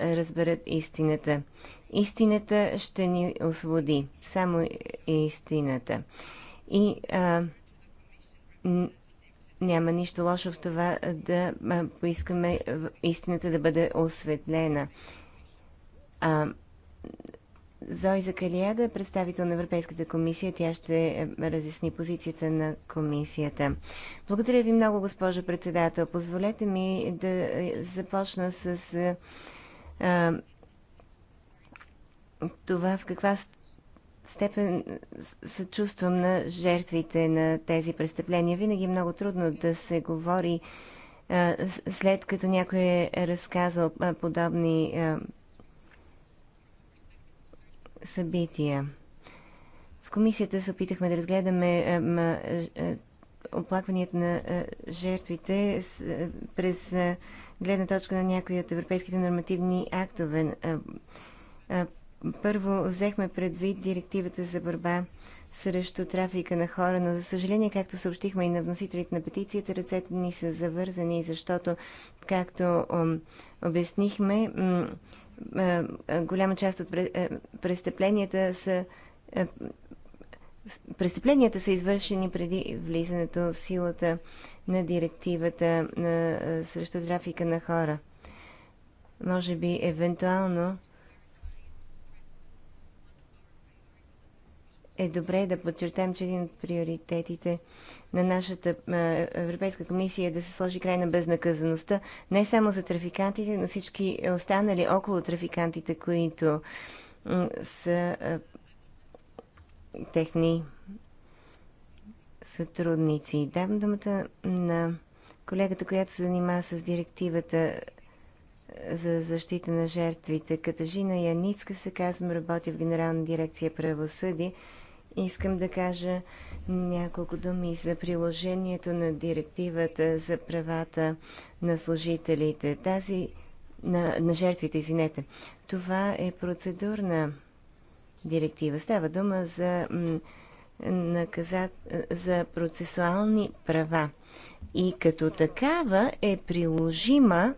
разберат истината. Истината ще ни освободи. Само истината. И а, няма нищо лошо в това да поискаме истината да бъде осветлена. А, Зой Закалиада е представител на Европейската комисия. Тя ще е, разясни позицията на комисията. Благодаря ви много, госпожа председател. Позволете ми да е, започна с а, е, това в каква степен съчувствам на жертвите на тези престъпления. Винаги е много трудно да се говори а, след като някой е разказал а, подобни а, събития. В комисията се опитахме да разгледаме е, е, оплакванията на е, жертвите през гледна точка на някои от европейските нормативни актове. Първо взехме предвид директивата за борба срещу трафика на хора, но за съжаление, както съобщихме и на вносителите на петицията, ръцете ни са завързани, защото, както обяснихме, е, е, голяма част от е, престъпленията са престъпленията са извършени преди влизането в силата на директивата на, срещу трафика на хора. Може би, евентуално, е добре да подчертаем, че един от приоритетите на нашата Европейска комисия е да се сложи край на безнаказаността не само за трафикантите, но всички останали около трафикантите, които са техни сътрудници. Давам думата на колегата, която се занимава с директивата за защита на жертвите. Катажина Яницка се казвам, работи в Генерална дирекция правосъди Искам да кажа няколко думи за приложението на директивата за правата на служителите. Тази на, на жертвите, извинете. Това е процедурна директива. Става дума за наказат, за процесуални права. И като такава е приложима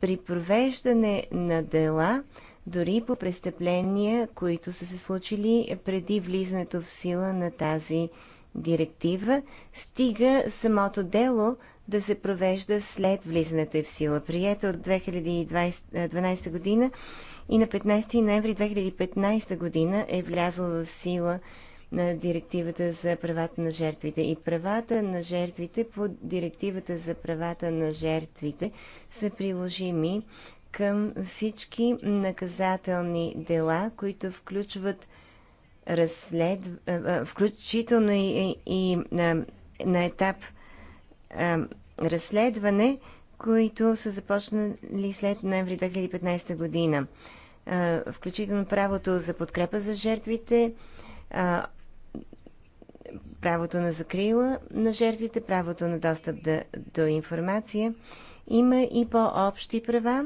при провеждане на дела дори по престъпления, които са се случили преди влизането в сила на тази директива, стига самото дело да се провежда след влизането и в сила. Приета от 2012 година и на 15 ноември 2015 година е влязла в сила на директивата за правата на жертвите. И правата на жертвите по директивата за правата на жертвите са приложими към всички наказателни дела, които включват разслед... включително и, и, на, на етап а, разследване, които са започнали след ноември 2015 година. А, включително правото за подкрепа за жертвите, а, правото на закрила на жертвите, правото на достъп да, до информация. Има и по-общи права,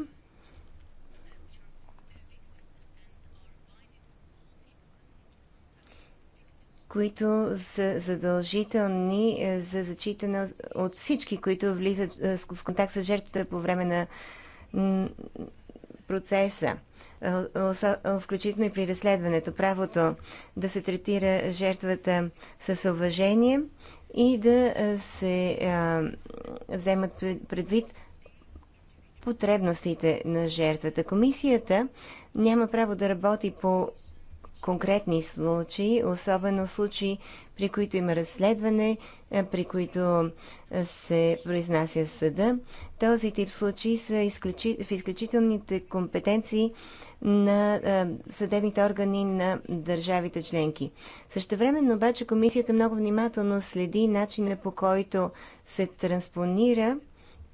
които са задължителни е, за зачитане от всички, които влизат е, в контакт с жертвата по време на процеса, е, включително и при разследването, правото да се третира жертвата с уважение и да се вземат предвид потребностите на жертвата. Комисията няма право да работи по конкретни случаи, особено случаи, при които има разследване, е, при които е, се произнася съда. Този тип случаи са изключи... в изключителните компетенции на е, съдебните органи на държавите членки. Също времено обаче комисията много внимателно следи начина по който се транспонира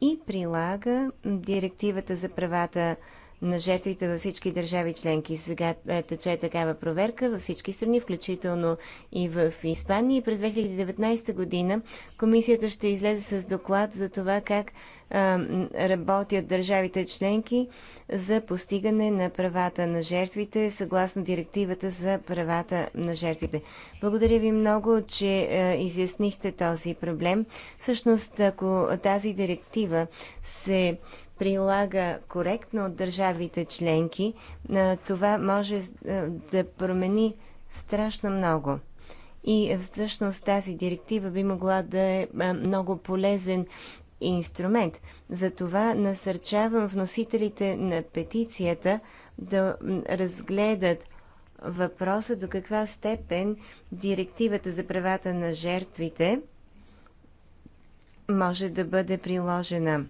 и прилага директивата за правата на жертвите във всички държави членки. Сега е, тече такава проверка във всички страни, включително и в Испания. И през 2019 година комисията ще излезе с доклад за това как а, работят държавите членки за постигане на правата на жертвите, съгласно директивата за правата на жертвите. Благодаря ви много, че а, е, изяснихте този проблем. Всъщност, ако тази директива се прилага коректно от държавите членки, това може да промени страшно много. И всъщност тази директива би могла да е много полезен инструмент. Затова насърчавам вносителите на петицията да разгледат въпроса до каква степен директивата за правата на жертвите може да бъде приложена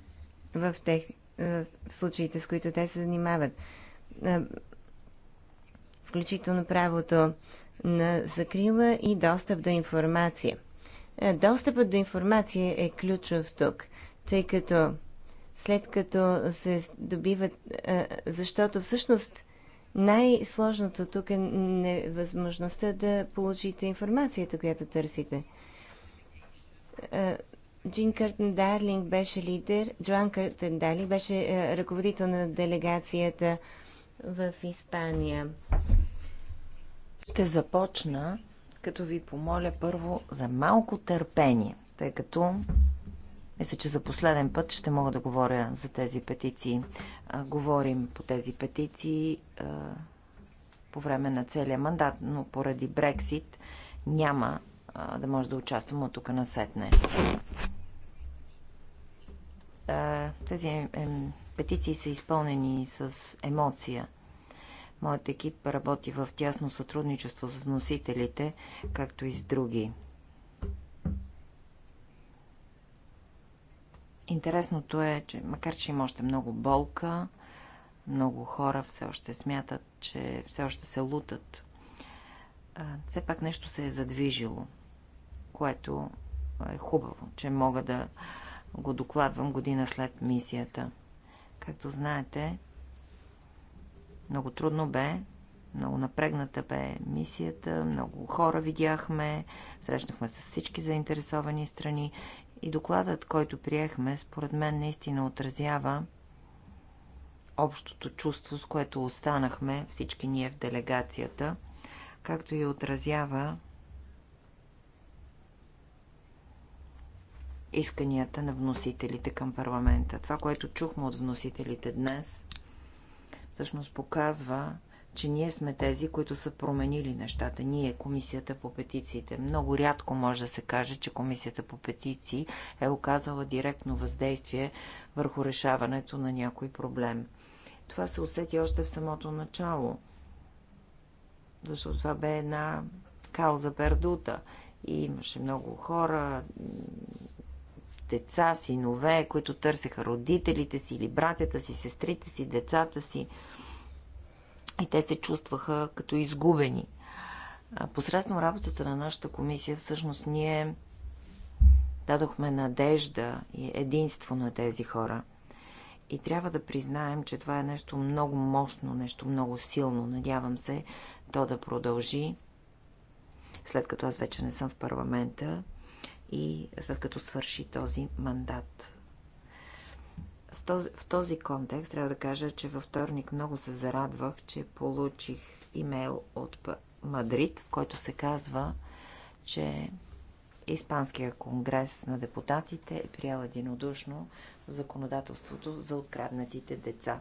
в, тех, в случаите, с които те се занимават. Включително правото на закрила и достъп до информация. Достъпът до информация е ключов тук, тъй като след като се добиват, защото всъщност най-сложното тук е невъзможността да получите информацията, която търсите. Джин Къртен Дарлинг беше лидер, Джоан Къртен Дарлинг беше е, ръководител на
делегацията в Испания. Ще започна, като ви помоля първо за малко търпение, тъй като мисля, че за последен път ще мога да говоря за тези петиции. А, говорим по тези петиции а, по време на целия мандат, но поради Брексит няма да може да участвам от тук на сетне. тези петиции са изпълнени с емоция. Моят екип работи в тясно сътрудничество с носителите, както и с други. Интересното е, че макар че има още много болка, много хора все още смятат, че все още се лутат. Все пак нещо се е задвижило което е хубаво, че мога да го докладвам година след мисията. Както знаете, много трудно бе, много напрегната бе мисията, много хора видяхме, срещнахме с всички заинтересовани страни и докладът, който приехме, според мен наистина отразява общото чувство, с което останахме всички ние в делегацията, както и отразява исканията на вносителите към парламента. Това, което чухме от вносителите днес, всъщност показва, че ние сме тези, които са променили нещата. Ние, Комисията по петициите. Много рядко може да се каже, че Комисията по петиции е оказала директно въздействие върху решаването на някой проблем. Това се усети още в самото начало, защото това бе една кауза пердута. И имаше много хора, деца, синове, които търсеха родителите си или братята си, сестрите си, децата си. И те се чувстваха като изгубени. Посредством работата на нашата комисия, всъщност ние дадохме надежда и единство на тези хора. И трябва да признаем, че това е нещо много мощно, нещо много силно. Надявам се то да продължи, след като аз вече не съм в парламента и след като свърши този мандат. В този контекст трябва да кажа, че във вторник много се зарадвах, че получих имейл от Мадрид, в който се казва, че Испанския конгрес на депутатите е приял единодушно законодателството за откраднатите деца.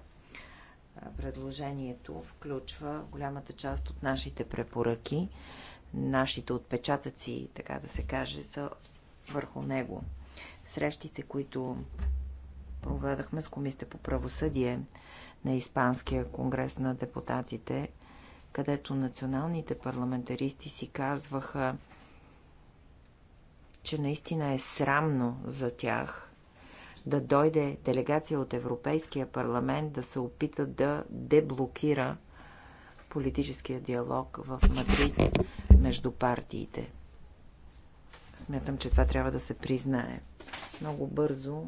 Предложението включва голямата част от нашите препоръки. Нашите отпечатъци, така да се каже, са върху него. Срещите, които проведахме с Комисията по правосъдие на Испанския конгрес на депутатите, където националните парламентаристи си казваха, че наистина е срамно за тях да дойде делегация от Европейския парламент да се опита да деблокира политическия диалог в Мадрид между партиите. Смятам, че това трябва да се признае. Много бързо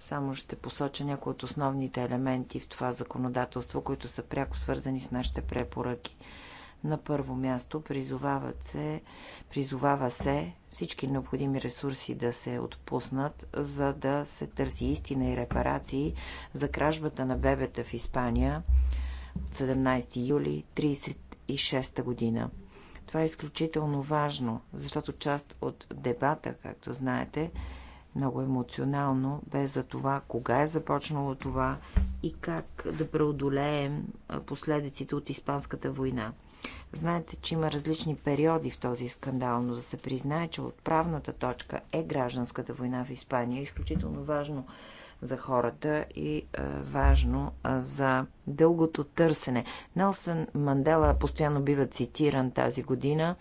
само ще посоча някои от основните елементи в това законодателство, които са пряко свързани с нашите препоръки. На първо място призовават се, призовава се всички необходими ресурси да се отпуснат, за да се търси истина и репарации за кражбата на бебета в Испания от 17 юли 36 година. Това е изключително важно, защото част от дебата, както знаете, много емоционално бе за това, кога е започнало това и как да преодолеем последиците от Испанската война. Знаете, че има различни периоди в този скандал, но да се признае, че отправната точка е гражданската война в Испания. Е изключително важно за хората и важно за дългото търсене. Нелсън Мандела постоянно бива цитиран тази година,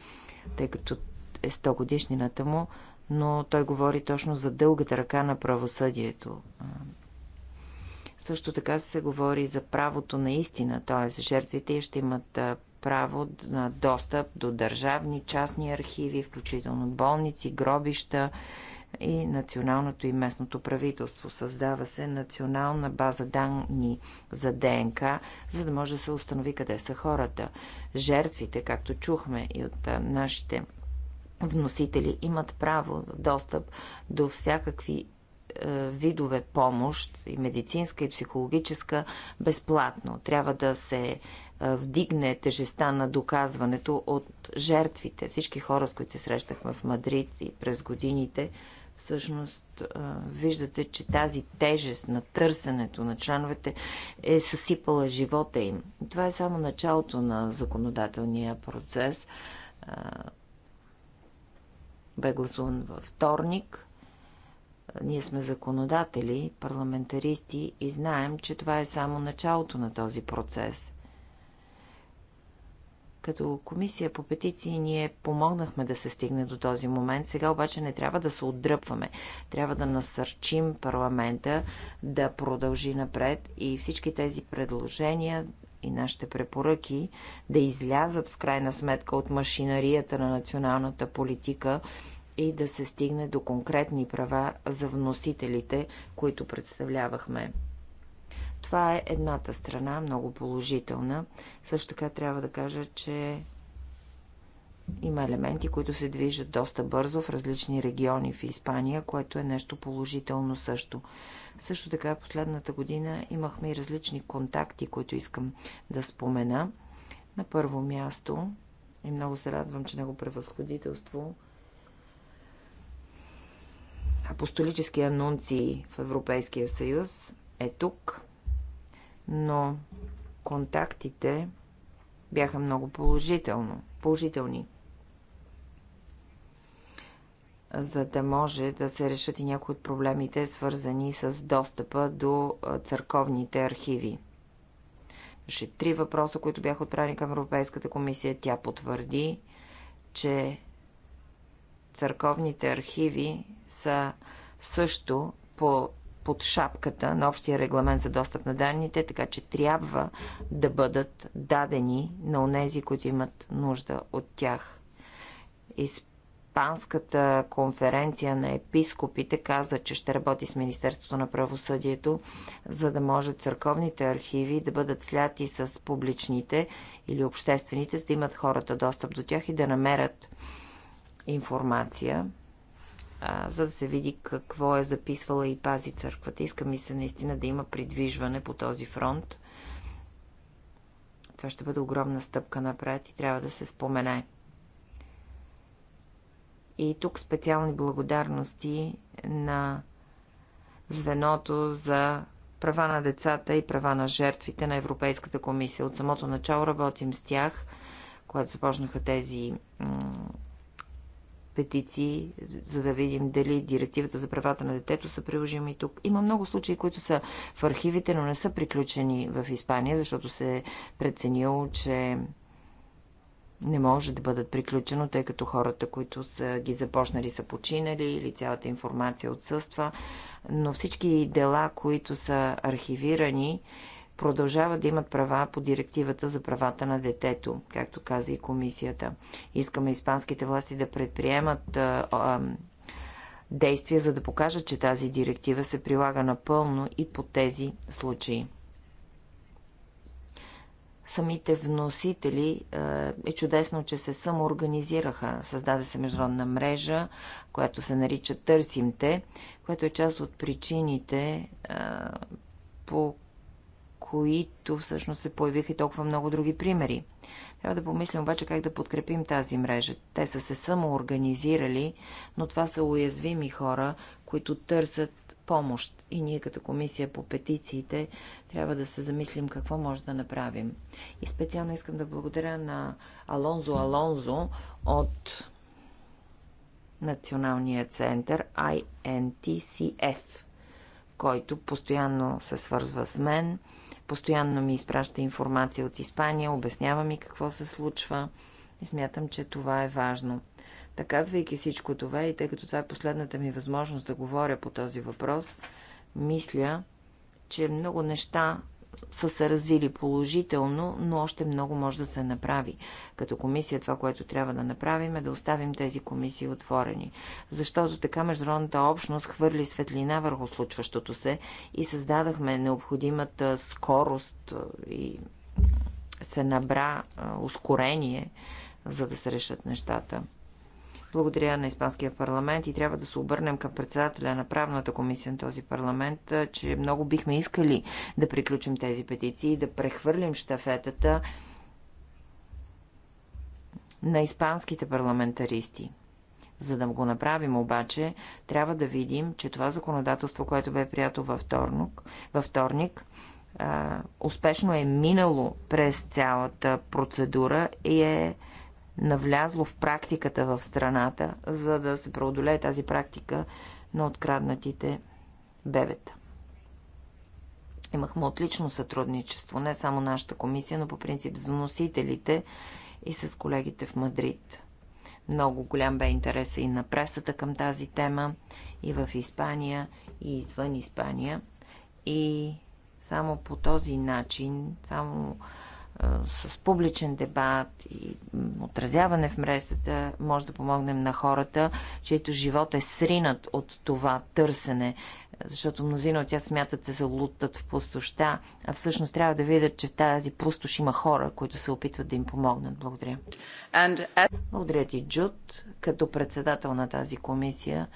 тъй като е 100 годишнината му, но той говори точно за дългата ръка на правосъдието. Също така се говори за правото на истина, т.е. жертвите ще имат право на достъп до държавни, частни архиви, включително болници, гробища и националното и местното правителство. Създава се национална база данни за ДНК, за да може да се установи къде са хората. Жертвите, както чухме и от нашите вносители, имат право достъп до всякакви видове помощ, и медицинска, и психологическа, безплатно. Трябва да се вдигне тежеста на доказването от жертвите. Всички хора, с които се срещахме в Мадрид и през годините, Всъщност, виждате, че тази тежест на търсенето на членовете е съсипала живота им. Това е само началото на законодателния процес. Бе гласуван във вторник. Ние сме законодатели, парламентаристи и знаем, че това е само началото на този процес. Като комисия по петиции ние помогнахме да се стигне до този момент. Сега обаче не трябва да се отдръпваме. Трябва да насърчим парламента да продължи напред и всички тези предложения и нашите препоръки да излязат в крайна сметка от машинарията на националната политика и да се стигне до конкретни права за вносителите, които представлявахме. Това е едната страна, много положителна. Също така трябва да кажа, че има елементи, които се движат доста бързо в различни региони в Испания, което е нещо положително също. Също така, последната година имахме и различни контакти, които искам да спомена. На първо място, и много се радвам, че него превъзходителство, апостолически анунции в Европейския съюз е тук – но контактите бяха много положително, положителни. За да може да се решат и някои от проблемите, свързани с достъпа до църковните архиви. Имаше три въпроса, които бяха отправени към Европейската комисия. Тя потвърди, че църковните архиви са също по под шапката на общия регламент за достъп на данните, така че трябва да бъдат дадени на онези, които имат нужда от тях. Испанската конференция на епископите каза, че ще работи с Министерството на правосъдието, за да може църковните архиви да бъдат сляти с публичните или обществените, за да имат хората достъп до тях и да намерят информация а, за да се види какво е записвала и пази църквата. Иска ми се наистина да има придвижване по този фронт. Това ще бъде огромна стъпка напред и трябва да се спомене. И тук специални благодарности на звеното за права на децата и права на жертвите на Европейската комисия. От самото начало работим с тях, когато започнаха тези петиции, за да видим дали директивата за правата на детето са приложими тук. Има много случаи, които са в архивите, но не са приключени в Испания, защото се е преценило, че не може да бъдат приключено, тъй като хората, които са ги започнали, са починали или цялата информация отсъства. Но всички дела, които са архивирани продължават да имат права по директивата за правата на детето, както каза и комисията. Искаме испанските власти да предприемат а, а, действия, за да покажат, че тази директива се прилага напълно и по тези случаи. Самите вносители е чудесно, че се самоорганизираха. Създаде се международна мрежа, която се нарича Търсимте, което е част от причините, по които всъщност се появиха и толкова много други примери. Трябва да помислим обаче как да подкрепим тази мрежа. Те са се самоорганизирали, но това са уязвими хора, които търсят помощ. И ние като комисия по петициите трябва да се замислим какво може да направим. И специално искам да благодаря на Алонзо Алонзо от Националния център INTCF, който постоянно се свързва с мен Постоянно ми изпраща информация от Испания, обяснява ми какво се случва и смятам, че това е важно. Така, казвайки всичко това и тъй като това е последната ми възможност да говоря по този въпрос, мисля, че много неща са се развили положително, но още много може да се направи. Като комисия това, което трябва да направим е да оставим тези комисии отворени, защото така международната общност хвърли светлина върху случващото се и създадахме необходимата скорост и се набра ускорение, за да се решат нещата. Благодаря на Испанския парламент и трябва да се обърнем към председателя на правната комисия на този парламент, че много бихме искали да приключим тези петиции, и да прехвърлим штафетата на испанските парламентаристи. За да го направим обаче, трябва да видим, че това законодателство, което бе прието във вторник, във вторник успешно е минало през цялата процедура и е навлязло в практиката в страната, за да се преодолее тази практика на откраднатите бебета. Имахме отлично сътрудничество, не само нашата комисия, но по принцип с вносителите и с колегите в Мадрид. Много голям бе интереса и на пресата към тази тема, и в Испания, и извън Испания. И само по този начин, само с публичен дебат и отразяване в мрежата може да помогнем на хората, чието живот е сринат от това търсене, защото мнозина от тях смятат, че се лутат в пустоща, а всъщност трябва да видят, че в тази пустош има хора, които се опитват да им помогнат. Благодаря. And... Благодаря ти, Джуд, като председател на тази комисия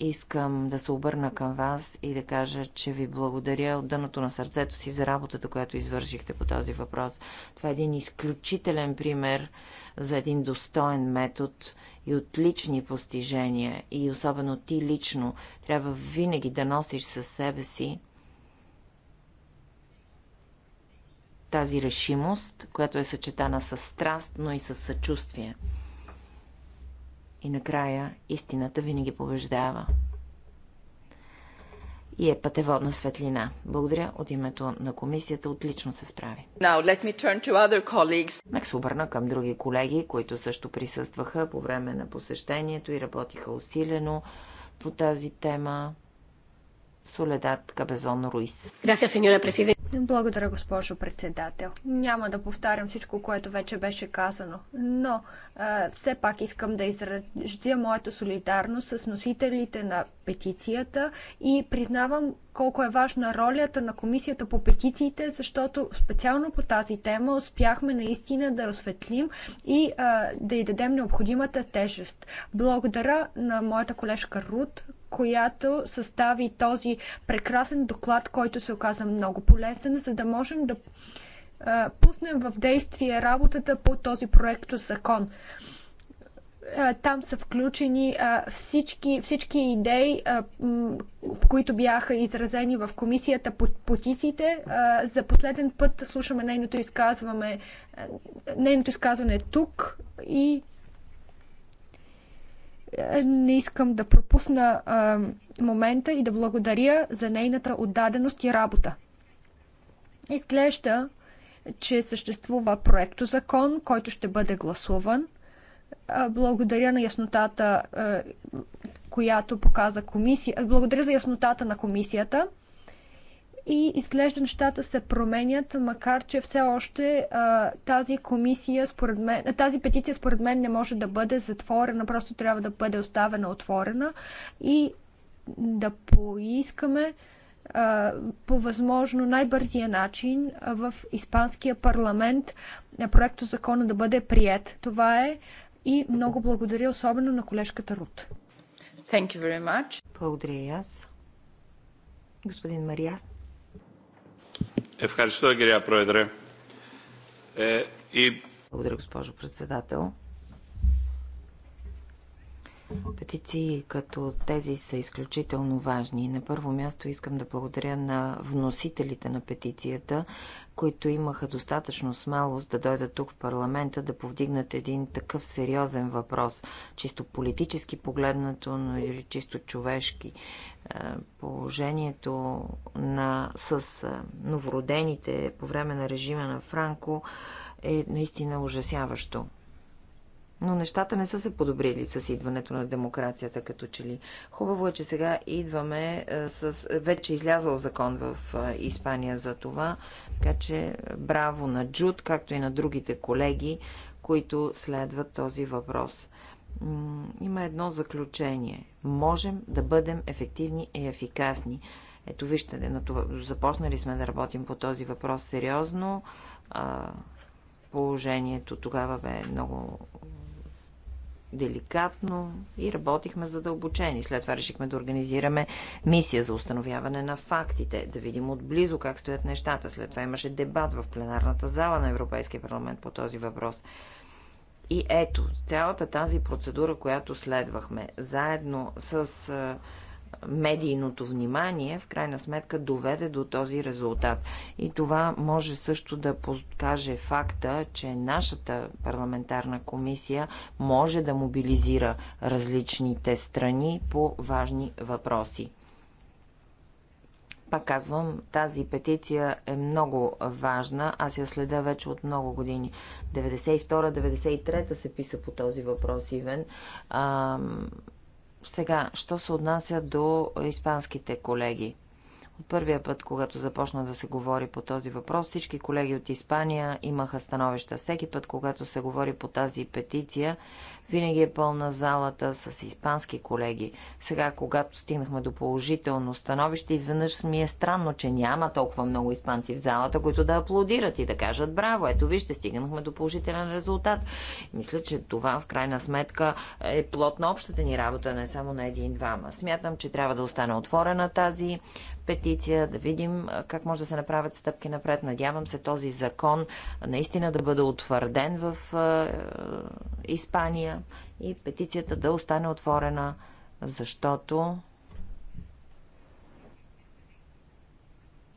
Искам да се обърна към вас и да кажа, че ви благодаря от дъното на сърцето си за работата, която извършихте по този въпрос. Това е един изключителен пример за един достоен метод и отлични постижения. И особено ти лично трябва винаги да носиш със себе си тази решимост, която е съчетана с страст, но и с съчувствие. И накрая истината винаги побеждава. И е пътеводна светлина. Благодаря от името на комисията. Отлично се справи. Мек се обърна към други колеги, които също присъстваха по време на посещението и работиха усилено по тази тема. Соледат Кабезон Руис.
Благодаря, госпожо председател. Няма да повтарям всичко, което вече беше казано, но е, все пак искам да изразя моята солидарност с носителите на петицията и признавам колко е важна ролята на комисията по петициите, защото специално по тази тема успяхме наистина да осветлим и а, да й дадем необходимата тежест. Благодаря на моята колежка Рут, която състави този прекрасен доклад, който се оказа много полезен, за да можем да пуснем в действие работата по този проект закон. Там са включени всички, всички идеи, които бяха изразени в комисията по потиците. За последен път слушаме нейното изказване, нейното изказване тук и не искам да пропусна а, момента и да благодаря за нейната отдаденост и работа. Изглежда, че съществува проекто закон, който ще бъде гласуван. А, благодаря на яснотата, а, която показа комисия. Благодаря за яснотата на комисията и изглежда нещата се променят, макар че все още а, тази комисия, според мен, тази петиция според мен не може да бъде затворена, просто трябва да бъде оставена отворена и да поискаме а, по възможно най-бързия начин в Испанския парламент на проекто закона да бъде прият. Това е и много благодаря особено на колежката Рут.
Thank you very much. Благодаря и аз.
Господин Мариас. Ευχαριστώ, κυρία Πρόεδρε. Благодаря, госпожо председател. Петиции като тези са изключително важни. На първо място искам да благодаря на вносителите на петицията, които имаха достатъчно смелост да дойдат тук в парламента да повдигнат един такъв сериозен въпрос, чисто политически погледнато, но и чисто човешки. Е, положението на, с е, новородените по време на режима на Франко е наистина ужасяващо. Но нещата не са се подобрили с идването на демокрацията, като че ли. Хубаво е, че сега идваме е, с вече е излязъл закон в е, Испания за това, така че браво на Джуд, както и на другите колеги, които следват този въпрос. Има едно заключение. Можем да бъдем ефективни и ефикасни. Ето вижте, на това, започнали сме да работим по този въпрос сериозно. А, положението тогава бе много деликатно и работихме задълбочени. След това решихме да организираме мисия за установяване на фактите, да видим отблизо как стоят нещата. След това имаше дебат в пленарната зала на Европейския парламент по този въпрос. И ето, цялата тази процедура, която следвахме, заедно с медийното внимание, в крайна сметка доведе до този резултат. И това може също да покаже факта, че нашата парламентарна комисия може да мобилизира различните страни по важни въпроси пак казвам, тази петиция е много важна. Аз я следя вече от много години. 92-93 се писа по този въпрос, Ивен. Сега, що се отнася до испанските колеги? От първия път, когато започна да се говори по този въпрос, всички колеги от Испания имаха становища. Всеки път, когато се говори по тази петиция, винаги е пълна залата с испански колеги. Сега, когато стигнахме до положително становище, изведнъж ми е странно, че няма толкова много испанци в залата, които да аплодират и да кажат браво, ето вижте, стигнахме до положителен резултат. Мисля, че това в крайна сметка е плод на общата ни работа, не само на един-двама. Смятам, че трябва да остане отворена тази петиция, да видим как може да се направят стъпки напред. Надявам се този закон наистина да бъде утвърден в е, Испания и петицията да остане отворена, защото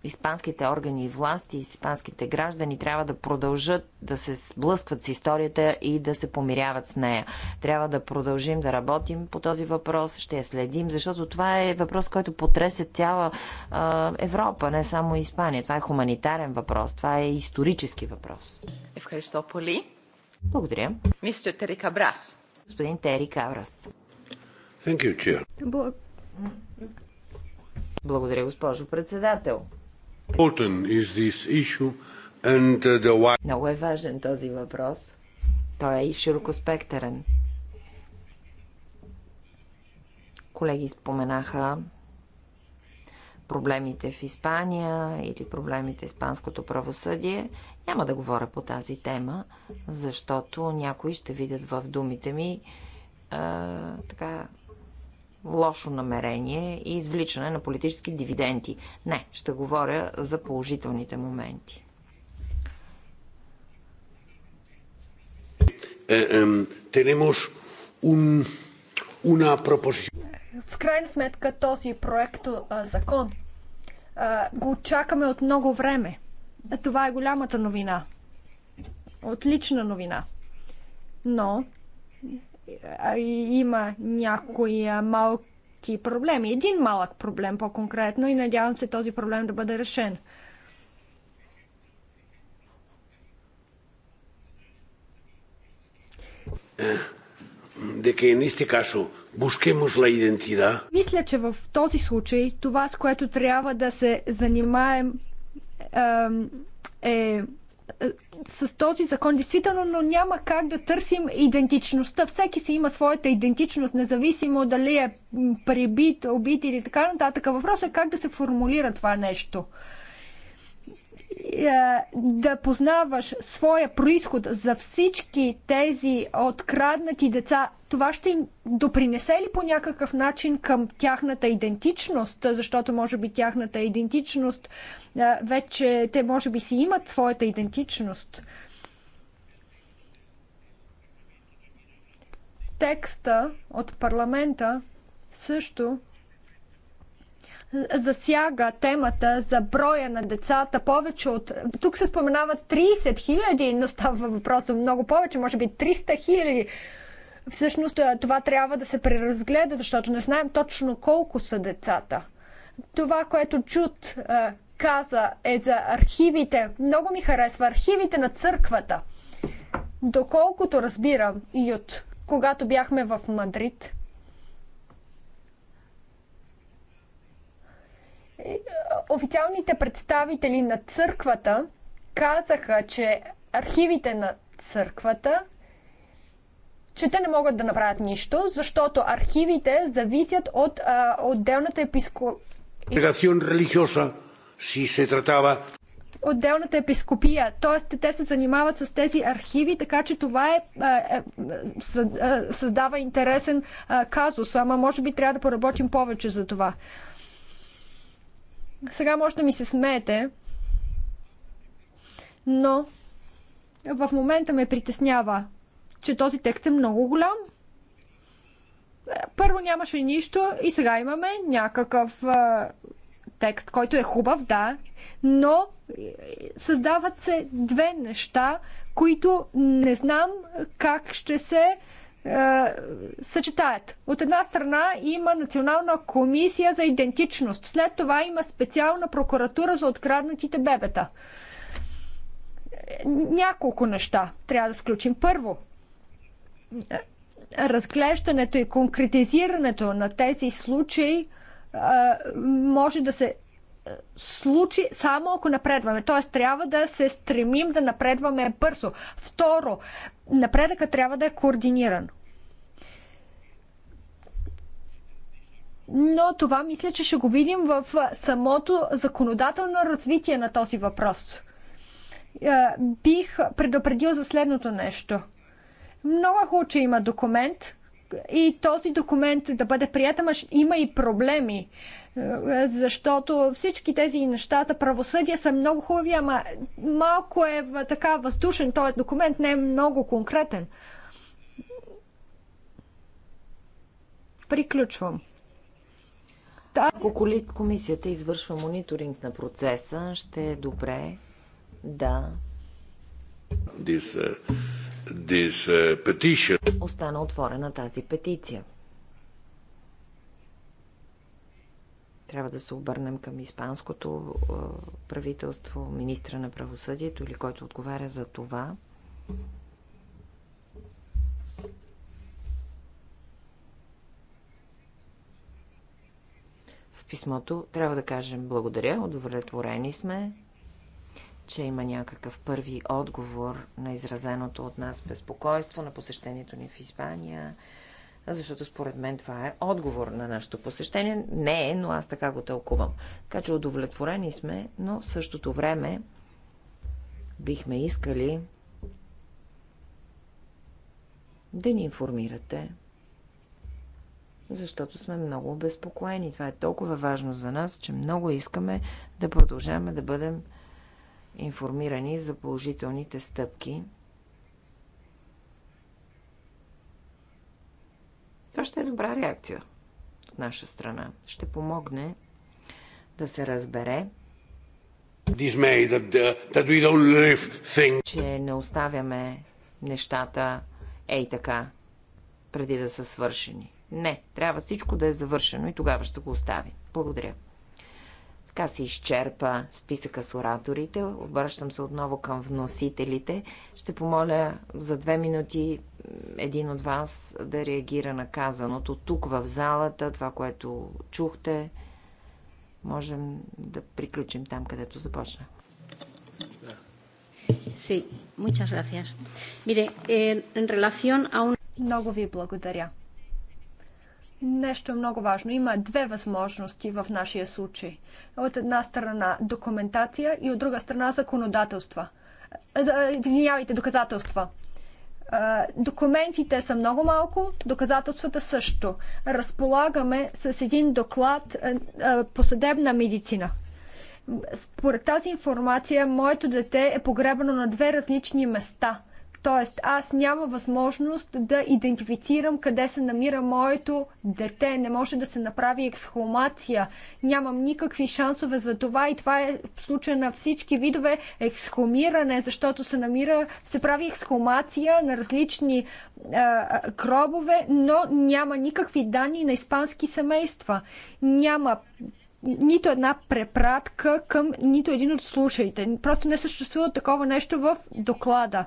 испанските органи и власти, испанските граждани трябва да продължат да се сблъскват с историята и да се помиряват с нея. Трябва да продължим да работим по този въпрос, ще я следим, защото това е въпрос, който потресе цяла а, Европа, не само Испания. Това е хуманитарен въпрос, това е исторически
въпрос.
Евхаристополи. Благодаря. Мистер Тери Кабрас. Господин
Тери Кабрас. Благодаря, госпожо председател.
Uh,
Много е важен този въпрос. Той е и широкоспектърен. Колеги споменаха проблемите в Испания или проблемите испанското правосъдие. Няма да говоря по тази тема, защото някои ще видят в думите ми а, така лошо намерение и извличане на политически дивиденти. Не, ще говоря за положителните моменти.
Е,
В крайна сметка този проект закон го чакаме от много време. Това е голямата новина. Отлична новина. Но има някои малки проблеми. Един малък проблем по-конкретно и надявам се този проблем да бъде решен. Мисля, че в този случай това, с което трябва да се занимаем е с този закон действително, но няма как да търсим идентичността. Всеки си има своята идентичност, независимо дали е прибит, убит или така нататък. Въпросът е как да се формулира това нещо. Е, да познаваш своя происход за всички тези откраднати деца, това ще им допринесе ли по някакъв начин към тяхната идентичност? Защото може би тяхната идентичност е, вече те може би си имат своята идентичност. Текста от парламента също засяга темата за броя на децата повече от... Тук се споменава 30 хиляди, но става въпрос за много повече, може би 300 хиляди. Всъщност това трябва да се преразгледа, защото не знаем точно колко са децата. Това, което чут каза е за архивите. Много ми харесва архивите на църквата. Доколкото разбирам, от когато бяхме в Мадрид, Е, официалните представители на църквата казаха, че архивите на църквата, че те не могат да направят нищо, защото архивите зависят от а, отделната еписко... Отделната епископия. Т.е. те се занимават с тези архиви, така че това е, е, е създава интересен е, казус. Ама може би трябва да поработим повече за това. Сега може да ми се смеете, но в момента ме притеснява, че този текст е много голям. Първо нямаше нищо и сега имаме някакъв а, текст, който е хубав, да, но създават се две неща, които не знам как ще се е, съчетаят. От една страна има Национална комисия за идентичност, след това има специална прокуратура за откраднатите бебета. Няколко неща трябва да включим. Първо, разглеждането и конкретизирането на тези случаи е, може да се е, случи само ако напредваме. Т.е. трябва да се стремим да напредваме бързо. Второ, напредъка трябва да е координиран. но това мисля, че ще го видим в самото законодателно развитие на този въпрос. Бих предупредил за следното нещо. Много е хубаво, че има документ и този документ да бъде приятен, има и проблеми защото всички тези неща за правосъдие са много хубави, ама малко е така въздушен този документ, не е много конкретен. Приключвам. Ако комисията
извършва мониторинг на процеса, ще е добре да
this, uh, this uh, petition.
остана отворена тази петиция. Трябва да се обърнем към испанското е, правителство, министра на правосъдието или който отговаря за това. писмото трябва да кажем благодаря, удовлетворени сме, че има някакъв първи отговор на изразеното от нас безпокойство на посещението ни в Испания, защото според мен това е отговор на нашето посещение. Не е, но аз така го тълкувам. Така че удовлетворени сме, но в същото време бихме искали да ни информирате защото сме много обезпокоени. Това е толкова важно за нас, че много искаме да продължаваме да бъдем информирани за положителните стъпки. Това ще е добра реакция от наша страна. Ще помогне да се разбере,
uh,
че не оставяме нещата ей така, преди да са свършени. Не, трябва всичко да е завършено и тогава ще го остави. Благодаря. Така се изчерпа списъка с ораторите. Обръщам се отново към вносителите. Ще помоля за две минути един от вас да реагира на казаното тук в залата, това, което чухте. Можем да приключим там, където започна.
Sí, muchas gracias. Mire, eh, en relación a un... Много ви благодаря. Нещо много важно. Има две възможности в нашия случай. От една страна документация и от друга страна законодателства. Извинявайте, доказателства. Документите са много малко, доказателствата също. Разполагаме с един доклад по съдебна медицина. Според тази информация, моето дете е погребано на две различни места – Тоест, аз няма възможност да идентифицирам къде се намира моето дете. Не може да се направи ексхумация. Нямам никакви шансове за това и това е в случая на всички видове ексхумиране, защото се намира, се прави ексхумация на различни е, гробове, но няма никакви данни на испански семейства. Няма нито една препратка към нито един от случаите. Просто не съществува такова нещо в доклада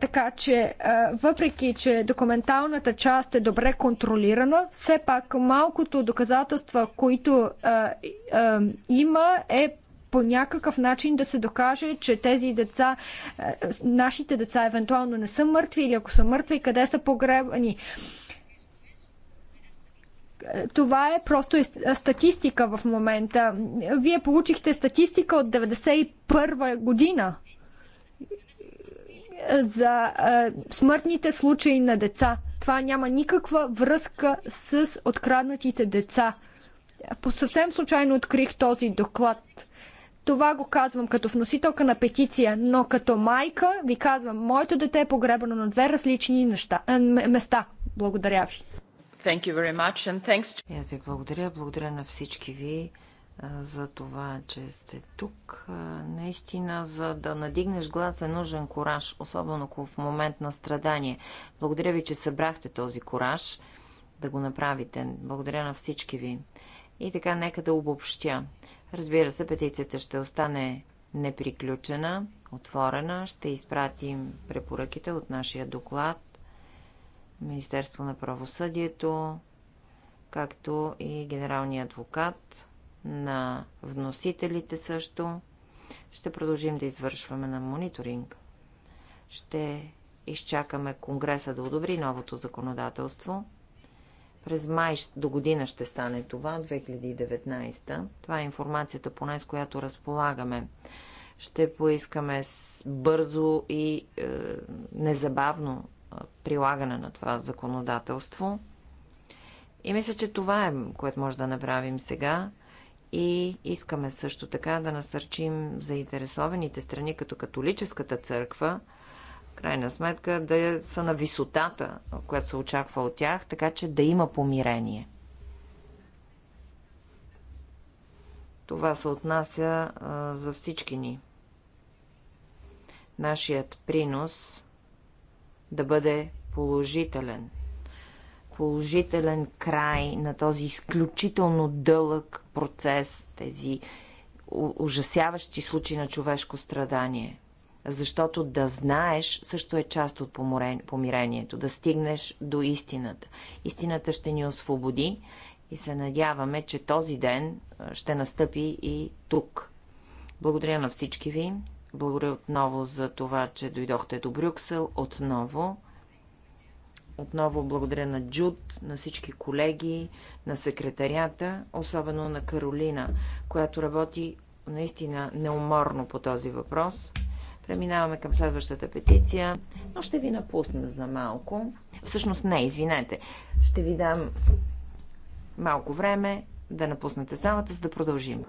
така че, а, въпреки, че документалната част е добре контролирана, все пак малкото доказателства, които а, а, има, е по някакъв начин да се докаже, че тези деца, нашите деца евентуално не са мъртви или ако са мъртви, къде са погребани. Това е просто статистика в момента. Вие получихте статистика от 91 година за смъртните случаи на деца. Това няма никаква връзка с откраднатите деца. По съвсем случайно открих този доклад. Това го казвам като вносителка на петиция, но като майка ви казвам, моето дете е погребано на две различни неща, места. Благодаря ви.
Thank you very much and thanks Я ви благодаря. Благодаря на всички ви за това, че сте тук. Наистина, за да надигнеш глас е нужен кораж, особено ако в момент на страдание. Благодаря ви, че събрахте този кораж да го направите. Благодаря на всички ви. И така, нека да обобщя. Разбира се, петицията ще остане неприключена, отворена. Ще изпратим препоръките от нашия доклад Министерство на правосъдието, както и генералния адвокат на вносителите също. Ще продължим да извършваме на мониторинг. Ще изчакаме Конгреса да одобри новото законодателство. През май до година ще стане това, 2019. Това е информацията, поне с която разполагаме. Ще поискаме бързо и е, незабавно е, прилагане на това законодателство. И мисля, че това е, което може да направим сега и искаме също така да насърчим заинтересованите страни, като католическата църква, крайна сметка да са на висотата, която се очаква от тях, така че да има помирение. Това се отнася а, за всички ни. Нашият принос да бъде положителен положителен край на този изключително дълъг процес, тези ужасяващи случаи на човешко страдание. Защото да знаеш също е част от помирението, да стигнеш до истината. Истината ще ни освободи и се надяваме, че този ден ще настъпи и тук. Благодаря на всички ви. Благодаря отново за това, че дойдохте до Брюксел. Отново. Отново благодаря на Джуд, на всички колеги, на секретарята, особено на Каролина, която работи наистина неуморно по този въпрос. Преминаваме към следващата петиция, но ще ви напусна за малко. Всъщност не, извинете. Ще ви дам малко време да напуснете залата, за да продължим.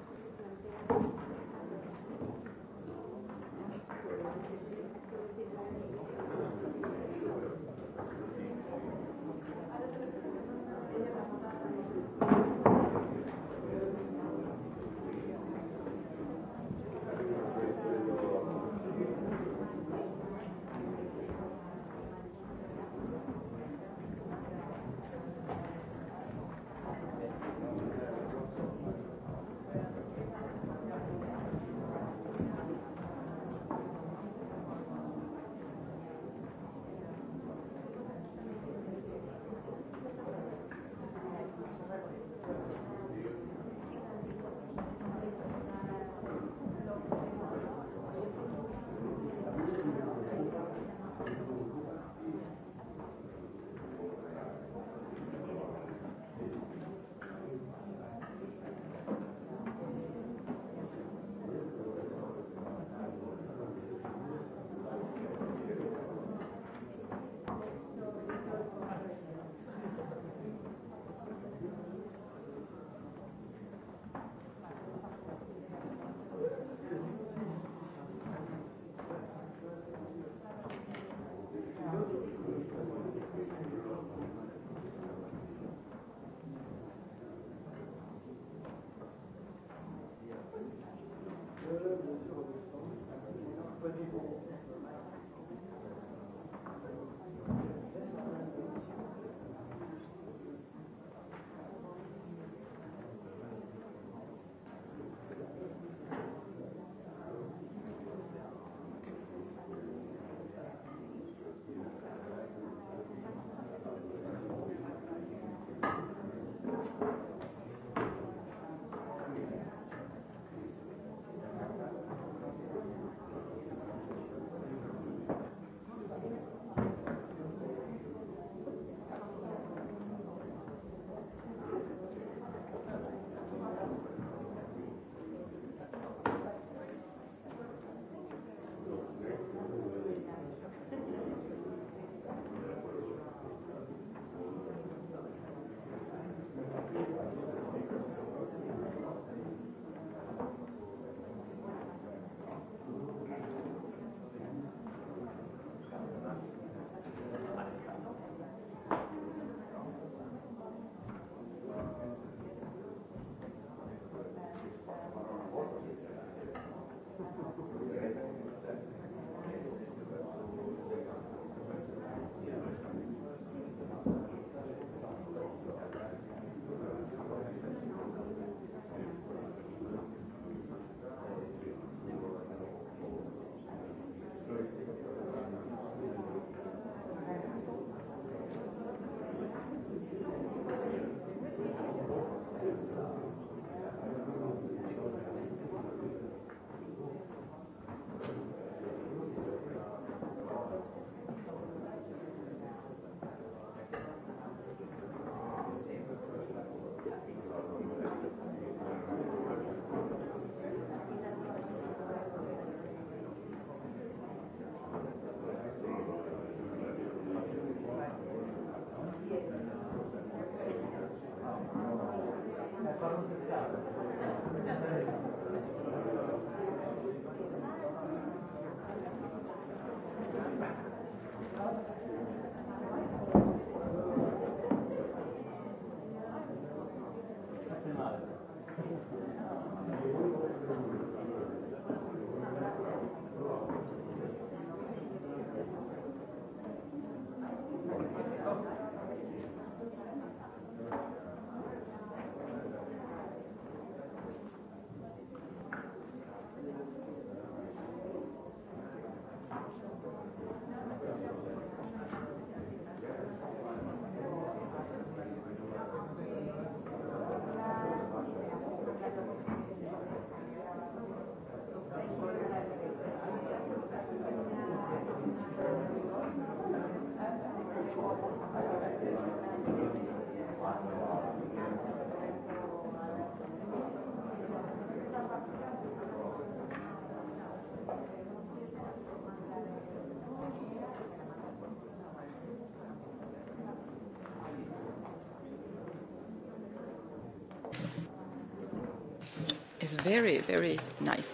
is very, very nice.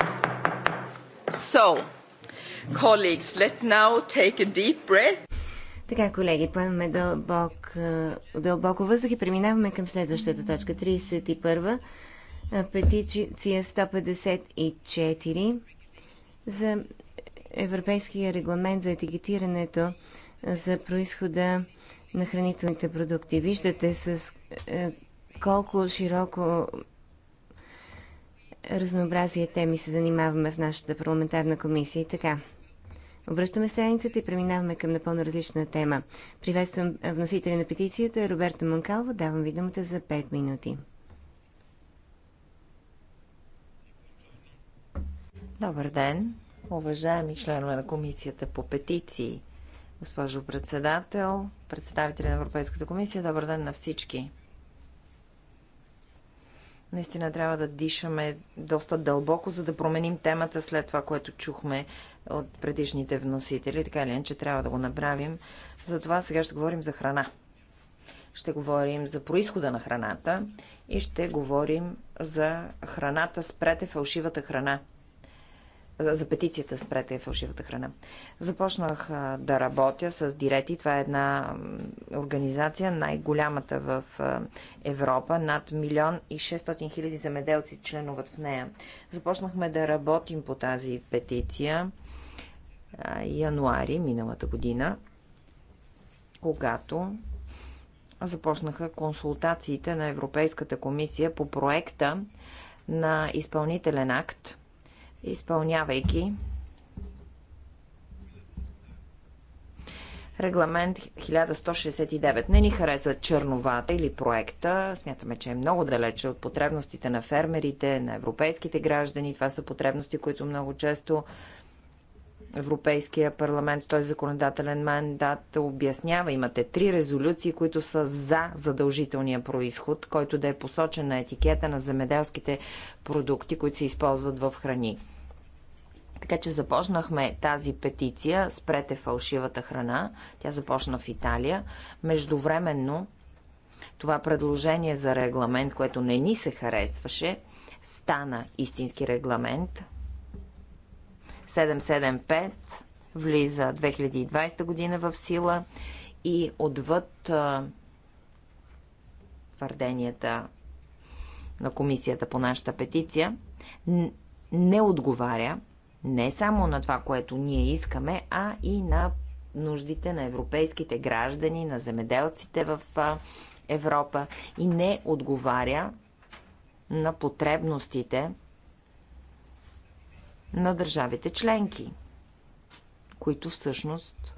So, colleagues, let now take a deep breath.
Така, колеги, поемаме дълбок, е, дълбоко въздух и преминаваме към следващата точка, 31. Е, петиция 154 за Европейския регламент за етикетирането за происхода на хранителните продукти. Виждате с е, колко широко разнообразие теми се занимаваме в нашата парламентарна комисия и така. Обръщаме страницата и преминаваме към напълно различна тема. Приветствам вносителя на петицията Роберто Монкалво. Давам ви думата за 5 минути.
Добър ден, уважаеми членове на Комисията по петиции, госпожо председател, представители на Европейската комисия, добър ден на всички. Наистина трябва да дишаме доста дълбоко, за да променим темата след това, което чухме от предишните вносители. Така или иначе трябва да го направим. Затова сега ще говорим за храна. Ще говорим за происхода на храната и ще говорим за храната. Спрете фалшивата храна за петицията Спрете е фалшивата храна. Започнах да работя с Дирети. Това е една организация, най-голямата в Европа. Над милион и 600 хиляди земеделци членуват в нея. Започнахме да работим по тази петиция януари миналата година, когато започнаха консултациите на Европейската комисия по проекта на изпълнителен акт – изпълнявайки Регламент 1169 не ни харесва черновата или проекта. Смятаме, че е много далече от потребностите на фермерите, на европейските граждани. Това са потребности, които много често Европейския парламент с този законодателен мандат обяснява. Имате три резолюции, които са за задължителния происход, който да е посочен на етикета на земеделските продукти, които се използват в храни. Така че започнахме тази петиция Спрете фалшивата храна. Тя започна в Италия. Междувременно това предложение за регламент, което не ни се харесваше, стана истински регламент. 775 влиза 2020 година в сила и отвъд твърденията на комисията по нашата петиция не отговаря не само на това, което ние искаме, а и на нуждите на европейските граждани, на земеделците в Европа и не отговаря на потребностите на държавите членки, които всъщност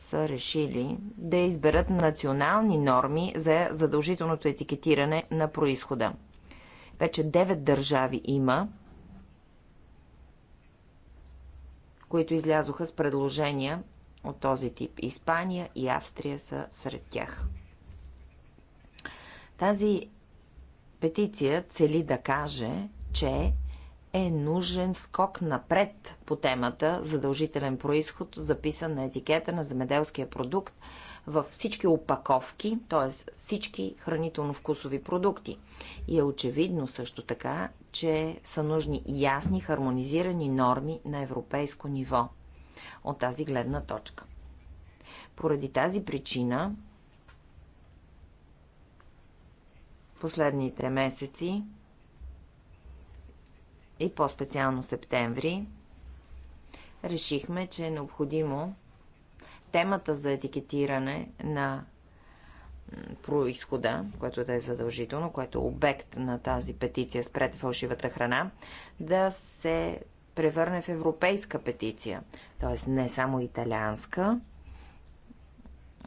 са решили да изберат национални норми за задължителното етикетиране на происхода. Вече 9 държави има, които излязоха с предложения от този тип. Испания и Австрия са сред тях. Тази петиция цели да каже, че е нужен скок напред по темата задължителен происход, записан на етикета на земеделския продукт, във всички опаковки, т.е. всички хранително-вкусови продукти. И е очевидно също така, че са нужни ясни, хармонизирани норми на европейско ниво от тази гледна точка. Поради тази причина последните месеци и по-специално септември решихме, че е необходимо темата за етикетиране на происхода, което да е задължително, което е обект на тази петиция спред фалшивата храна, да се превърне в европейска петиция. Тоест не само италианска,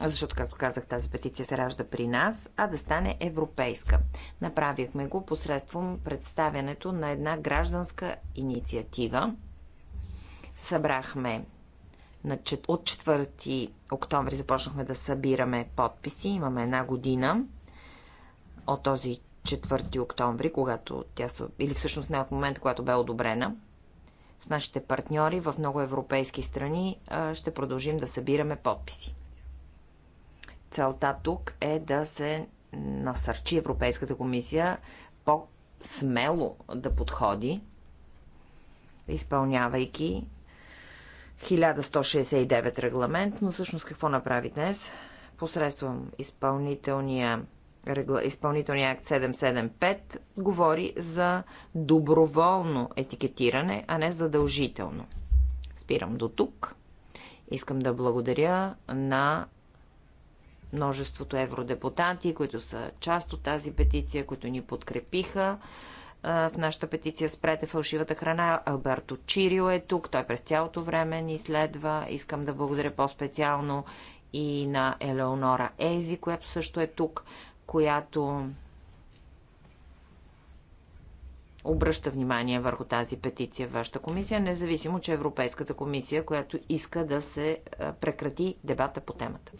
защото, както казах, тази петиция се ражда при нас, а да стане европейска. Направихме го посредством представянето на една гражданска инициатива. Събрахме от 4 октомври започнахме да събираме подписи. Имаме една година от този 4 октомври, когато тя са, или всъщност не от момента, когато бе одобрена. С нашите партньори в много европейски страни ще продължим да събираме подписи. Целта тук е да се насърчи Европейската комисия по-смело да подходи, изпълнявайки 1169 регламент, но всъщност какво направи днес? Посредством изпълнителния изпълнителния акт 775 говори за доброволно етикетиране, а не задължително. Спирам до тук. Искам да благодаря на множеството евродепутати, които са част от тази петиция, които ни подкрепиха в нашата петиция Спрете фалшивата храна. Алберто Чирио е тук. Той през цялото време ни следва. Искам да благодаря по-специално и на Елеонора Ези, която също е тук, която обръща внимание върху тази петиция в вашата комисия, независимо, че е Европейската комисия, която иска да се прекрати дебата по темата.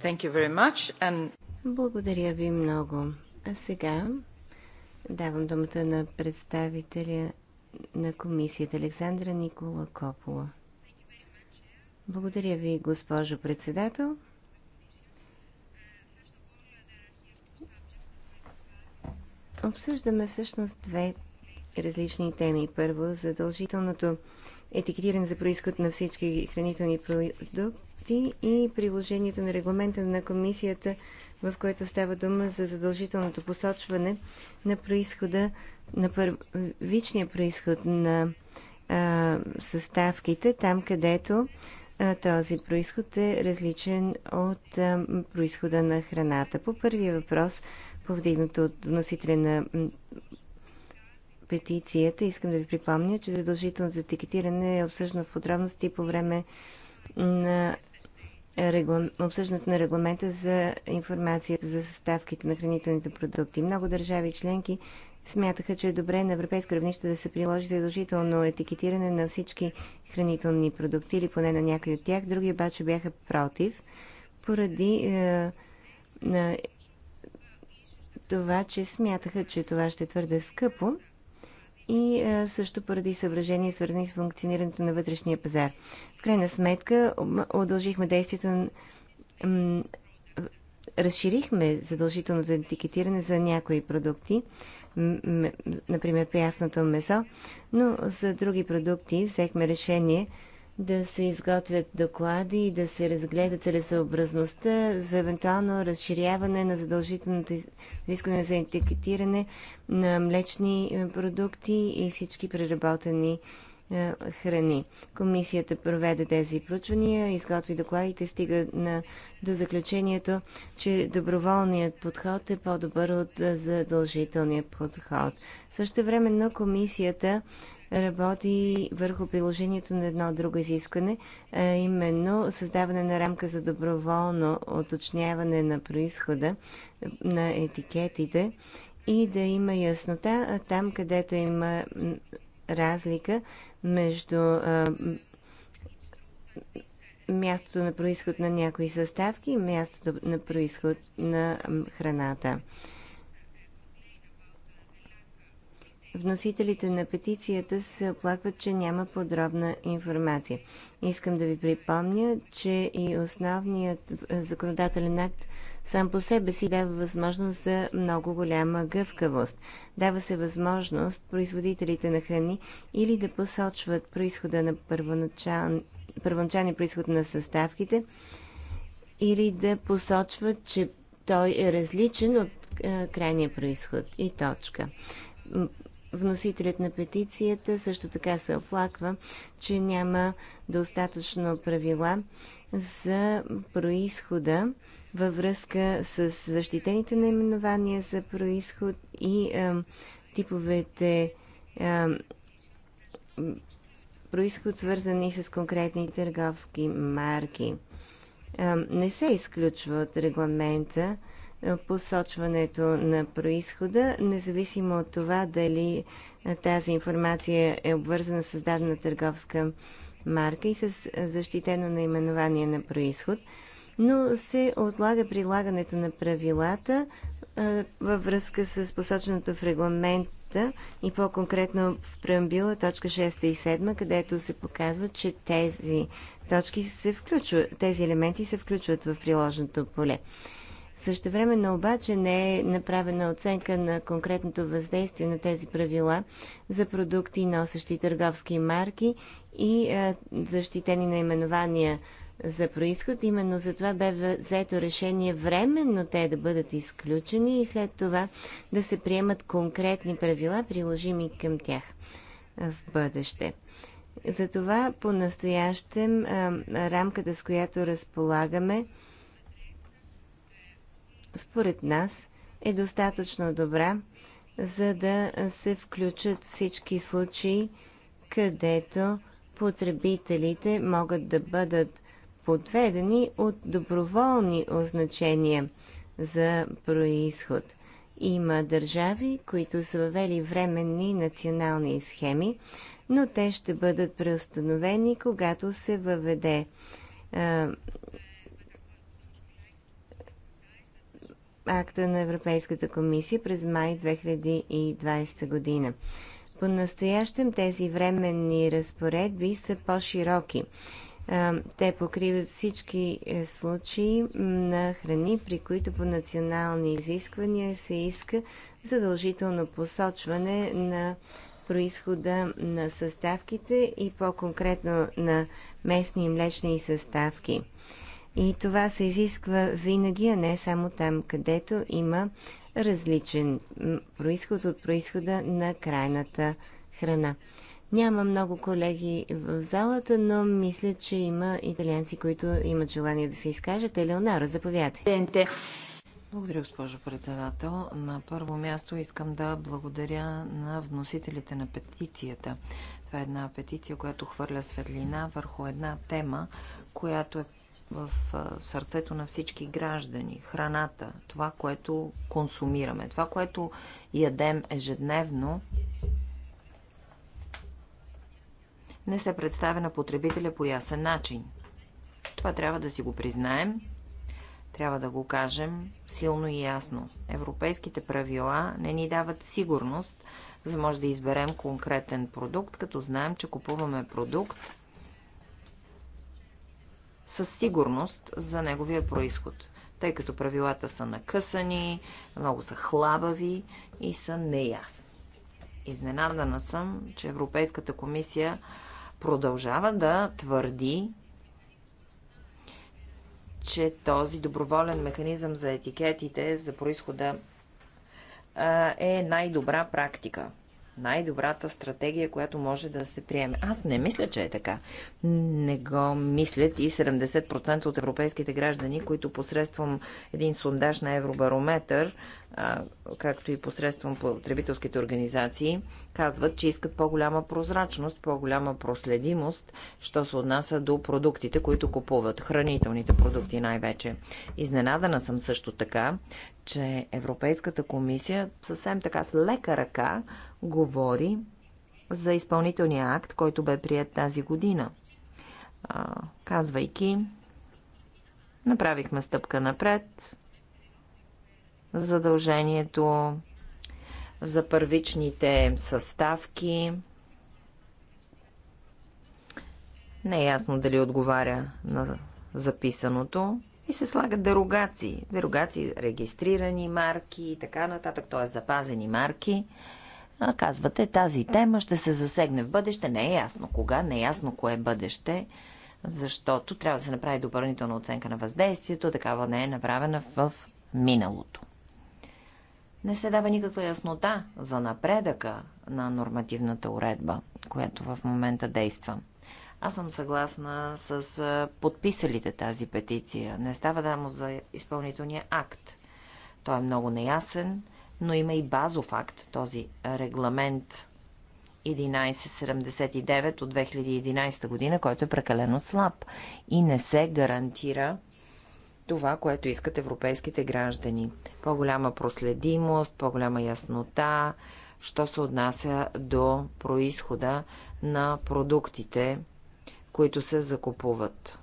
And...
Благодаря ви много. А сега давам думата на представителя на комисията Александра Никола Копола. Благодаря ви, госпожо председател. Обсъждаме всъщност две различни теми. Първо, задължителното етикетиране за происход на всички хранителни продукти дейности и приложението на регламента на комисията, в който става дума за задължителното посочване на происхода, на първичния происход на а, съставките, там където а, този происход е различен от а, происхода на храната. По първия въпрос, повдигнато от носителя на петицията, искам да ви припомня, че задължителното етикетиране е обсъждано в подробности по време на реглам... обсъждането на регламента за информацията за съставките на хранителните продукти. Много държави членки смятаха, че е добре на европейско равнище да се приложи задължително етикетиране на всички хранителни продукти или поне на някои от тях. Други обаче бяха против, поради е, на това, че смятаха, че това ще е твърде скъпо и е, също поради съображения, свързани с функционирането на вътрешния пазар. В крайна сметка, удължихме действието разширихме задължителното етикетиране за някои продукти, например прясното месо, но за други продукти взехме решение да се изготвят доклади и да се разгледа целесъобразността за евентуално разширяване на задължителното изискване за етикетиране на млечни е, продукти и всички преработени е, храни. Комисията проведе тези проучвания, изготви докладите, стига на, до заключението, че доброволният подход е по-добър от е, задължителният подход. Също времено комисията работи върху приложението на едно друго изискване, а именно създаване на рамка за доброволно уточняване на происхода на етикетите и да има яснота там, където има разлика между мястото на происход на някои съставки и мястото на происход на храната. Вносителите на петицията се оплакват, че няма подробна информация. Искам да ви припомня, че и основният е, законодателен акт сам по себе си дава възможност за много голяма гъвкавост. Дава се възможност производителите на храни или да посочват происхода на първоначални първоначалния происход на съставките или да посочват, че той е различен от е, крайния происход и точка. Вносителят на петицията също така се оплаква, че няма достатъчно правила за происхода във връзка с защитените наименования за происход и е, типовете е, происход, свързани с конкретни търговски марки. Е, не се изключва от регламента е, посочването на происхода, независимо от това дали е, тази информация е обвързана с дадена търговска марка и с е, защитено наименование на происход, но се отлага прилагането на правилата във връзка с посоченото в регламента и по-конкретно в преамбила точка 6 и 7, където се показва, че тези точки се включват, тези елементи се включват в приложеното поле. Същевременно обаче не е направена оценка на конкретното въздействие на тези правила за продукти, носещи търговски марки и защитени наименования за происход. Именно за това бе взето решение временно те да бъдат изключени и след това да се приемат конкретни правила, приложими към тях в бъдеще. Затова по-настоящем рамката, с която разполагаме, според нас е достатъчно добра, за да се включат всички случаи, където потребителите могат да бъдат подведени от доброволни означения за происход. Има държави, които са въвели временни национални схеми, но те ще бъдат преустановени, когато се въведе акта на Европейската комисия през май 2020 година. По-настоящем тези временни разпоредби са по-широки. Те покриват всички е, случаи на храни, при които по национални изисквания се иска задължително посочване на происхода на съставките и по-конкретно на местни и млечни съставки. И това се изисква винаги, а не само там, където има различен происход от происхода на крайната храна. Няма много колеги в залата, но мисля, че има италианци, които имат желание да се изкажат.
Елеонара, заповядайте. Благодаря, госпожо председател. На първо място искам да благодаря на вносителите на петицията. Това е една петиция, която хвърля светлина върху една тема, която е в сърцето на всички граждани. Храната, това, което консумираме, това, което ядем ежедневно, не се представя на потребителя по ясен начин. Това трябва да си го признаем, трябва да го кажем силно и ясно. Европейските правила не ни дават сигурност, за може да изберем конкретен продукт, като знаем, че купуваме продукт, със сигурност за неговия происход, тъй като правилата са накъсани, много са хлабави и са неясни. Изненадана съм, че Европейската комисия продължава да твърди, че този доброволен механизъм за етикетите за происхода е най-добра практика най-добрата стратегия, която може да се приеме. Аз не мисля, че е така. Не го мислят и 70% от европейските граждани, които посредством един сондаж на Евробарометър, както и посредством потребителските организации, казват, че искат по-голяма прозрачност, по-голяма проследимост, що се отнася до продуктите, които купуват, хранителните продукти най-вече. Изненадана съм също така, че Европейската комисия съвсем така с лека ръка говори за изпълнителния акт, който бе прият тази година. казвайки, направихме стъпка напред, задължението за първичните съставки. Не е ясно дали отговаря на записаното и се слагат дерогации. Дерогации, регистрирани марки и така нататък, т.е. запазени марки – а казвате тази тема ще се засегне в бъдеще. Не е ясно кога, не е ясно кое е бъдеще, защото трябва да се направи допълнителна оценка на въздействието. Такава не е направена в миналото. Не се дава никаква яснота за напредъка на нормативната уредба, която в момента действа. Аз съм съгласна с подписалите тази петиция. Не става дамо за изпълнителния акт. Той е много неясен но има и базов акт, този регламент 1179 от 2011 година, който е прекалено слаб и не се гарантира това, което искат европейските граждани. По-голяма проследимост, по-голяма яснота, що се отнася до происхода на продуктите, които се закупуват.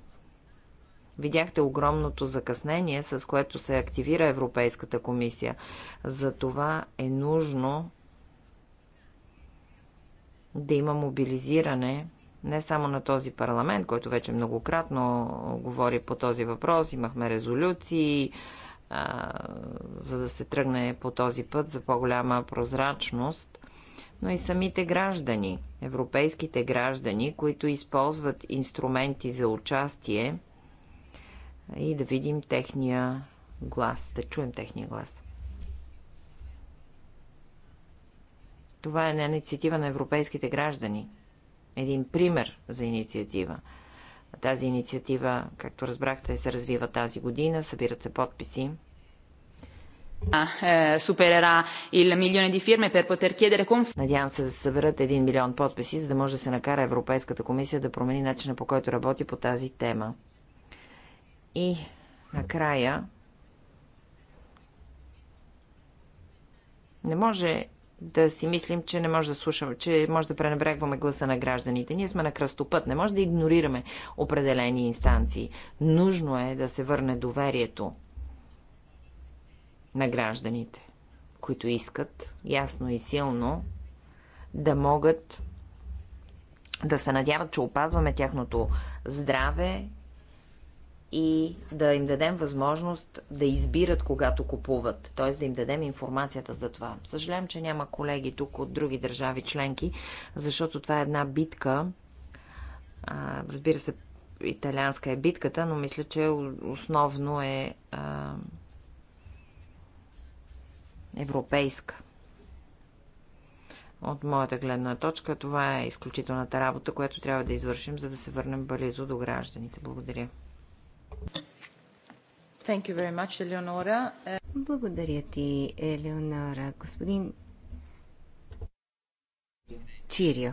Видяхте огромното закъснение, с което се активира Европейската комисия. За това е нужно да има мобилизиране не само на този парламент, който вече многократно говори по този въпрос, имахме резолюции, а, за да се тръгне по този път за по-голяма прозрачност, но и самите граждани, европейските граждани, които използват инструменти за участие – и да видим техния глас, да чуем техния глас. Това е една инициатива на европейските граждани. Един пример за инициатива. Тази инициатива, както разбрахте, се развива тази година, събират се подписи. Е, Надявам се да се съберат един милион подписи, за да може да се накара Европейската комисия да промени начина по който работи по тази тема. И накрая не може да си мислим, че не може да слушаме, че може да пренебрегваме гласа на гражданите. Ние сме на кръстопът, не може да игнорираме определени инстанции. Нужно е да се върне доверието на гражданите, които искат ясно и силно да могат да се надяват, че опазваме тяхното здраве и да им дадем възможност да избират, когато купуват, т.е. да им дадем информацията за това. Съжалявам, че няма колеги тук от други държави членки, защото това е една битка. А, разбира се, италианска е битката, но мисля, че основно е а, европейска. От моята гледна точка това е изключителната работа, която трябва да извършим, за да се върнем близо до гражданите. Благодаря.
Thank you very much, Елеонора. Благодаря ти, Елеонора. Господин
Чирио.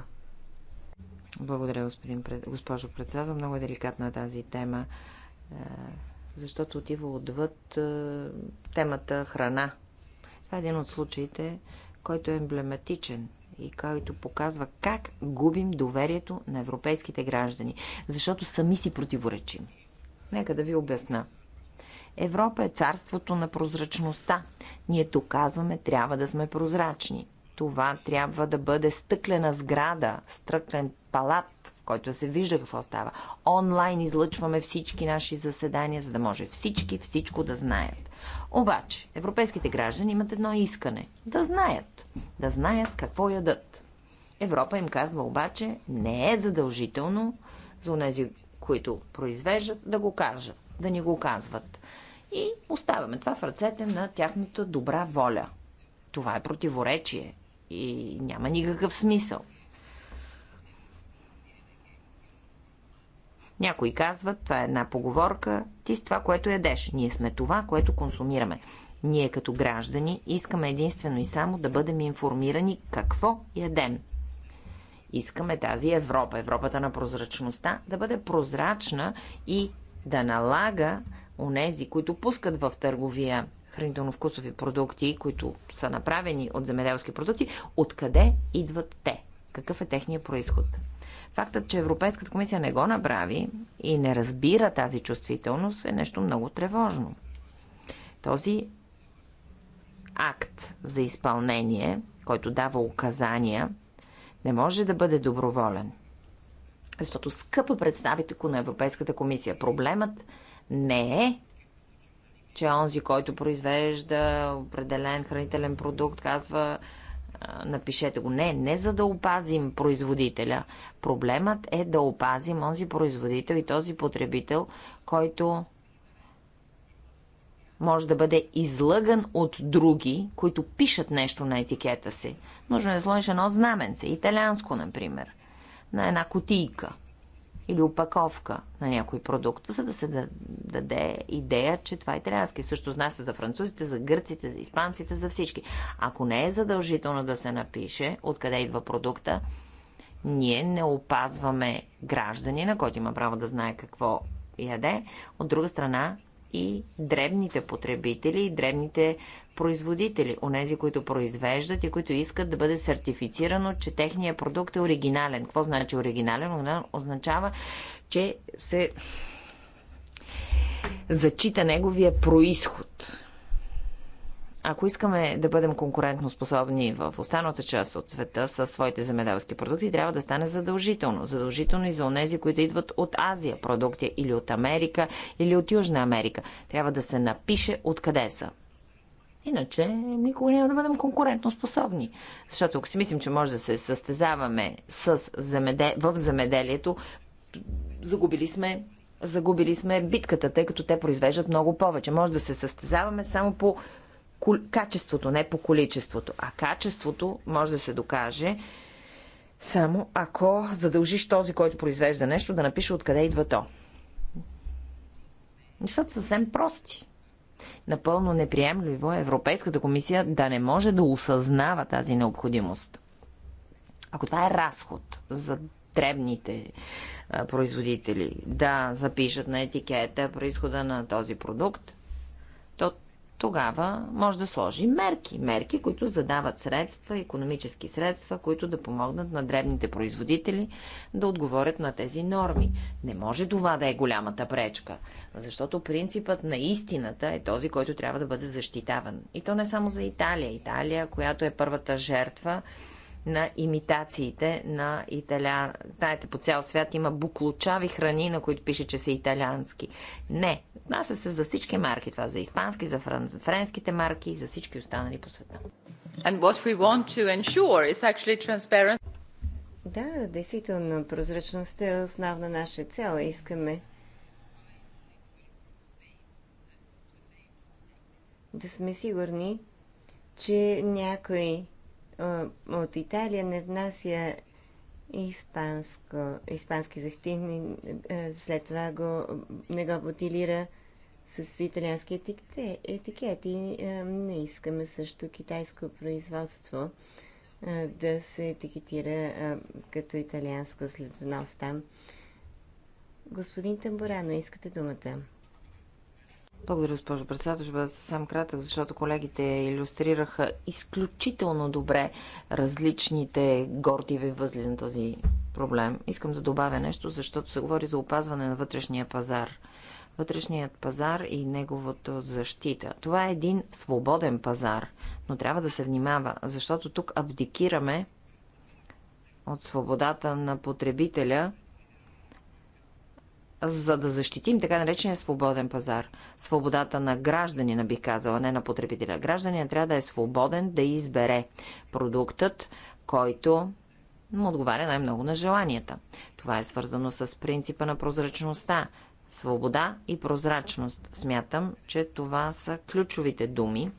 Благодаря, господин, госпожо председател. Много е деликатна тази тема, е, защото отива отвъд е, темата храна. Това е един от случаите, който е емблематичен и който показва как губим доверието на европейските граждани, защото сами си противоречим. Нека да ви обясна. Европа е царството на прозрачността. Ние тук казваме, трябва да сме прозрачни. Това трябва да бъде стъклена сграда, стъклен палат, в който се вижда какво става. Онлайн излъчваме всички наши заседания, за да може всички всичко да знаят. Обаче, европейските граждани имат едно искане да знаят. Да знаят какво ядат. Европа им казва обаче, не е задължително за тези, които произвеждат, да го кажат, да ни го казват. И оставяме това в ръцете на тяхната добра воля. Това е противоречие и няма никакъв смисъл. Някои казват, това е една поговорка, ти с това, което ядеш. Ние сме това, което консумираме. Ние като граждани искаме единствено и само да бъдем информирани какво ядем. Искаме тази Европа, Европата на прозрачността, да бъде прозрачна и да налага онези, които пускат в търговия хранително-вкусови продукти, които са направени от земеделски продукти, откъде идват те? Какъв е техния происход? Фактът, че Европейската комисия не го направи и не разбира тази чувствителност е нещо много тревожно. Този акт за изпълнение, който дава указания не може да бъде доброволен. Защото скъпа представите на Европейската комисия, проблемът не е, че онзи, който произвежда определен хранителен продукт, казва напишете го. Не, не за да опазим производителя. Проблемът е да опазим онзи производител и този потребител, който може да бъде излъган от други, които пишат нещо на етикета си. Нужно е да сложиш едно знаменце, италианско, например, на една котийка или опаковка на някой продукт, за да се даде идея, че това е италиански. Също зна се за французите, за гърците, за испанците, за всички. Ако не е задължително да се напише откъде идва продукта, ние не опазваме гражданина, който има право да знае какво яде. От друга страна, и дребните потребители и дребните производители, онези, които произвеждат и които искат да бъде сертифицирано, че техният продукт е оригинален. Какво значи оригинален? Означава, че се зачита неговия происход ако искаме да бъдем конкурентноспособни в останалата част от света с своите земеделски продукти, трябва да стане задължително. Задължително и за онези, които идват от Азия продукти или от Америка или от Южна Америка. Трябва да се напише откъде са. Иначе никога няма да бъдем конкурентноспособни. Защото ако си мислим, че може да се състезаваме с замеде... в земеделието, загубили сме загубили сме битката, тъй като те произвеждат много повече. Може да се състезаваме само по качеството, не по количеството. А качеството може да се докаже само ако задължиш този, който произвежда нещо, да напише откъде идва то. Нещата са съвсем прости. Напълно неприемливо е Европейската комисия да не може да осъзнава тази необходимост. Ако това е разход за дребните производители да запишат на етикета происхода на този продукт, то тогава може да сложи мерки. Мерки, които задават средства, економически средства, които да помогнат на дребните производители да отговорят на тези норми. Не може това да е голямата пречка, защото принципът на истината е този, който трябва да бъде защитаван. И то не само за Италия. Италия, която е първата жертва на имитациите на Италия. Знаете, по цял свят има буклучави храни, на които пише, че са италиански. Не, отнася се за всички марки. Това за испански, за, фран... за френските марки и за всички останали по света. And what we
want to ensure is actually transparent. Да, действително, прозрачността е основна наша цел. Искаме да сме сигурни, че някой от Италия не внася испанско, испански и след това го, не го бутилира с италиански етикет и не искаме също китайско производство да се етикетира като италианско след внос там. Господин Тамбурано, искате думата.
Благодаря, госпожо председател. Ще бъда съвсем кратък, защото колегите иллюстрираха изключително добре различните гордиви възли на този проблем. Искам да добавя нещо, защото се говори за опазване на вътрешния пазар. Вътрешният пазар и неговото защита. Това е един свободен пазар, но трябва да се внимава, защото тук абдикираме от свободата на потребителя за да защитим така наречения свободен пазар. Свободата на гражданина, бих казала, не на потребителя. Гражданина трябва да е свободен да избере продуктът, който му отговаря най-много на желанията. Това е свързано с принципа на прозрачността. Свобода и прозрачност. Смятам, че това са ключовите думи,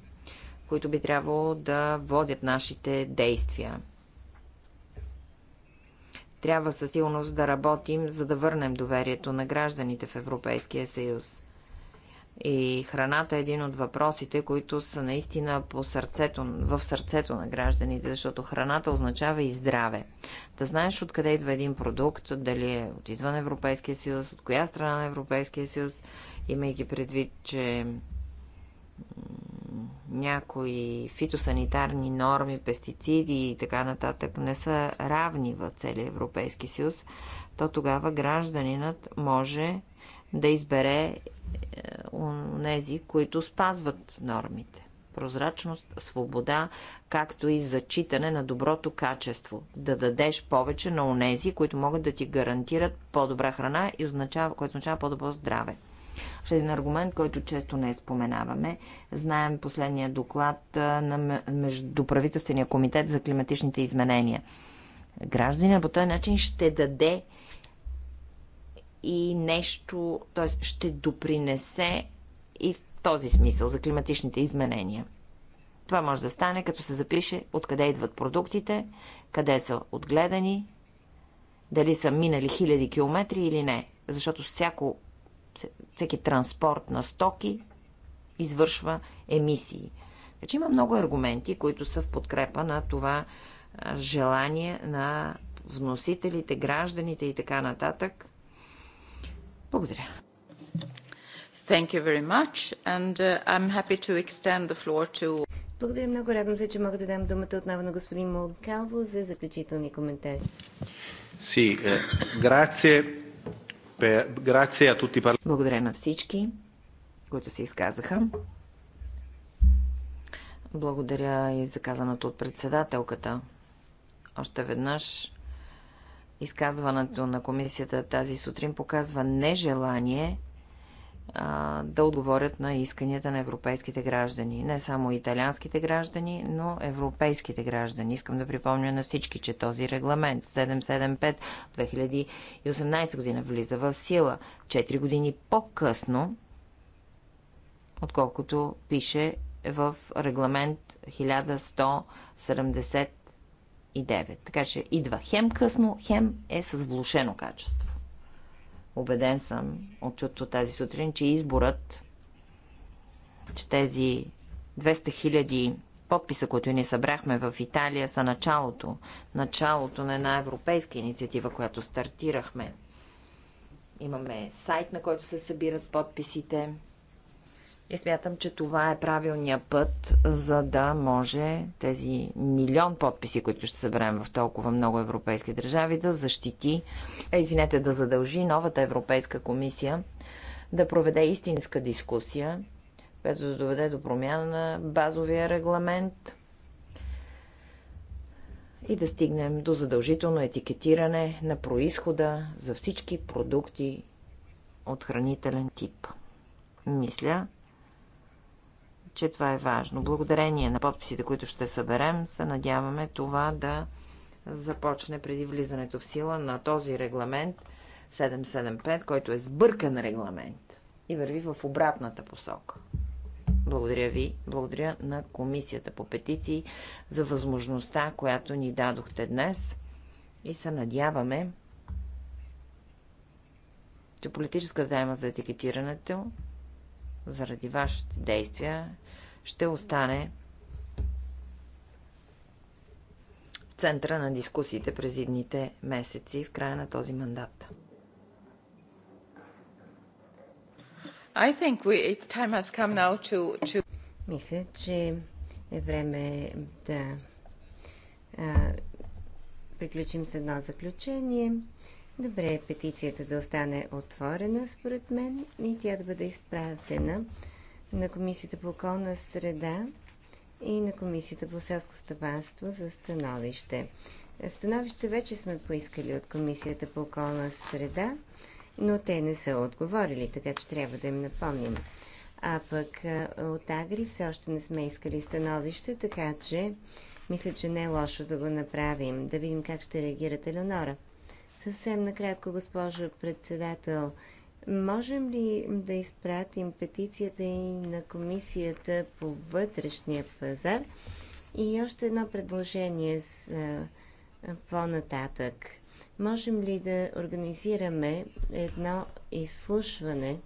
които би трябвало да водят нашите действия. Трябва със силност да работим, за да върнем доверието на гражданите в Европейския съюз. И храната е един от въпросите, които са наистина по сърцето, в сърцето на гражданите, защото храната означава и здраве. Да знаеш откъде идва един продукт, дали е от извън Европейския съюз, от коя страна на Европейския съюз, имайки предвид, че някои фитосанитарни норми, пестициди и така нататък не са равни в целия Европейски съюз, то тогава гражданинът може да избере е, онези, които спазват нормите. Прозрачност, свобода, както и зачитане на доброто качество. Да дадеш повече на онези, които могат да ти гарантират по-добра храна, и означава, което означава по-добро здраве. Ще един аргумент, който често не споменаваме. Знаем последния доклад на Междуправителствения комитет за климатичните изменения. Гражданина по този начин ще даде и нещо, т.е. ще допринесе и в този смисъл за климатичните изменения. Това може да стане, като се запише откъде идват продуктите, къде са отгледани, дали са минали хиляди километри или не. Защото всяко всеки транспорт на стоки извършва емисии. Значи има много аргументи, които са в подкрепа на това желание на вносителите, гражданите и така нататък. Благодаря. Thank you very much
and uh, I'm happy to extend the floor to благодаря много. Радвам се, че мога да дам думата отново на господин Молкалво за заключителни коментари.
Си, грация
eh, благодаря на всички, които се изказаха. Благодаря и за казаното от председателката. Още веднъж изказването на комисията тази сутрин показва нежелание а, да отговорят на исканията на европейските граждани. Не само италианските граждани, но европейските граждани. Искам да припомня на всички, че този регламент 775 2018 година влиза в сила 4 години по-късно, отколкото пише в регламент 1179. Така че идва хем късно, хем е с влушено качество. Обеден съм от чуто тази сутрин, че изборът, че тези 200 хиляди подписа, които ни събрахме в Италия, са началото. Началото на една европейска инициатива, която стартирахме. Имаме сайт, на който се събират подписите. И смятам, че това е правилният път, за да може тези милион подписи, които ще съберем в толкова много европейски държави, да защити, е, извинете, да задължи новата Европейска комисия да проведе истинска дискусия, която да доведе до промяна на базовия регламент и да стигнем до задължително етикетиране на происхода за всички продукти от хранителен тип. Мисля, че това е важно. Благодарение на подписите, които ще съберем, се надяваме това да започне преди влизането в сила на този регламент 775, който е сбъркан регламент и върви в обратната посока. Благодаря ви, благодаря на Комисията по петиции за възможността, която ни дадохте днес и се надяваме, че политическа тема за етикетирането заради вашите действия ще остане в центъра на дискусиите през идните месеци в края на този мандат.
I think we, time has come
now to, to... Мисля, че е време да а, приключим с едно заключение. Добре е петицията да остане отворена, според мен, и тя да бъде изпратена на Комисията по околна среда и на Комисията по селско стопанство за становище. Становище вече сме поискали от Комисията по околна среда, но те не са отговорили, така че трябва да им напомним. А пък от Агри все още не сме искали становище, така че мисля, че не е лошо да го направим. Да видим как ще реагират Елеонора. Съвсем накратко, госпожо председател, Можем ли да изпратим петицията и на комисията по вътрешния пазар? И още едно предложение с, по-нататък. Можем ли да организираме едно изслушване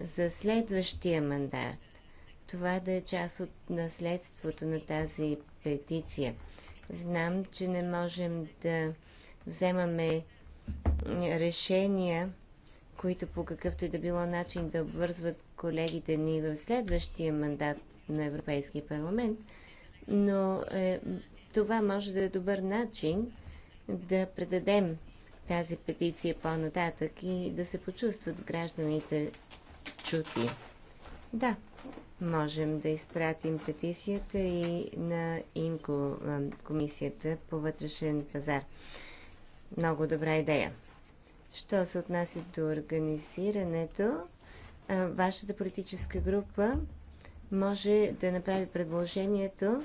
за следващия мандат? Това да е част от наследството на тази петиция. Знам, че не можем да вземаме решения които по какъвто и да било начин да обвързват колегите ни в следващия мандат на Европейския парламент, но е, това може да е добър начин да предадем тази петиция по-нататък и да се почувстват гражданите чути. Да, можем да изпратим петицията и на ИМКО, комисията по вътрешен пазар. Много добра идея. Що се отнася до организирането, вашата политическа група може да направи предложението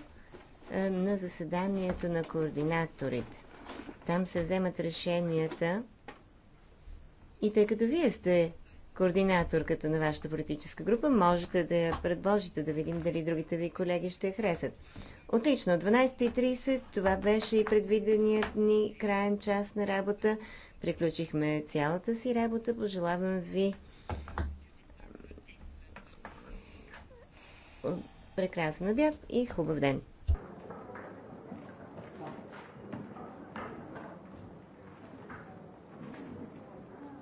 на заседанието на координаторите. Там се вземат решенията и тъй като вие сте координаторката на вашата политическа група, можете да я предложите, да видим дали другите ви колеги ще я харесат. Отлично, 12.30, това беше и предвиденият ни краен час на работа. Приключихме цялата си работа. Пожелавам ви прекрасен обяд и хубав ден!